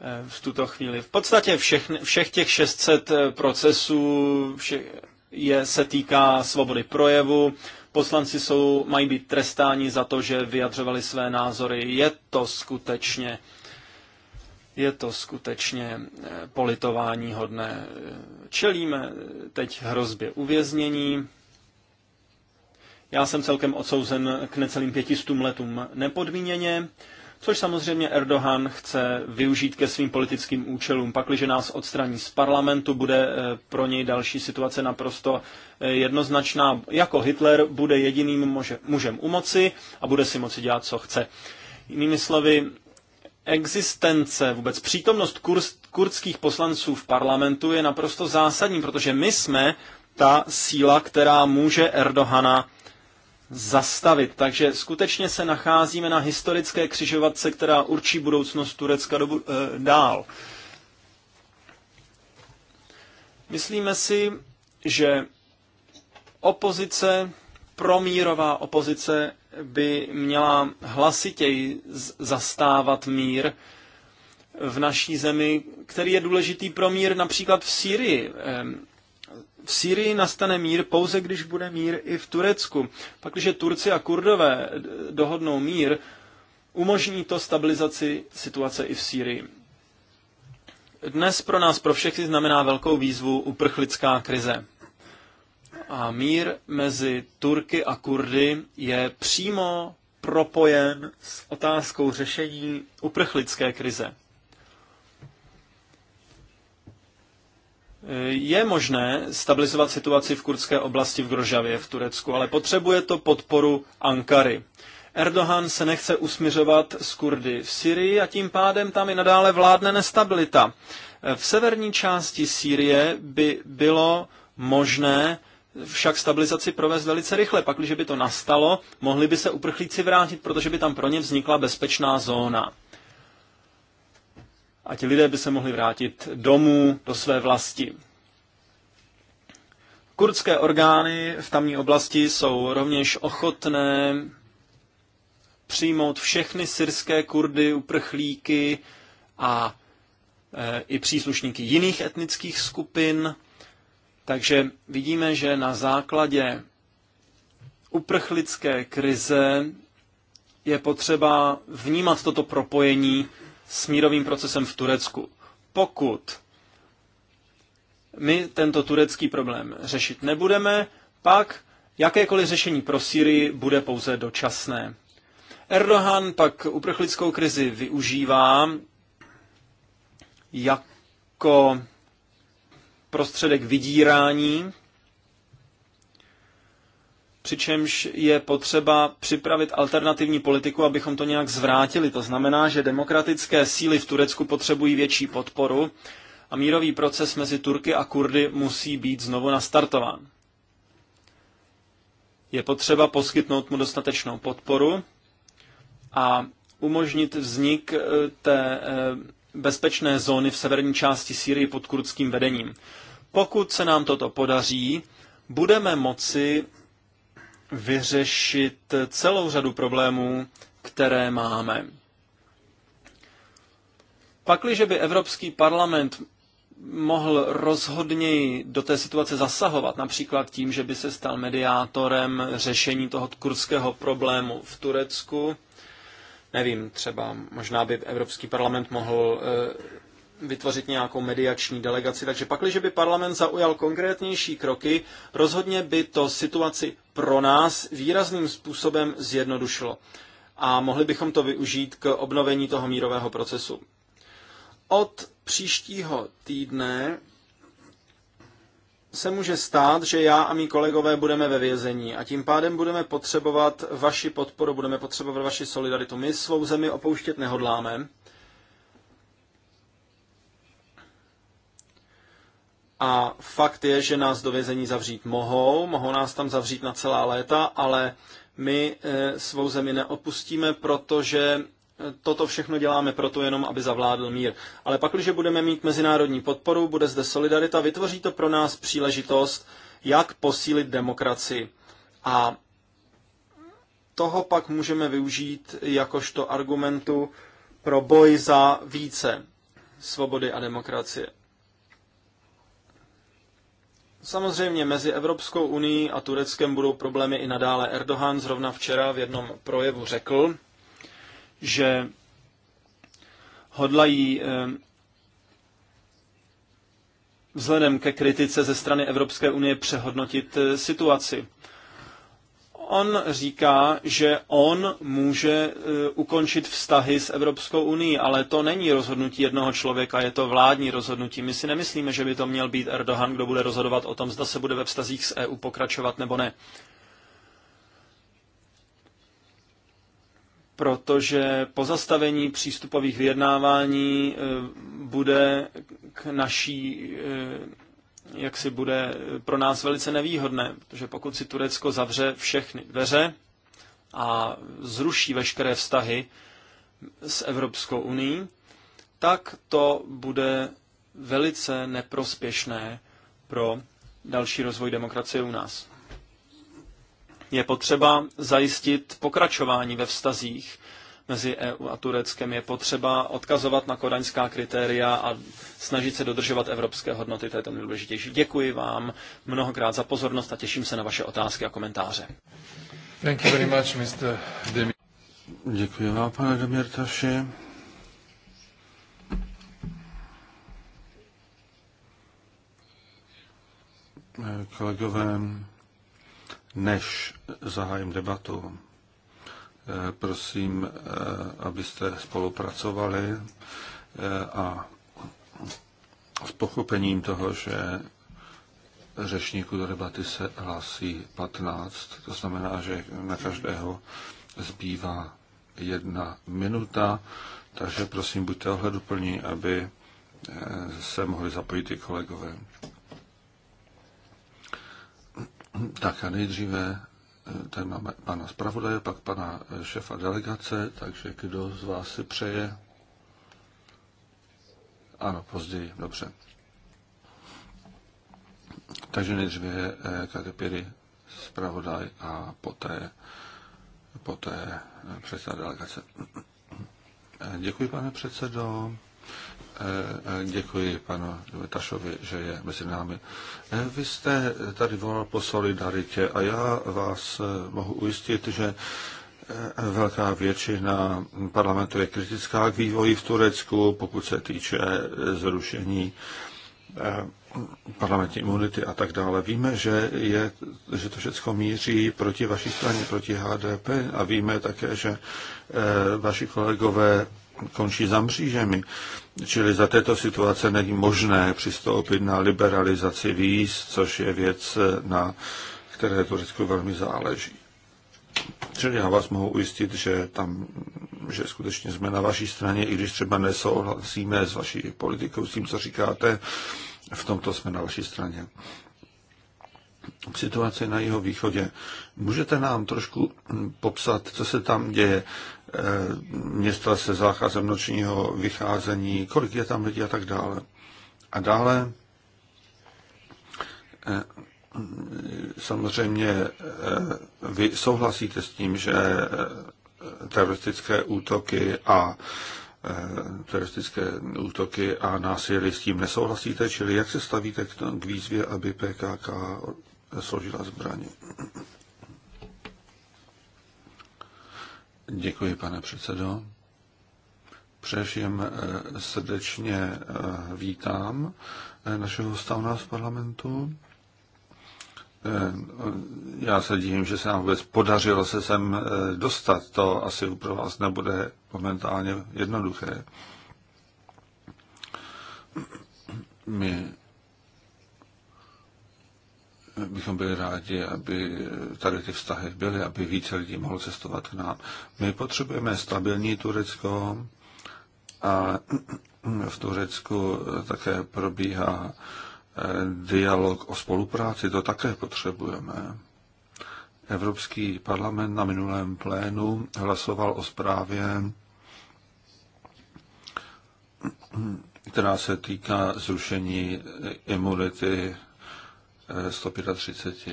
eh, v tuto chvíli. V podstatě všech, všech těch 600 eh, procesů vše, je, se týká svobody projevu. Poslanci jsou, mají být trestáni za to, že vyjadřovali své názory. Je to skutečně je to skutečně eh, politování hodné. Čelíme eh, teď hrozbě uvěznění. Já jsem celkem odsouzen k necelým pětistům letům nepodmíněně, což samozřejmě Erdogan chce využít ke svým politickým účelům. Pakliže nás odstraní z parlamentu, bude eh, pro něj další situace naprosto jednoznačná. Jako Hitler bude jediným mužem u moci a bude si moci dělat, co chce. Jinými slovy, existence, vůbec přítomnost kurdských poslanců v parlamentu je naprosto zásadní, protože my jsme ta síla, která může Erdohana zastavit. Takže skutečně se nacházíme na historické křižovatce, která určí budoucnost Turecka do, e, eh, dál. Myslíme si, že opozice, promírová opozice by měla hlasitěji zastávat mír v naší zemi, který je důležitý pro mír například v Sýrii. V Sýrii nastane mír pouze, když bude mír i v Turecku. Pak, když Turci a Kurdové dohodnou mír, umožní to stabilizaci situace i v Sýrii. Dnes pro nás pro všechny znamená velkou výzvu uprchlická krize. A mír mezi Turky a Kurdy je přímo propojen s otázkou řešení uprchlické krize. Je možné stabilizovat situaci v kurdské oblasti v Grožavě v Turecku, ale potřebuje to podporu Ankary. Erdogan se nechce usmiřovat s Kurdy v Syrii a tím pádem tam i nadále vládne nestabilita. V severní části Sýrie by bylo možné však stabilizaci provést velice rychle. Pak, když by to nastalo, mohli by se uprchlíci vrátit, protože by tam pro ně vznikla bezpečná zóna. A ti lidé by se mohli vrátit domů, do své vlasti. Kurdské orgány v tamní oblasti jsou rovněž ochotné přijmout všechny syrské kurdy, uprchlíky a e, i příslušníky jiných etnických skupin, takže vidíme, že na základě uprchlické krize je potřeba vnímat toto propojení s mírovým procesem v Turecku. Pokud my tento turecký problém řešit nebudeme, pak jakékoliv řešení pro Syrii bude pouze dočasné. Erdogan pak uprchlickou krizi využívá jako prostředek vydírání, přičemž je potřeba připravit alternativní politiku, abychom to nějak zvrátili. To znamená, že demokratické síly v Turecku potřebují větší podporu a mírový proces mezi Turky a Kurdy musí být znovu nastartován. Je potřeba poskytnout mu dostatečnou podporu a umožnit vznik eh, té eh, bezpečné zóny v severní části Sýrie pod kurdským vedením. Pokud se nám toto podaří, budeme moci vyřešit celou řadu problémů, které máme. Pakliže by Evropský parlament mohl rozhodněji do té situace zasahovat, například tím, že by se stal mediátorem řešení toho kurdského problému v Turecku, Nevím, třeba možná by Evropský parlament mohl eh, vytvořit nějakou mediační delegaci. Takže když by parlament zaujal konkrétnější kroky, rozhodně by to situaci pro nás výrazným způsobem zjednodušilo. A mohli bychom to využít k obnovení toho mírového procesu. Od příštího týdne se může stát, že já a mý kolegové budeme ve vězení a tím pádem budeme potřebovat vaši podporu, budeme potřebovat vaši solidaritu. My svou zemi opouštět nehodláme. A fakt je, že nás do vězení zavřít mohou, mohou nás tam zavřít na celá léta, ale my eh, svou zemi neopustíme, protože toto všechno děláme proto jenom, aby zavládl mír. Ale pak, když budeme mít mezinárodní podporu, bude zde solidarita, vytvoří to pro nás příležitost, jak posílit demokracii. A toho pak můžeme využít jakožto argumentu pro boj za více svobody a demokracie. Samozřejmě mezi Evropskou unii a Tureckem budou problémy i nadále. Erdogan zrovna včera v jednom projevu řekl, že hodlají eh, vzhledem ke kritice ze strany Evropské unie přehodnotit eh, situaci. On říká, že on může eh, ukončit vztahy s Evropskou unii, ale to není rozhodnutí jednoho člověka, je to vládní rozhodnutí. My si nemyslíme, že by to měl být Erdogan, kdo bude rozhodovat o tom, zda se bude ve vztazích s EU pokračovat nebo ne. protože pozastavení přístupových vyjednávání eh, bude k naší, eh, jak si bude pro nás velice nevýhodné, protože pokud si Turecko zavře všechny dveře a zruší veškeré vztahy s Evropskou uní, tak to bude velice neprospěšné pro další rozvoj demokracie u nás. Je potřeba zajistit pokračování ve vztazích mezi EU a Tureckem. Je potřeba odkazovat na koraňská kritéria a snažit se dodržovat evropské hodnoty, to je to nejdůležitější. Děkuji vám mnohokrát za pozornost a těším se na vaše otázky a komentáře. Thank you very much, Mr. Demir. Děkuji vám, pane Demirtaši. Eh, kolegové, než zahájím debatu, eh, prosím, eh, abyste spolupracovali eh, a s pochopením toho, že řečníků do debaty se hlásí 15, to znamená, že na každého zbývá jedna minuta, takže prosím, buďte ohleduplní, aby se mohli zapojit i kolegové. Tak a nejdříve eh, tady máme pana zpravodaje, pak pana eh, šefa delegace, takže kdo z vás si přeje? Ano, později, dobře. Takže nejdříve eh, Katepiry zpravodaj a poté, poté předseda delegace. Děkuji, pane předsedo. Eh, eh, děkuji panu Tašovi, že je mezi námi. Eh, vy jste tady volal po solidaritě a já vás mohu ujistit, že velká většina parlamentu je kritická k vývoji v Turecku, pokud se týče zrušení parlamentní imunity a tak dále. Víme, že, je, že to všechno míří proti vaší straně, proti HDP a víme také, že vaši kolegové končí za mřížemi. Čili za této situace není možné přistoupit na liberalizaci víz, což je věc, eh, na které Turecku velmi záleží. Čili já vás mohu ujistit, že tam, že skutečně jsme na vaší straně, i když třeba nesouhlasíme s vaší politikou, s tím, co říkáte, v tomto jsme na vaší straně. Situace na jeho východě. Můžete nám trošku popsat, co se tam děje? Eh, města se zákazem nočního vycházení, kolik je tam lidí a tak dále. A dále eh, samozřejmě eh, vy souhlasíte s tím, že teroristické útoky a teroristické útoky a násilí s tím nesouhlasíte, čili jak se stavíte k výzvě, aby PKK složila zbraně? Děkuji, pane předsedo. Především eh, srdečně eh, vítám eh, našeho hosta u nás v parlamentu. Já se divím, že se nám vůbec podařilo se sem dostat. To asi pro vás nebude momentálně jednoduché. My bychom byli rádi, aby tady ty vztahy byly, aby více lidí mohlo cestovat k nám. My potřebujeme stabilní Turecko a v Turecku také probíhá eh, dialog o spolupráci, to také potřebujeme. Evropský parlament na minulém plénu hlasoval o zprávě, která se týká zrušení imunity 135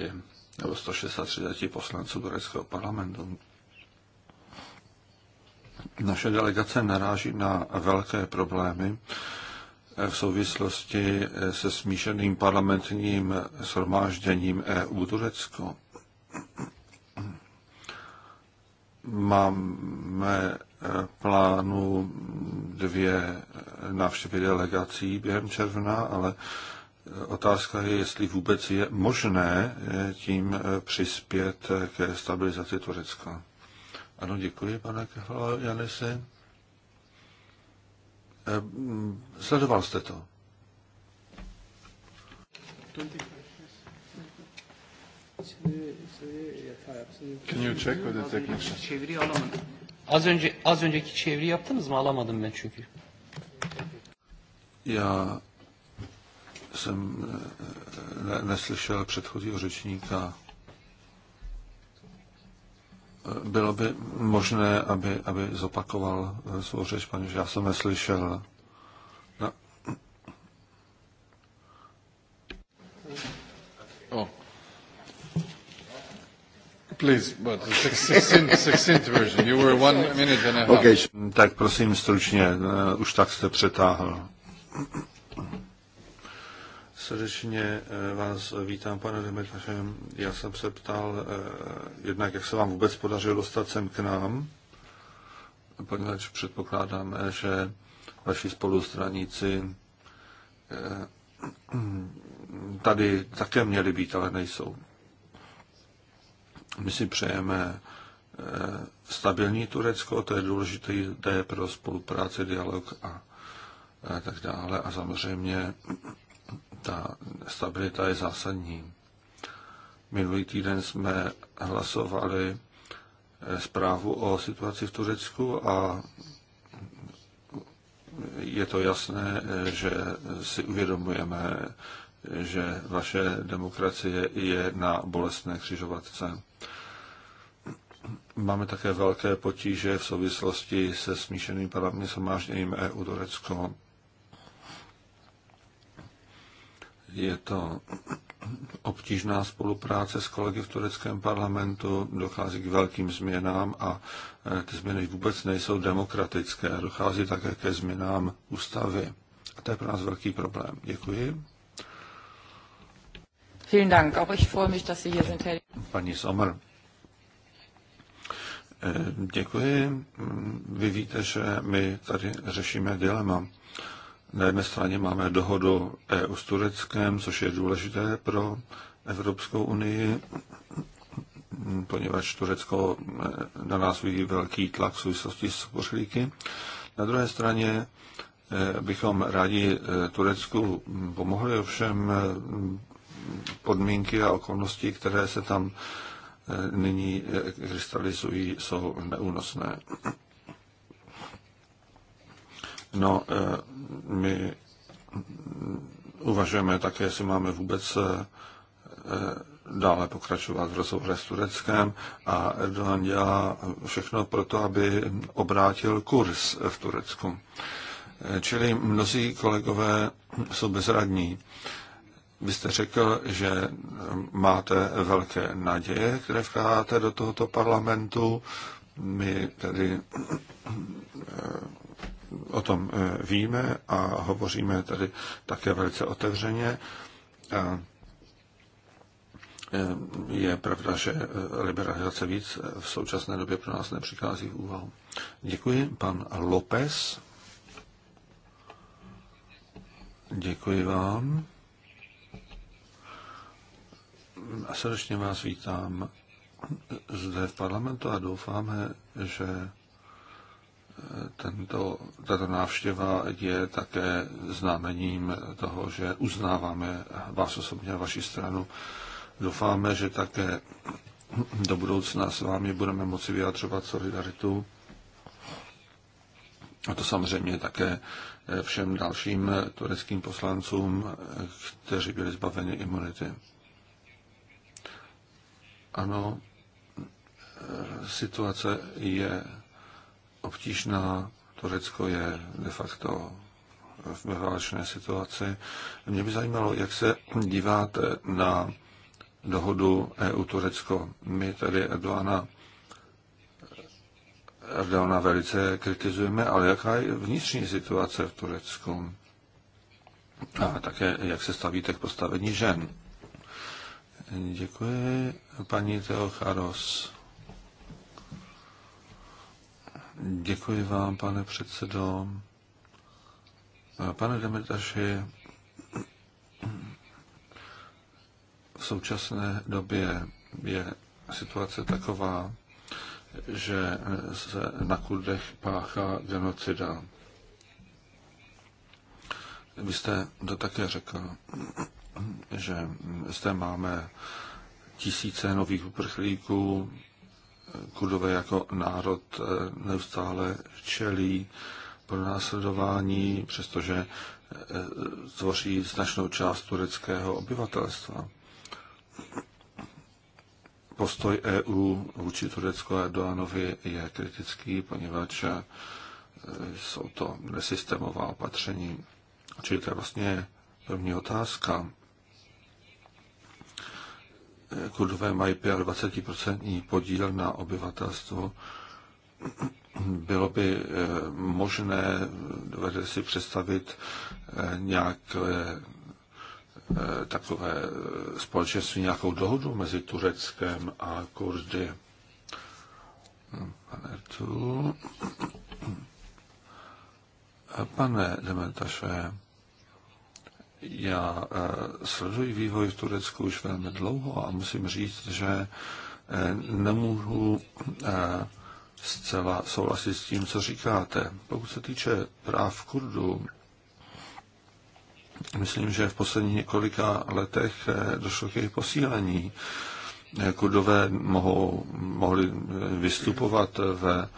nebo 163 poslanců Tureckého parlamentu. Naše delegace naráží na velké problémy v souvislosti se smíšeným parlamentním shromážděním EU Turecko. Máme plánu dvě návštěvy delegací během června, ale Otázka je, jestli vůbec je možné eh, tím eh, přispět eh, ke stabilizaci Turecka. Ano, děkuji, pane Kefalo Janisi. Sledoval jste to? Can you check with the technician? Çeviri alamadım. Az önce az önceki çeviri yaptınız mı? Alamadım ben çünkü. Ya jsem eh, ne, neslyšel předchozího řečníka. Eh, bylo by možné, aby, aby zopakoval eh, svou řeč, že já jsem neslyšel. No. Oh. Please, but succinct, succinct version. You were one minute and a half. Okay. Tak prosím stručně, už tak jste přetáhl. Srdečně eh, vás vítám, pane Demetařem. Já jsem se ptal eh, jednak, jak se vám vůbec podařilo dostat sem k nám, poněvadž předpokládáme, že vaši spolustraníci eh, tady také měli být, ale nejsou. My si přejeme stabilní Turecko, to je důležité pro spolupráci, dialog a tak dále. A samozřejmě ta stabilita je zásadní. Minulý týden jsme hlasovali eh, zprávu o situaci v Turecku a je to jasné, eh, že si uvědomujeme, že vaše demokracie je na bolestné křižovatce. Máme také velké potíže v souvislosti se smíšeným parlamentním shromážděním EU Turecko. Je to obtížná spolupráce s kolegy v tureckém parlamentu, dochází k velkým změnám a e, ty změny vůbec nejsou demokratické. Dochází také ke změnám ústavy. A to je pro nás velký problém. Děkuji. Vielen Dank. Auch ich freue mich, dass Sie hier sind, Herr. Paní Sommer. E, děkuji. Mm, vy víte, že my tady řešíme dilema. Na jedné straně máme dohodu EU s Tureckem, což je důležité pro Evropskou unii, poněvadž Turecko eh, na nás vidí velký tlak v souvislosti s pořlíky. Na druhé straně eh, bychom rádi eh, Turecku pomohli, ovšem podmínky a okolnosti, které se tam nyní krystalizují, jsou neúnosné. No, eh, my uvažujeme také, jestli máme vůbec eh, eh, dále pokračovat v rozhovorech s Tureckem a Erdogan dělá všechno pro to, aby obrátil kurz v Turecku. Čili mnozí kolegové jsou bezradní. Vy jste řekl, že máte velké naděje, které vkládáte do tohoto parlamentu. My tedy o tom eh, víme a hovoříme tady také velice otevřeně. Eh, je pravda, že eh, liberalizace víc v současné době pro nás nepřichází v úvahu. Děkuji. Pan López. Děkuji vám. A srdečně vás vítám zde v parlamentu a doufáme, že tento, tato návštěva je také znamením toho, že uznáváme vás osobně a vaši stranu. Doufáme, že také do budoucna s vámi budeme moci vyjadřovat solidaritu. A to samozřejmě také všem dalším tureckým poslancům, kteří byli zbaveni imunity. Ano, e, situace je obtížná. Turecko je de facto ve válečné situaci. Mě by zajímalo, jak se díváte na dohodu EU-Turecko. My tady Erdoána Erdoana velice kritizujeme, ale jaká je vnitřní situace v Turecku? A také, jak se stavíte k postavení žen? Děkuji, paní Teocharos. Děkuji vám, pane předsedo. Pane Demetaši, v současné době je situace taková, že se na Kurdech páchá genocida. Vy jste to také řekl, že zde máme tisíce nových uprchlíků, kurdové jako národ eh, neustále čelí pro následování, přestože eh, tvoří značnou část tureckého obyvatelstva. Postoj EU vůči Turecku a Erdoánovi je kritický, poněvadž eh, jsou to nesystémová opatření. Čili to je vlastně první otázka. Kurdové mají 25% podíl na obyvatelstvu. Bylo by eh, možné, dovede si představit eh, nějaké eh, takové společenství, nějakou dohodu mezi Tureckem a Kurdy. Hm, pane tu. Pane Dementaše, já eh, sleduji vývoj v Turecku už velmi dlouho a musím říct, že eh, nemůžu eh, zcela souhlasit s tím, co říkáte. Pokud se týče práv Kurdů, myslím, že v posledních několika letech došlo k jejich posílení. Kurdové mohou, mohli vystupovat ve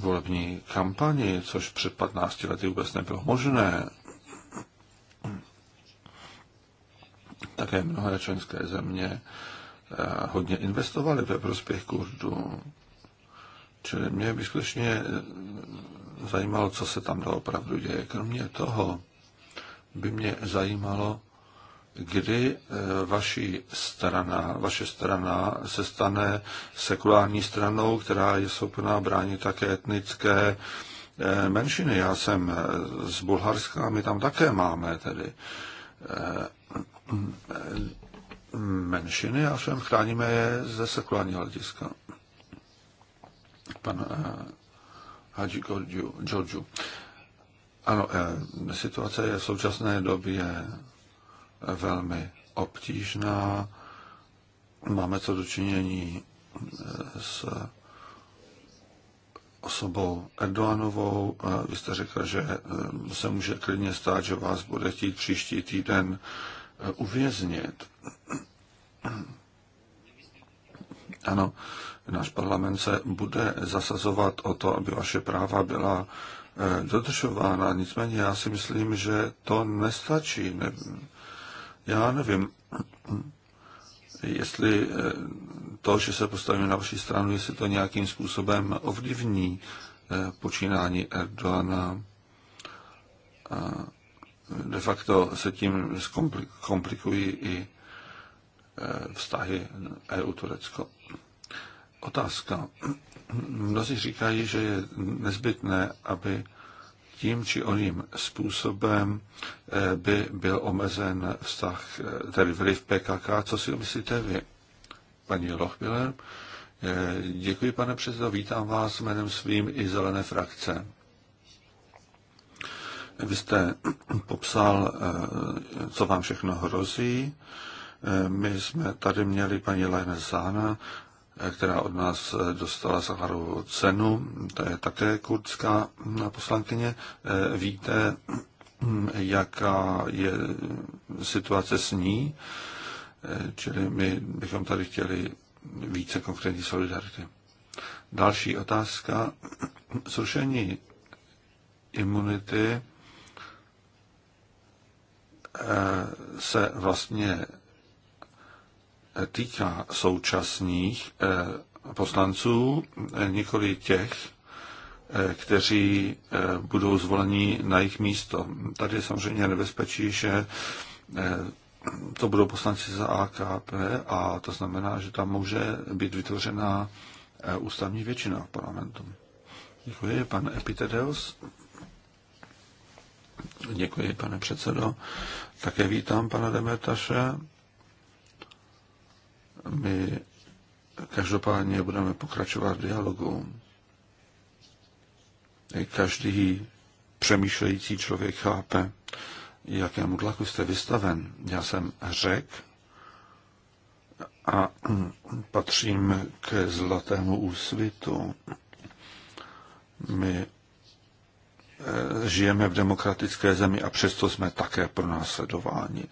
volební kampani, což před 15 lety vůbec nebylo možné. Také mnohé členské země eh, hodně investovaly ve prospěch Kurdů. Čili mě by skutečně eh, zajímalo, co se tam opravdu děje. Kromě toho by mě zajímalo, kdy eh, vaši strana, vaše strana se stane sekulární stranou, která je schopná bránit také etnické menšiny. Já jsem z Bulharska, my tam také máme tedy menšiny a všem chráníme je ze sekulárního hlediska. Pan eh, Hadži Georgiou. Ano, eh, situace je v současné době velmi obtížná. Máme co dočinění eh, s osobou Erdoganovou. Vy jste řekl, že se může klidně stát, že vás bude chtít příští týden Eh, uvěznit. Ano, náš parlament se bude zasazovat o to, aby vaše práva byla eh, dodržována. Nicméně já si myslím, že to nestačí. Ne, já nevím, jestli eh, to, že se postavíme na vaši stranu, jestli to nějakým způsobem ovlivní počínání Erdoana de facto se tím komplikují i e, vztahy EU-Turecko. Otázka. Mnozí říkají, že je nezbytné, aby tím či oným způsobem e, by byl omezen vztah, e, tedy vliv PKK. Co si myslíte vy, paní Lochbiller? Děkuji, pane předsedo, vítám vás jménem svým i zelené frakce. Vy jste popsal, eh, co vám všechno hrozí. Eh, my jsme tady měli paní Lene Zána, eh, která od nás dostala Sacharovu cenu, to je také kurdská mm, poslankyně. Víte, mm, jaká je situace s ní, čili my bychom tady chtěli více konkrétní solidarity. Další otázka. Zrušení imunity se vlastně týká současných eh, poslanců, nikoli těch, eh, kteří eh, budou zvoleni na jejich místo. Tady je samozřejmě nebezpečí, že to budou poslanci za AKP a to znamená, že tam může být vytvořena ústavní většina v parlamentu. Děkuji, pan Epitedeus. Děkuji, pane předsedo. Také vítám pana Demetaše. My každopádně budeme pokračovat v dialogu. Každý přemýšlející člověk chápe, jakému tlaku jste vystaven. Já jsem řek a patřím k zlatému úsvitu. My Eh, žijeme v demokratické zemi a přesto jsme také pronásledováni.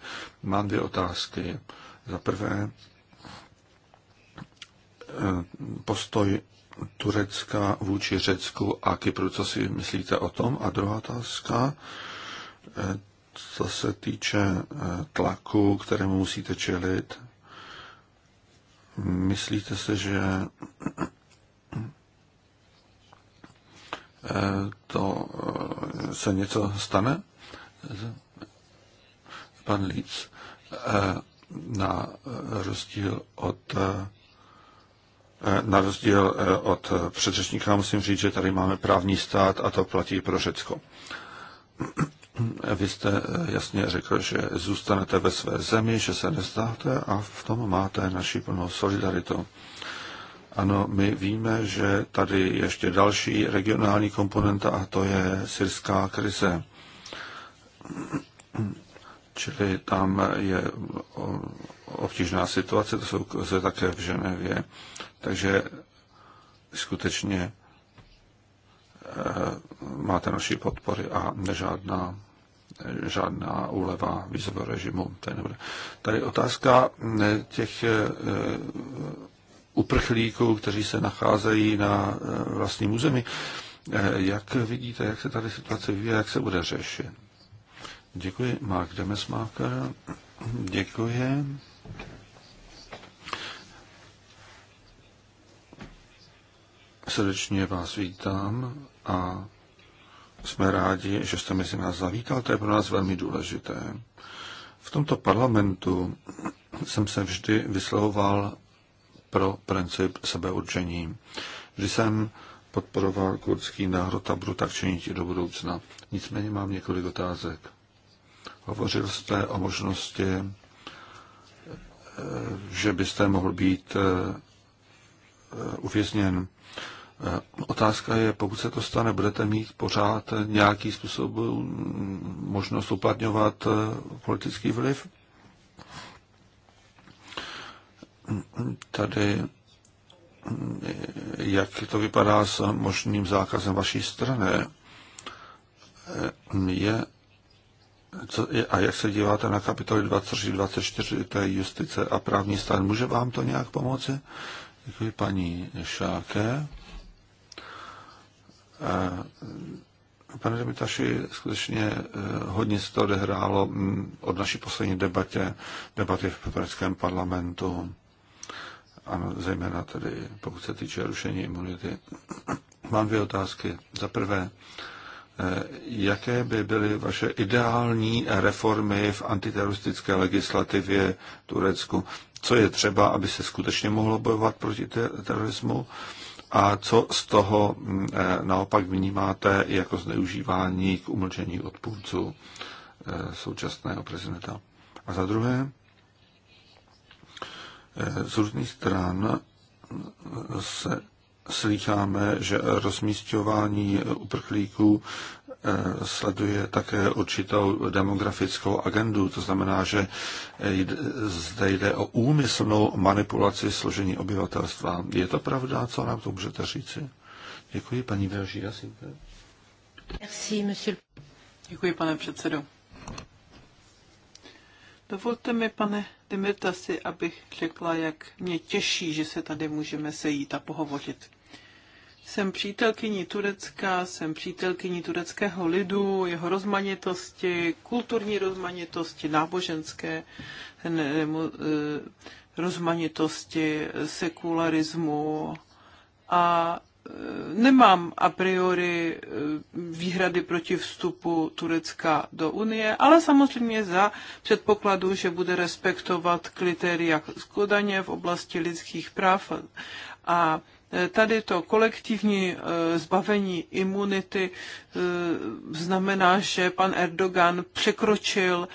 Mám dvě otázky. Za prvé, eh, postoj Turecka vůči Řecku a Kypru. Co si myslíte o tom? A druhá otázka, eh, co se týče tlaku, kterému musíte čelit, myslíte se, že to eh, se něco stane? Pan Líc, eh, na rozdíl od eh, na rozdíl od předřečníka musím říct, že tady máme právní stát a to platí pro Řecko. Vy jste jasně řekl, že zůstanete ve své zemi, že se nezdáte a v tom máte naši plnou solidaritu. Ano, my víme, že tady ještě další regionální komponenta a to je syrská krize. Čili tam je obtížná situace, to jsou krize také v Ženevě. Takže skutečně eh, máte naší podpory a nežádná žádná úleva vízového režimu. Tady, tady otázka eh, těch eh, uprchlíků, kteří se nacházejí na eh, vlastním území. Eh, jak vidíte, jak se tady situace vyvíjí, jak se bude řešit? Děkuji. Mark Demesmaker. Děkuji. Srdečně vás vítám a jsme rádi, že jste mezi nás zavítal. To je pro nás velmi důležité. V tomto parlamentu jsem se vždy vyslovoval pro princip sebeurčení. Když jsem podporoval kurdský národ a budu tak činit i do budoucna. Nicméně mám několik otázek. Hovořil jste o možnosti, eh, že byste mohl být eh, eh, uvězněn. Otázka je, pokud se to stane, budete mít pořád nějaký způsob mm, možnost uplatňovat politický vliv? tady, jak to vypadá s možným zákazem vaší strany. Je, co, je, a jak se díváte na kapitoly 23, 24 je justice a právní stát? Může vám to nějak pomoci? Děkuji paní Šáke. Pane Demitaši, skutečně eh, hodně se to odehrálo mm, od naší poslední debatě, debaty v Evropském parlamentu ano, zejména tedy, pokud se týče rušení imunity. Mám dvě otázky. Za prvé, eh, jaké by byly vaše ideální reformy v antiteroristické legislativě Turecku? Co je třeba, aby se skutečně mohlo bojovat proti terorismu? A co z toho mm, eh, naopak vnímáte jako zneužívání k umlčení odpůrců eh, současného prezidenta? A za druhé, Eh, z různých stran eh, se slycháme, že rozmístování uprchlíků eh, sleduje také určitou demografickou agendu. To znamená, že zde jde o úmyslnou manipulaci složení obyvatelstva. Je to pravda? Co nám to můžete říci? Děkuji, paní Velží. Děkuji, pane předsedo. Dovolte mi, pane Demirtasi, abych řekla, jak mě těší, že se tady můžeme sejít a pohovořit. Jsem přítelkyní Turecka, jsem přítelkyní tureckého lidu, jeho rozmanitosti, kulturní rozmanitosti, náboženské e, rozmanitosti, sekularismu a Eh, nemám a priori eh, výhrady proti vstupu Turecka do Unie, ale samozřejmě za předpokladu, že bude respektovat kritéria skodaně v oblasti lidských práv a eh, Tady to kolektivní zbavení imunity znamená, že pan Erdogan překročil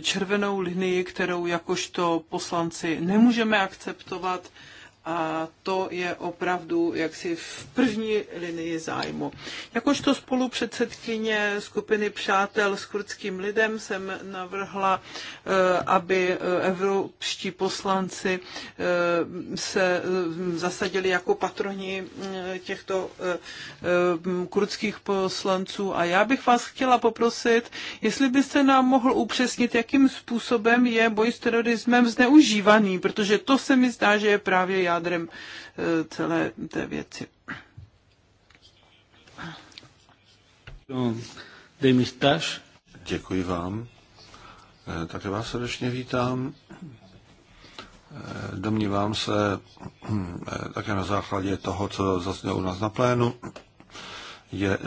červenou linii, kterou jakožto poslanci nemůžeme akceptovat a to je opravdu jaksi v první linii zájmu. Jakožto spolupředsedkyně skupiny přátel s kurdským lidem jsem navrhla, eh, aby eh, evropští poslanci eh, se zasadili jako patroni těchto kurdských poslanců a já bych vás chtěla poprosit, jestli byste nám mohl upřesnit, jakým způsobem je boj s terorismem zneužívaný, protože to se mi zdá, že je právě já jádrem eh, celé té věci. Děkuji vám. Eh, také vás srdečně vítám. Eh, domnívám se hm, také na základě toho, co zaznělo u nás na plénu, je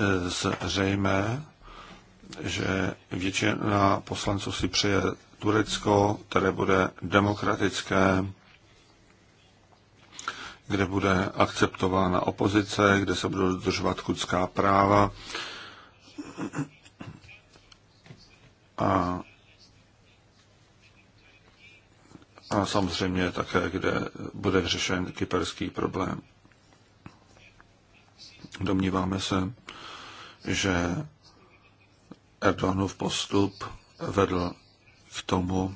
zřejmé, že většina poslanců si přeje Turecko, které bude demokratické, kde bude akceptována opozice, kde se budou dodržovat kudská práva. A, a samozřejmě také, kde bude řešen kyperský problém. Domníváme se, že Erdoganův postup vedl k tomu,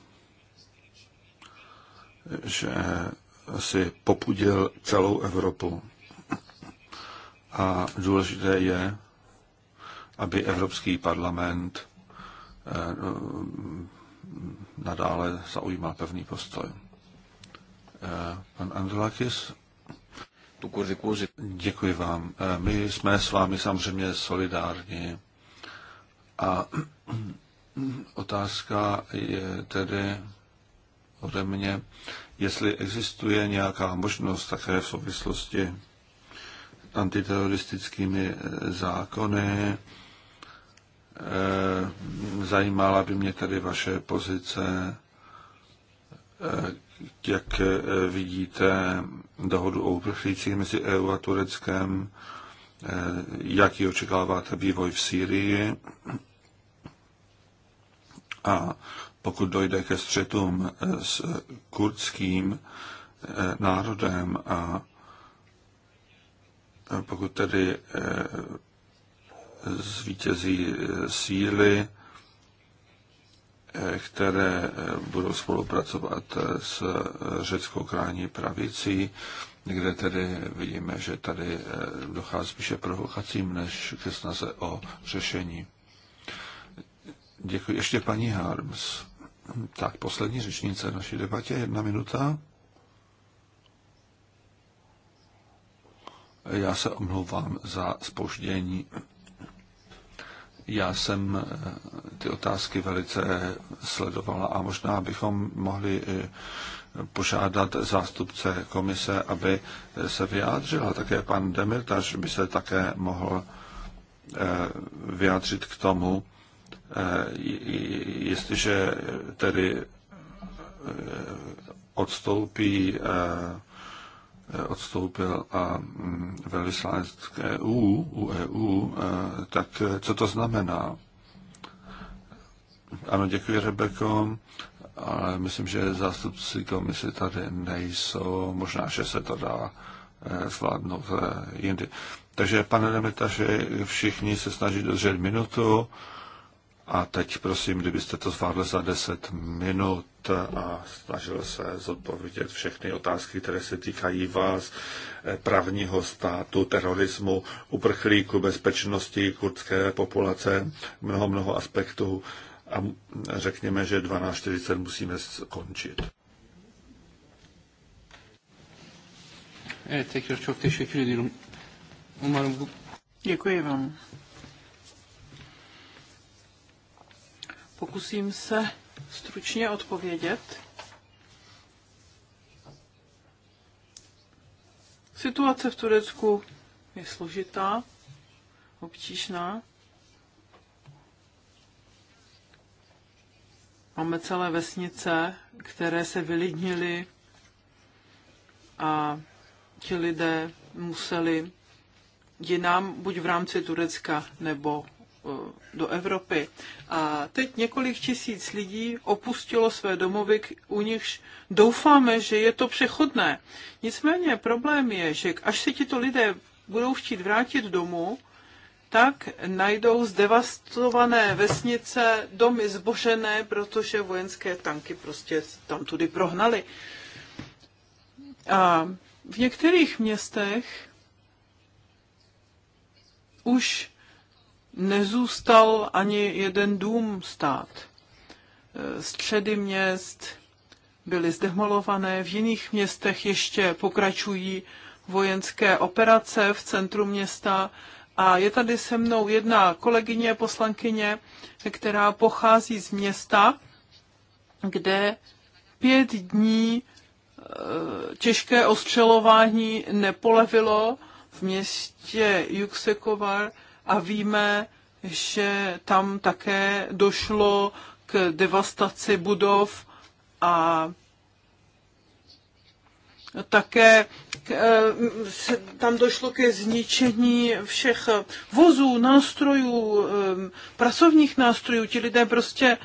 že si popudil celou Evropu. A důležité je, aby Evropský parlament eh, nadále zaujímal pevný postoj. Eh, pan Andrelakis? Děkuji vám. Eh, my jsme s vámi samozřejmě solidární. A otázka je tedy ode mě, jestli existuje nějaká možnost také v souvislosti antiteroristickými eh, zákony. Eh, zajímala by mě tedy vaše pozice, eh, jak vidíte dohodu o uprchlících mezi EU a Tureckem, jaký očekáváte vývoj v Sýrii a pokud dojde ke střetům eh, s eh, kurdským eh, národem a pokud tedy zvítězí síly, které budou spolupracovat s řeckou krání pravicí, kde tedy vidíme, že tady dochází spíše provokacím než ke snaze o řešení. Děkuji. Ještě paní Harms. Tak, poslední řečnice naší debatě, jedna minuta. Já se omlouvám za spoždění. Já jsem eh, ty otázky velice sledovala a možná bychom mohli eh, požádat zástupce komise, aby eh, se vyjádřila. Také pan Demirtaš by se také mohl vyjádřit k tomu, Eh, jestliže tedy eh, odstoupí, eh, odstoupil a mm, velvyslanec EU, u EU, e tak co to znamená? Ano, děkuji, Rebeko, ale myslím, že zástupci komise tady nejsou. Možná, že se to dá zvládnout jindy. Takže, pane Demitaři, všichni se snaží dodržet minutu. A teď prosím, kdybyste to zvládli za 10 minut a snažil se zodpovědět všechny otázky, které se týkají vás, eh, právního státu, terorismu, uprchlíku, bezpečnosti, kurdské populace, mnoho, mnoho aspektů. A řekněme, že 12.40 musíme skončit. Evet, tekrar çok teşekkür ediyorum. Umarım bu... Děkuji vám. Pokusím se stručně odpovědět. Situace v Turecku je složitá, obtížná. Máme celé vesnice, které se vylidnily a ti lidé museli jinam, buď v rámci Turecka nebo do Evropy. A teď několik tisíc lidí opustilo své domovy, u nichž doufáme, že je to přechodné. Nicméně problém je, že až se tito lidé budou chtít vrátit domů, tak najdou zdevastované vesnice, domy zbožené, protože vojenské tanky prostě tam tudy prohnaly. A v některých městech už nezůstal ani jeden dům stát. E, středy měst byly zdemolované, v jiných městech ještě pokračují vojenské operace v centru města a je tady se mnou jedna kolegyně, poslankyně, která pochází z města, kde pět dní e, těžké ostřelování nepolevilo v městě Juksekovar a víme, že tam také došlo k devastaci budov a také e, tam došlo ke zničení všech vozů, nástrojů, e, pracovních nástrojů. Ti lidé prostě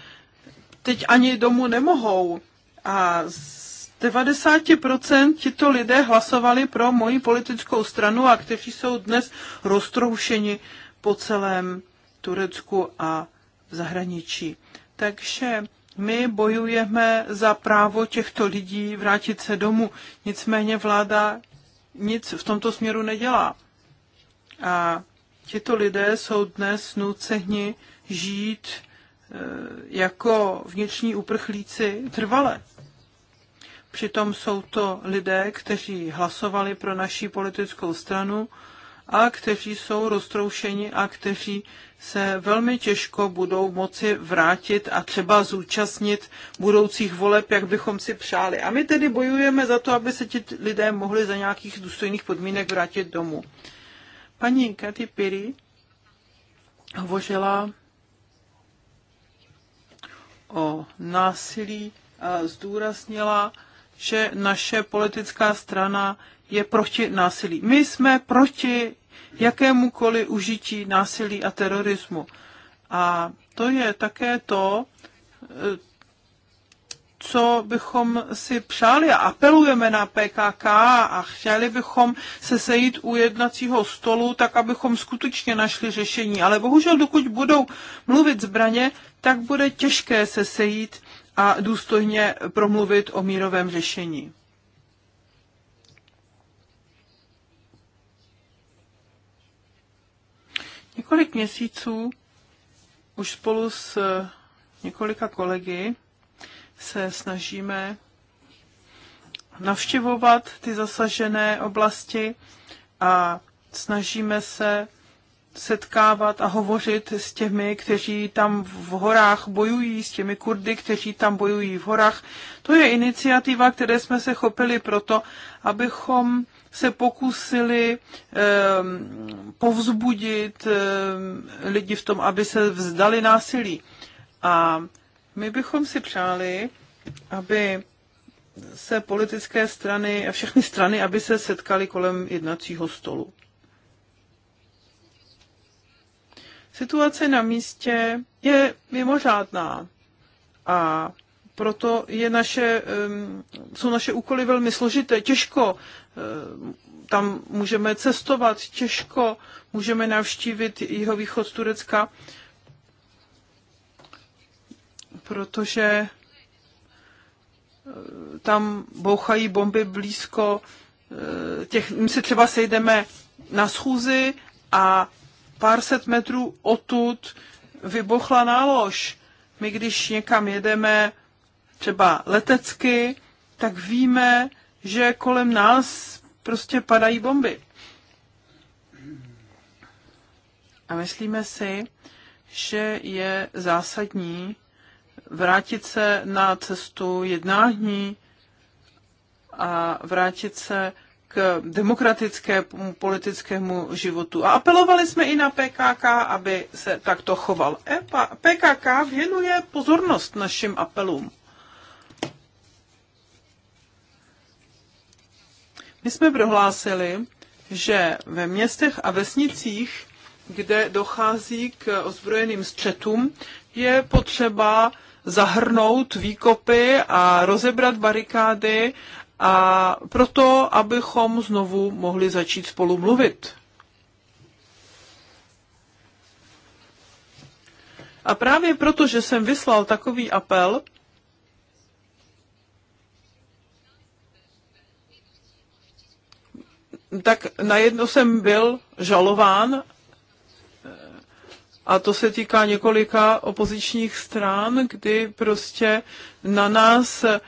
teď ani domů nemohou. A z 90% tito lidé hlasovali pro moji politickou stranu a kteří jsou dnes roztroušeni po celém Turecku a v zahraničí. Takže my bojujeme za právo těchto lidí vrátit se domů. Nicméně vláda nic v tomto směru nedělá. A tito lidé jsou dnes nuceni žít e, jako vnitřní uprchlíci trvale. Přitom jsou to lidé, kteří hlasovali pro naší politickou stranu, a kteří jsou roztroušeni a kteří se velmi těžko budou moci vrátit a třeba zúčastnit budoucích voleb, jak bychom si přáli. A my tedy bojujeme za to, aby se ti lidé mohli za nějakých důstojných podmínek vrátit domů. Paní Katy Piri hovořila o násilí a zdůraznila, že naše politická strana je proti násilí. My jsme proti jakémukoliv užití násilí a terorismu. A to je také to, eh, co bychom si přáli a apelujeme na PKK a chtěli bychom se sejít u jednacího stolu, tak abychom skutečně našli řešení. Ale bohužel, dokud budou mluvit zbraně, tak bude těžké se sejít a důstojně promluvit o mírovém řešení. Několik měsíců už spolu s eh, několika kolegy se snažíme navštěvovat ty zasažené oblasti a snažíme se setkávat a hovořit s těmi, kteří tam v horách bojují, s těmi kurdy, kteří tam bojují v horách. To je iniciativa, které jsme se chopili proto, abychom se pokusili ehm, povzbudit ehm, lidi v tom, aby se vzdali násilí. A my bychom si přáli, aby se politické strany a všechny strany, aby se setkali kolem jednacího stolu. Situace na místě je mimořádná a proto je naše, jsou naše úkoly velmi složité, těžko tam můžeme cestovat, těžko můžeme navštívit jeho východ Turecka, protože tam bouchají bomby blízko těch, my se třeba sejdeme na schůzi a pár set metrů odtud vybochla nálož. My když někam jedeme, třeba letecky, tak víme, že kolem nás prostě padají bomby. A myslíme si, že je zásadní vrátit se na cestu jednání a vrátit se k demokratickému politickému životu. A apelovali jsme i na PKK, aby se takto choval. E, PKK věnuje pozornost našim apelům. My jsme prohlásili, že ve městech a vesnicích, kde dochází k ozbrojeným střetům, je potřeba zahrnout výkopy a rozebrat barikády a proto, abychom znovu mohli začít spolu mluvit. A právě proto, že jsem vyslal takový apel, tak najednou jsem byl žalován eh, a to se týká několika opozičních stran, kdy prostě na nás e,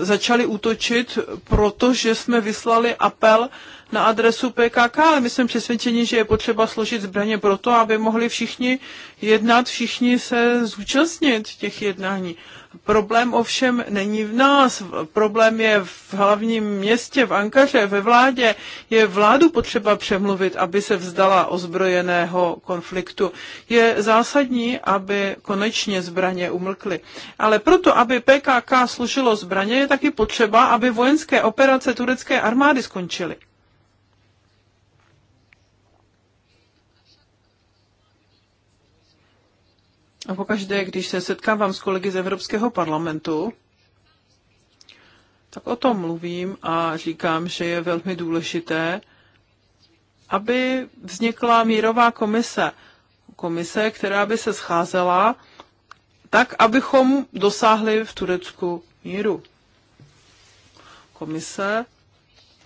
začali útočit, protože jsme vyslali apel na adresu PKK, ale my jsme přesvědčeni, že je potřeba složit zbraně proto, aby mohli všichni jednat, všichni se zúčastnit těch jednání. Problém ovšem není v nás, problém je v hlavním městě, v Ankaře, ve vládě. Je vládu potřeba přemluvit, aby se vzdala ozbrojeného konfliktu. Je zásadní, aby konečně zbraně umlkly. Ale proto, aby PKK složilo zbraně, je taky potřeba, aby vojenské operace turecké armády skončily. A pokaždé, když se setkávám s kolegy z Evropského parlamentu, tak o tom mluvím a říkám, že je velmi důležité, aby vznikla mírová komise. Komise, která by se scházela tak, abychom dosáhli v Turecku míru. Komise,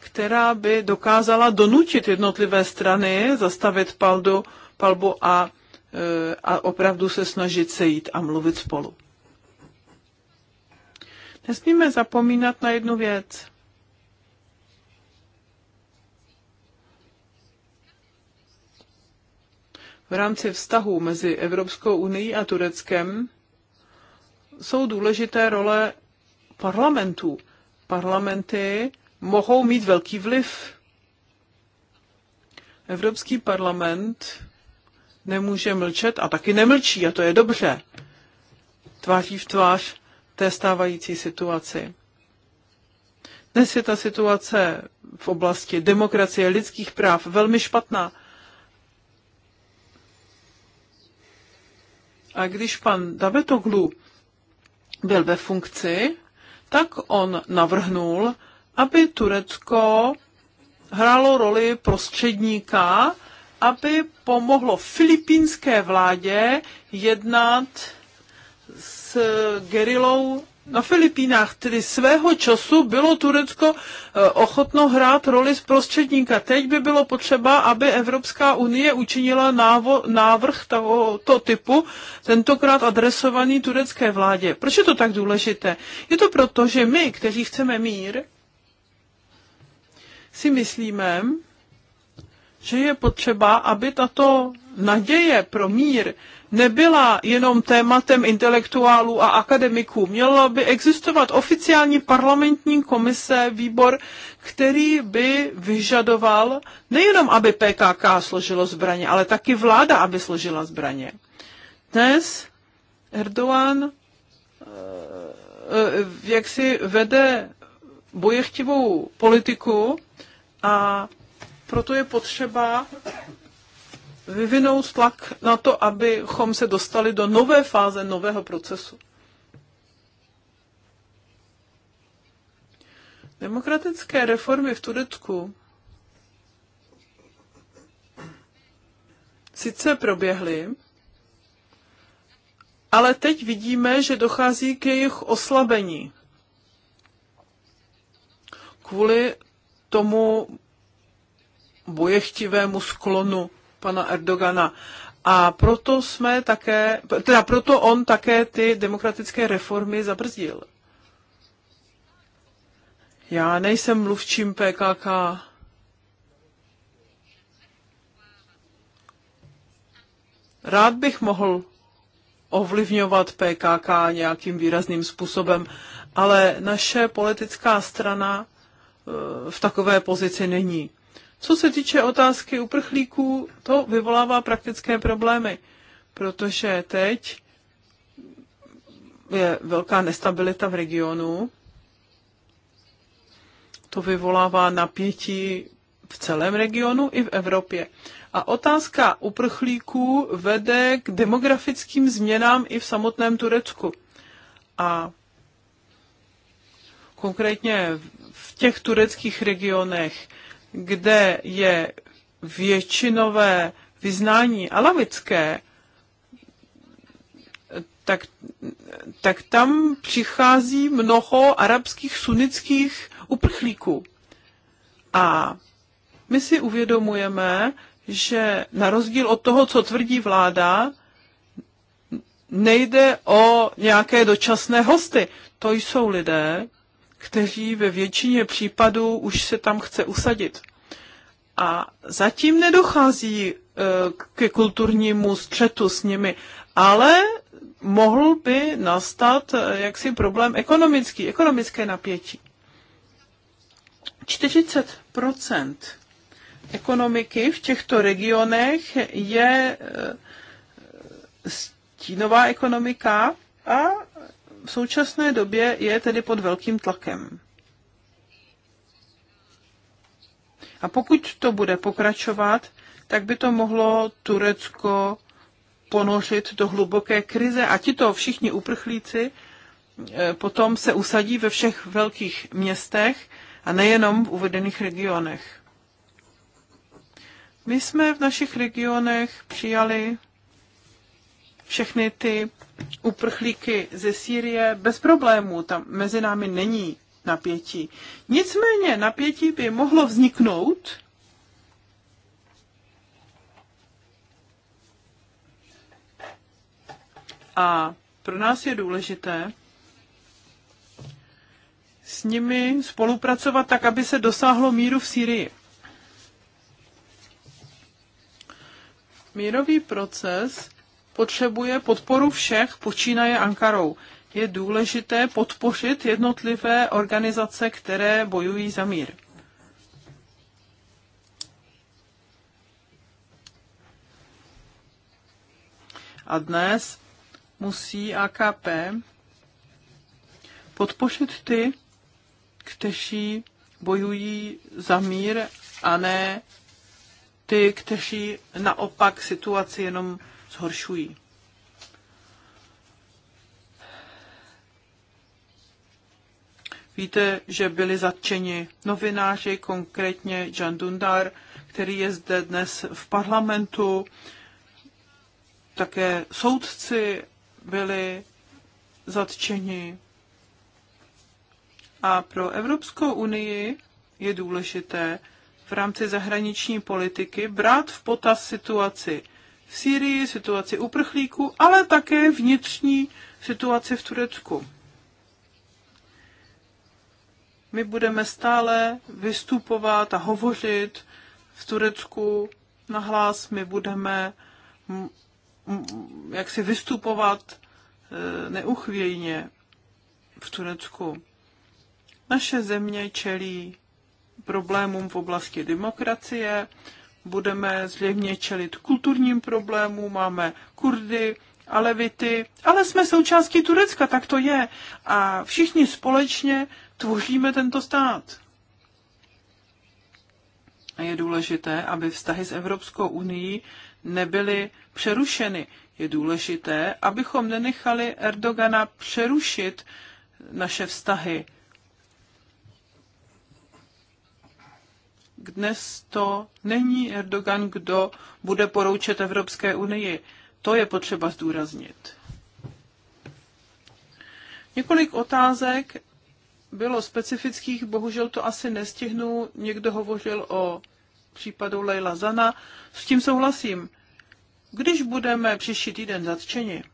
která by dokázala donutit jednotlivé strany zastavit paldu, palbu a a opravdu se snažit sejít a mluvit spolu. Nesmíme zapomínat na jednu věc. V rámci vztahu mezi Evropskou unii a Tureckem jsou důležité role parlamentů. Parlamenty mohou mít velký vliv. Evropský parlament nemůže mlčet a taky nemlčí a to je dobře. Tváří v tvář té stávající situaci. Dnes je ta situace v oblasti demokracie, lidských práv velmi špatná. A když pan Davetoglu byl ve funkci, tak on navrhnul, aby Turecko hrálo roli prostředníka aby pomohlo filipínské vládě jednat s gerilou na Filipínách, tedy svého času bylo Turecko eh, ochotno hrát roli z prostředníka. Teď by bylo potřeba, aby Evropská unie učinila návo, návrh tohoto typu, tentokrát adresovaný turecké vládě. Proč je to tak důležité? Je to proto, že my, kteří chceme mír, si myslíme, že je potřeba, aby tato naděje pro mír nebyla jenom tématem intelektuálů a akademiků. Měla by existovat oficiální parlamentní komise, výbor, který by vyžadoval nejenom, aby PKK složilo zbraně, ale taky vláda, aby složila zbraně. Dnes Erdogan eh, eh, jak si vede bojechtivou politiku a proto je potřeba vyvinout tlak na to, abychom se dostali do nové fáze, nového procesu. Demokratické reformy v Turecku sice proběhly, ale teď vidíme, že dochází k jejich oslabení kvůli tomu bojechtivému sklonu pana Erdogana. A proto jsme také, teda proto on také ty demokratické reformy zabrzdil. Já nejsem mluvčím PKK. Rád bych mohl ovlivňovat PKK nějakým výrazným způsobem, ale naše politická strana eh, v takové pozici není. Co se týče otázky uprchlíků, to vyvolává praktické problémy, protože teď je velká nestabilita v regionu, to vyvolává napětí v celém regionu i v Evropě. A otázka uprchlíků vede k demografickým změnám i v samotném Turecku. A konkrétně v těch tureckých regionech, kde je většinové vyznání alavické, tak, tak tam přichází mnoho arabských sunnických uprchlíků. A my si uvědomujeme, že na rozdíl od toho, co tvrdí vláda, nejde o nějaké dočasné hosty. To jsou lidé, kteří ve většině případů už se tam chce usadit. A zatím nedochází e, ke kulturnímu střetu s nimi, ale mohl by nastat e, jaksi problém ekonomický, ekonomické napětí. 40 ekonomiky v těchto regionech je e, stínová ekonomika a v současné době je tedy pod velkým tlakem. A pokud to bude pokračovat, tak by to mohlo Turecko ponořit do hluboké krize a ti to všichni uprchlíci eh, potom se usadí ve všech velkých městech a nejenom v uvedených regionech. My jsme v našich regionech přijali všechny ty uprchlíky ze Sýrie bez problémů. Tam mezi námi není napětí. Nicméně napětí by mohlo vzniknout, A pro nás je důležité s nimi spolupracovat tak, aby se dosáhlo míru v Sýrii. Mírový proces potřebuje podporu všech, počínaje Ankarou. Je důležité podpořit jednotlivé organizace, které bojují za mír. A dnes musí AKP podpořit ty, kteří bojují za mír a ne ty, kteří naopak situaci jenom zhoršují. Víte, že byli zatčeni novináři, konkrétně Jan Dundar, který je zde dnes v parlamentu. Také soudci byli zatčeni. A pro Evropskou unii je důležité v rámci zahraniční politiky brát v potaz situaci v Syrii, situaci uprchlíků, ale také vnitřní situaci v Turecku. My budeme stále vystupovat a hovořit v Turecku nahlas, my budeme jak si vystupovat e, neuchvějně v Turecku. Naše země čelí problémům v oblasti demokracie, budeme zřejmě čelit kulturním problémům, máme Kurdy, Alevity, ale jsme součástí Turecka, tak to je. A všichni společně tvoříme tento stát. A je důležité, aby vztahy s Evropskou unii nebyly přerušeny. Je důležité, abychom nenechali Erdogana přerušit naše vztahy dnes to není Erdogan, kdo bude poroučet Evropské unii. To je potřeba zdůraznit. Několik otázek bylo specifických, bohužel to asi nestihnu. Někdo hovořil o případu Leila Zana. S tím souhlasím. Když budeme příští týden zatčeni,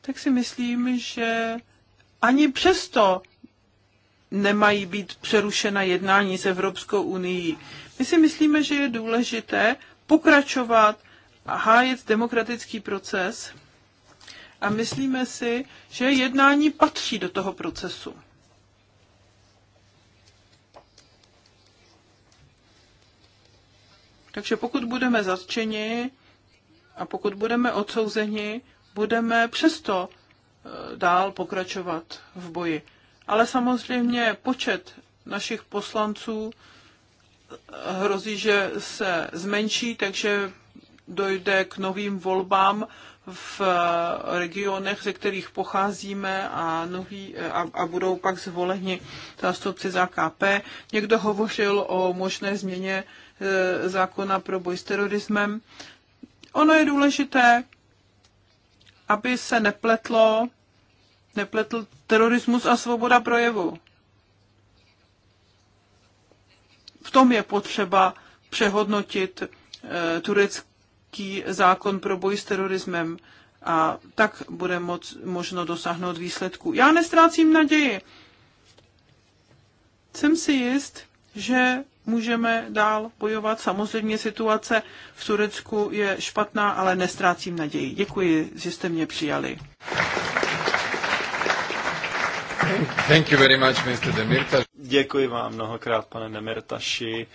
tak si myslím, že ani přesto nemají být přerušena jednání s Evropskou unii. My si myslíme, že je důležité pokračovat a hájet demokratický proces a myslíme si, že jednání patří do toho procesu. Takže pokud budeme zatčeni a pokud budeme odsouzeni, budeme přesto eh, dál pokračovat v boji ale samozřejmě počet našich poslanců eh, hrozí, že se zmenší, takže dojde k novým volbám v eh, regionech, ze kterých pocházíme a, noví, eh, a, a budou pak zvoleni zástupci za KP. Někdo hovořil o možné změně e, zákona pro boj s terorismem. Ono je důležité, aby se nepletlo nepletl terorismus a svoboda projevu. V tom je potřeba přehodnotit eh, turecký zákon pro boj s terorismem a tak bude moc, možno dosáhnout výsledku. Já nestrácím naději. Jsem si jist, že můžeme dál bojovat. Samozřejmě situace v Turecku je špatná, ale nestrácím naději. Děkuji, že jste mě přijali. Thank you very much, Mr. Děkuji vám mnohokrát, pane Demirtaši,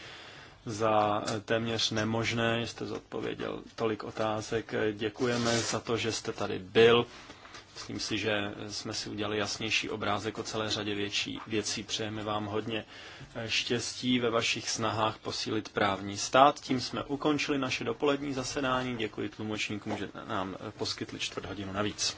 za téměř nemožné, že jste zodpověděl tolik otázek. Děkujeme za to, že jste tady byl. Myslím si, že jsme si udělali jasnější obrázek o celé řadě větší věcí. Přejeme vám hodně eh, štěstí ve vašich snahách posílit právní stát. Tím jsme ukončili naše dopolední zasedání. Děkuji tlumočníkům, že nám eh, poskytli čtvrt hodinu navíc.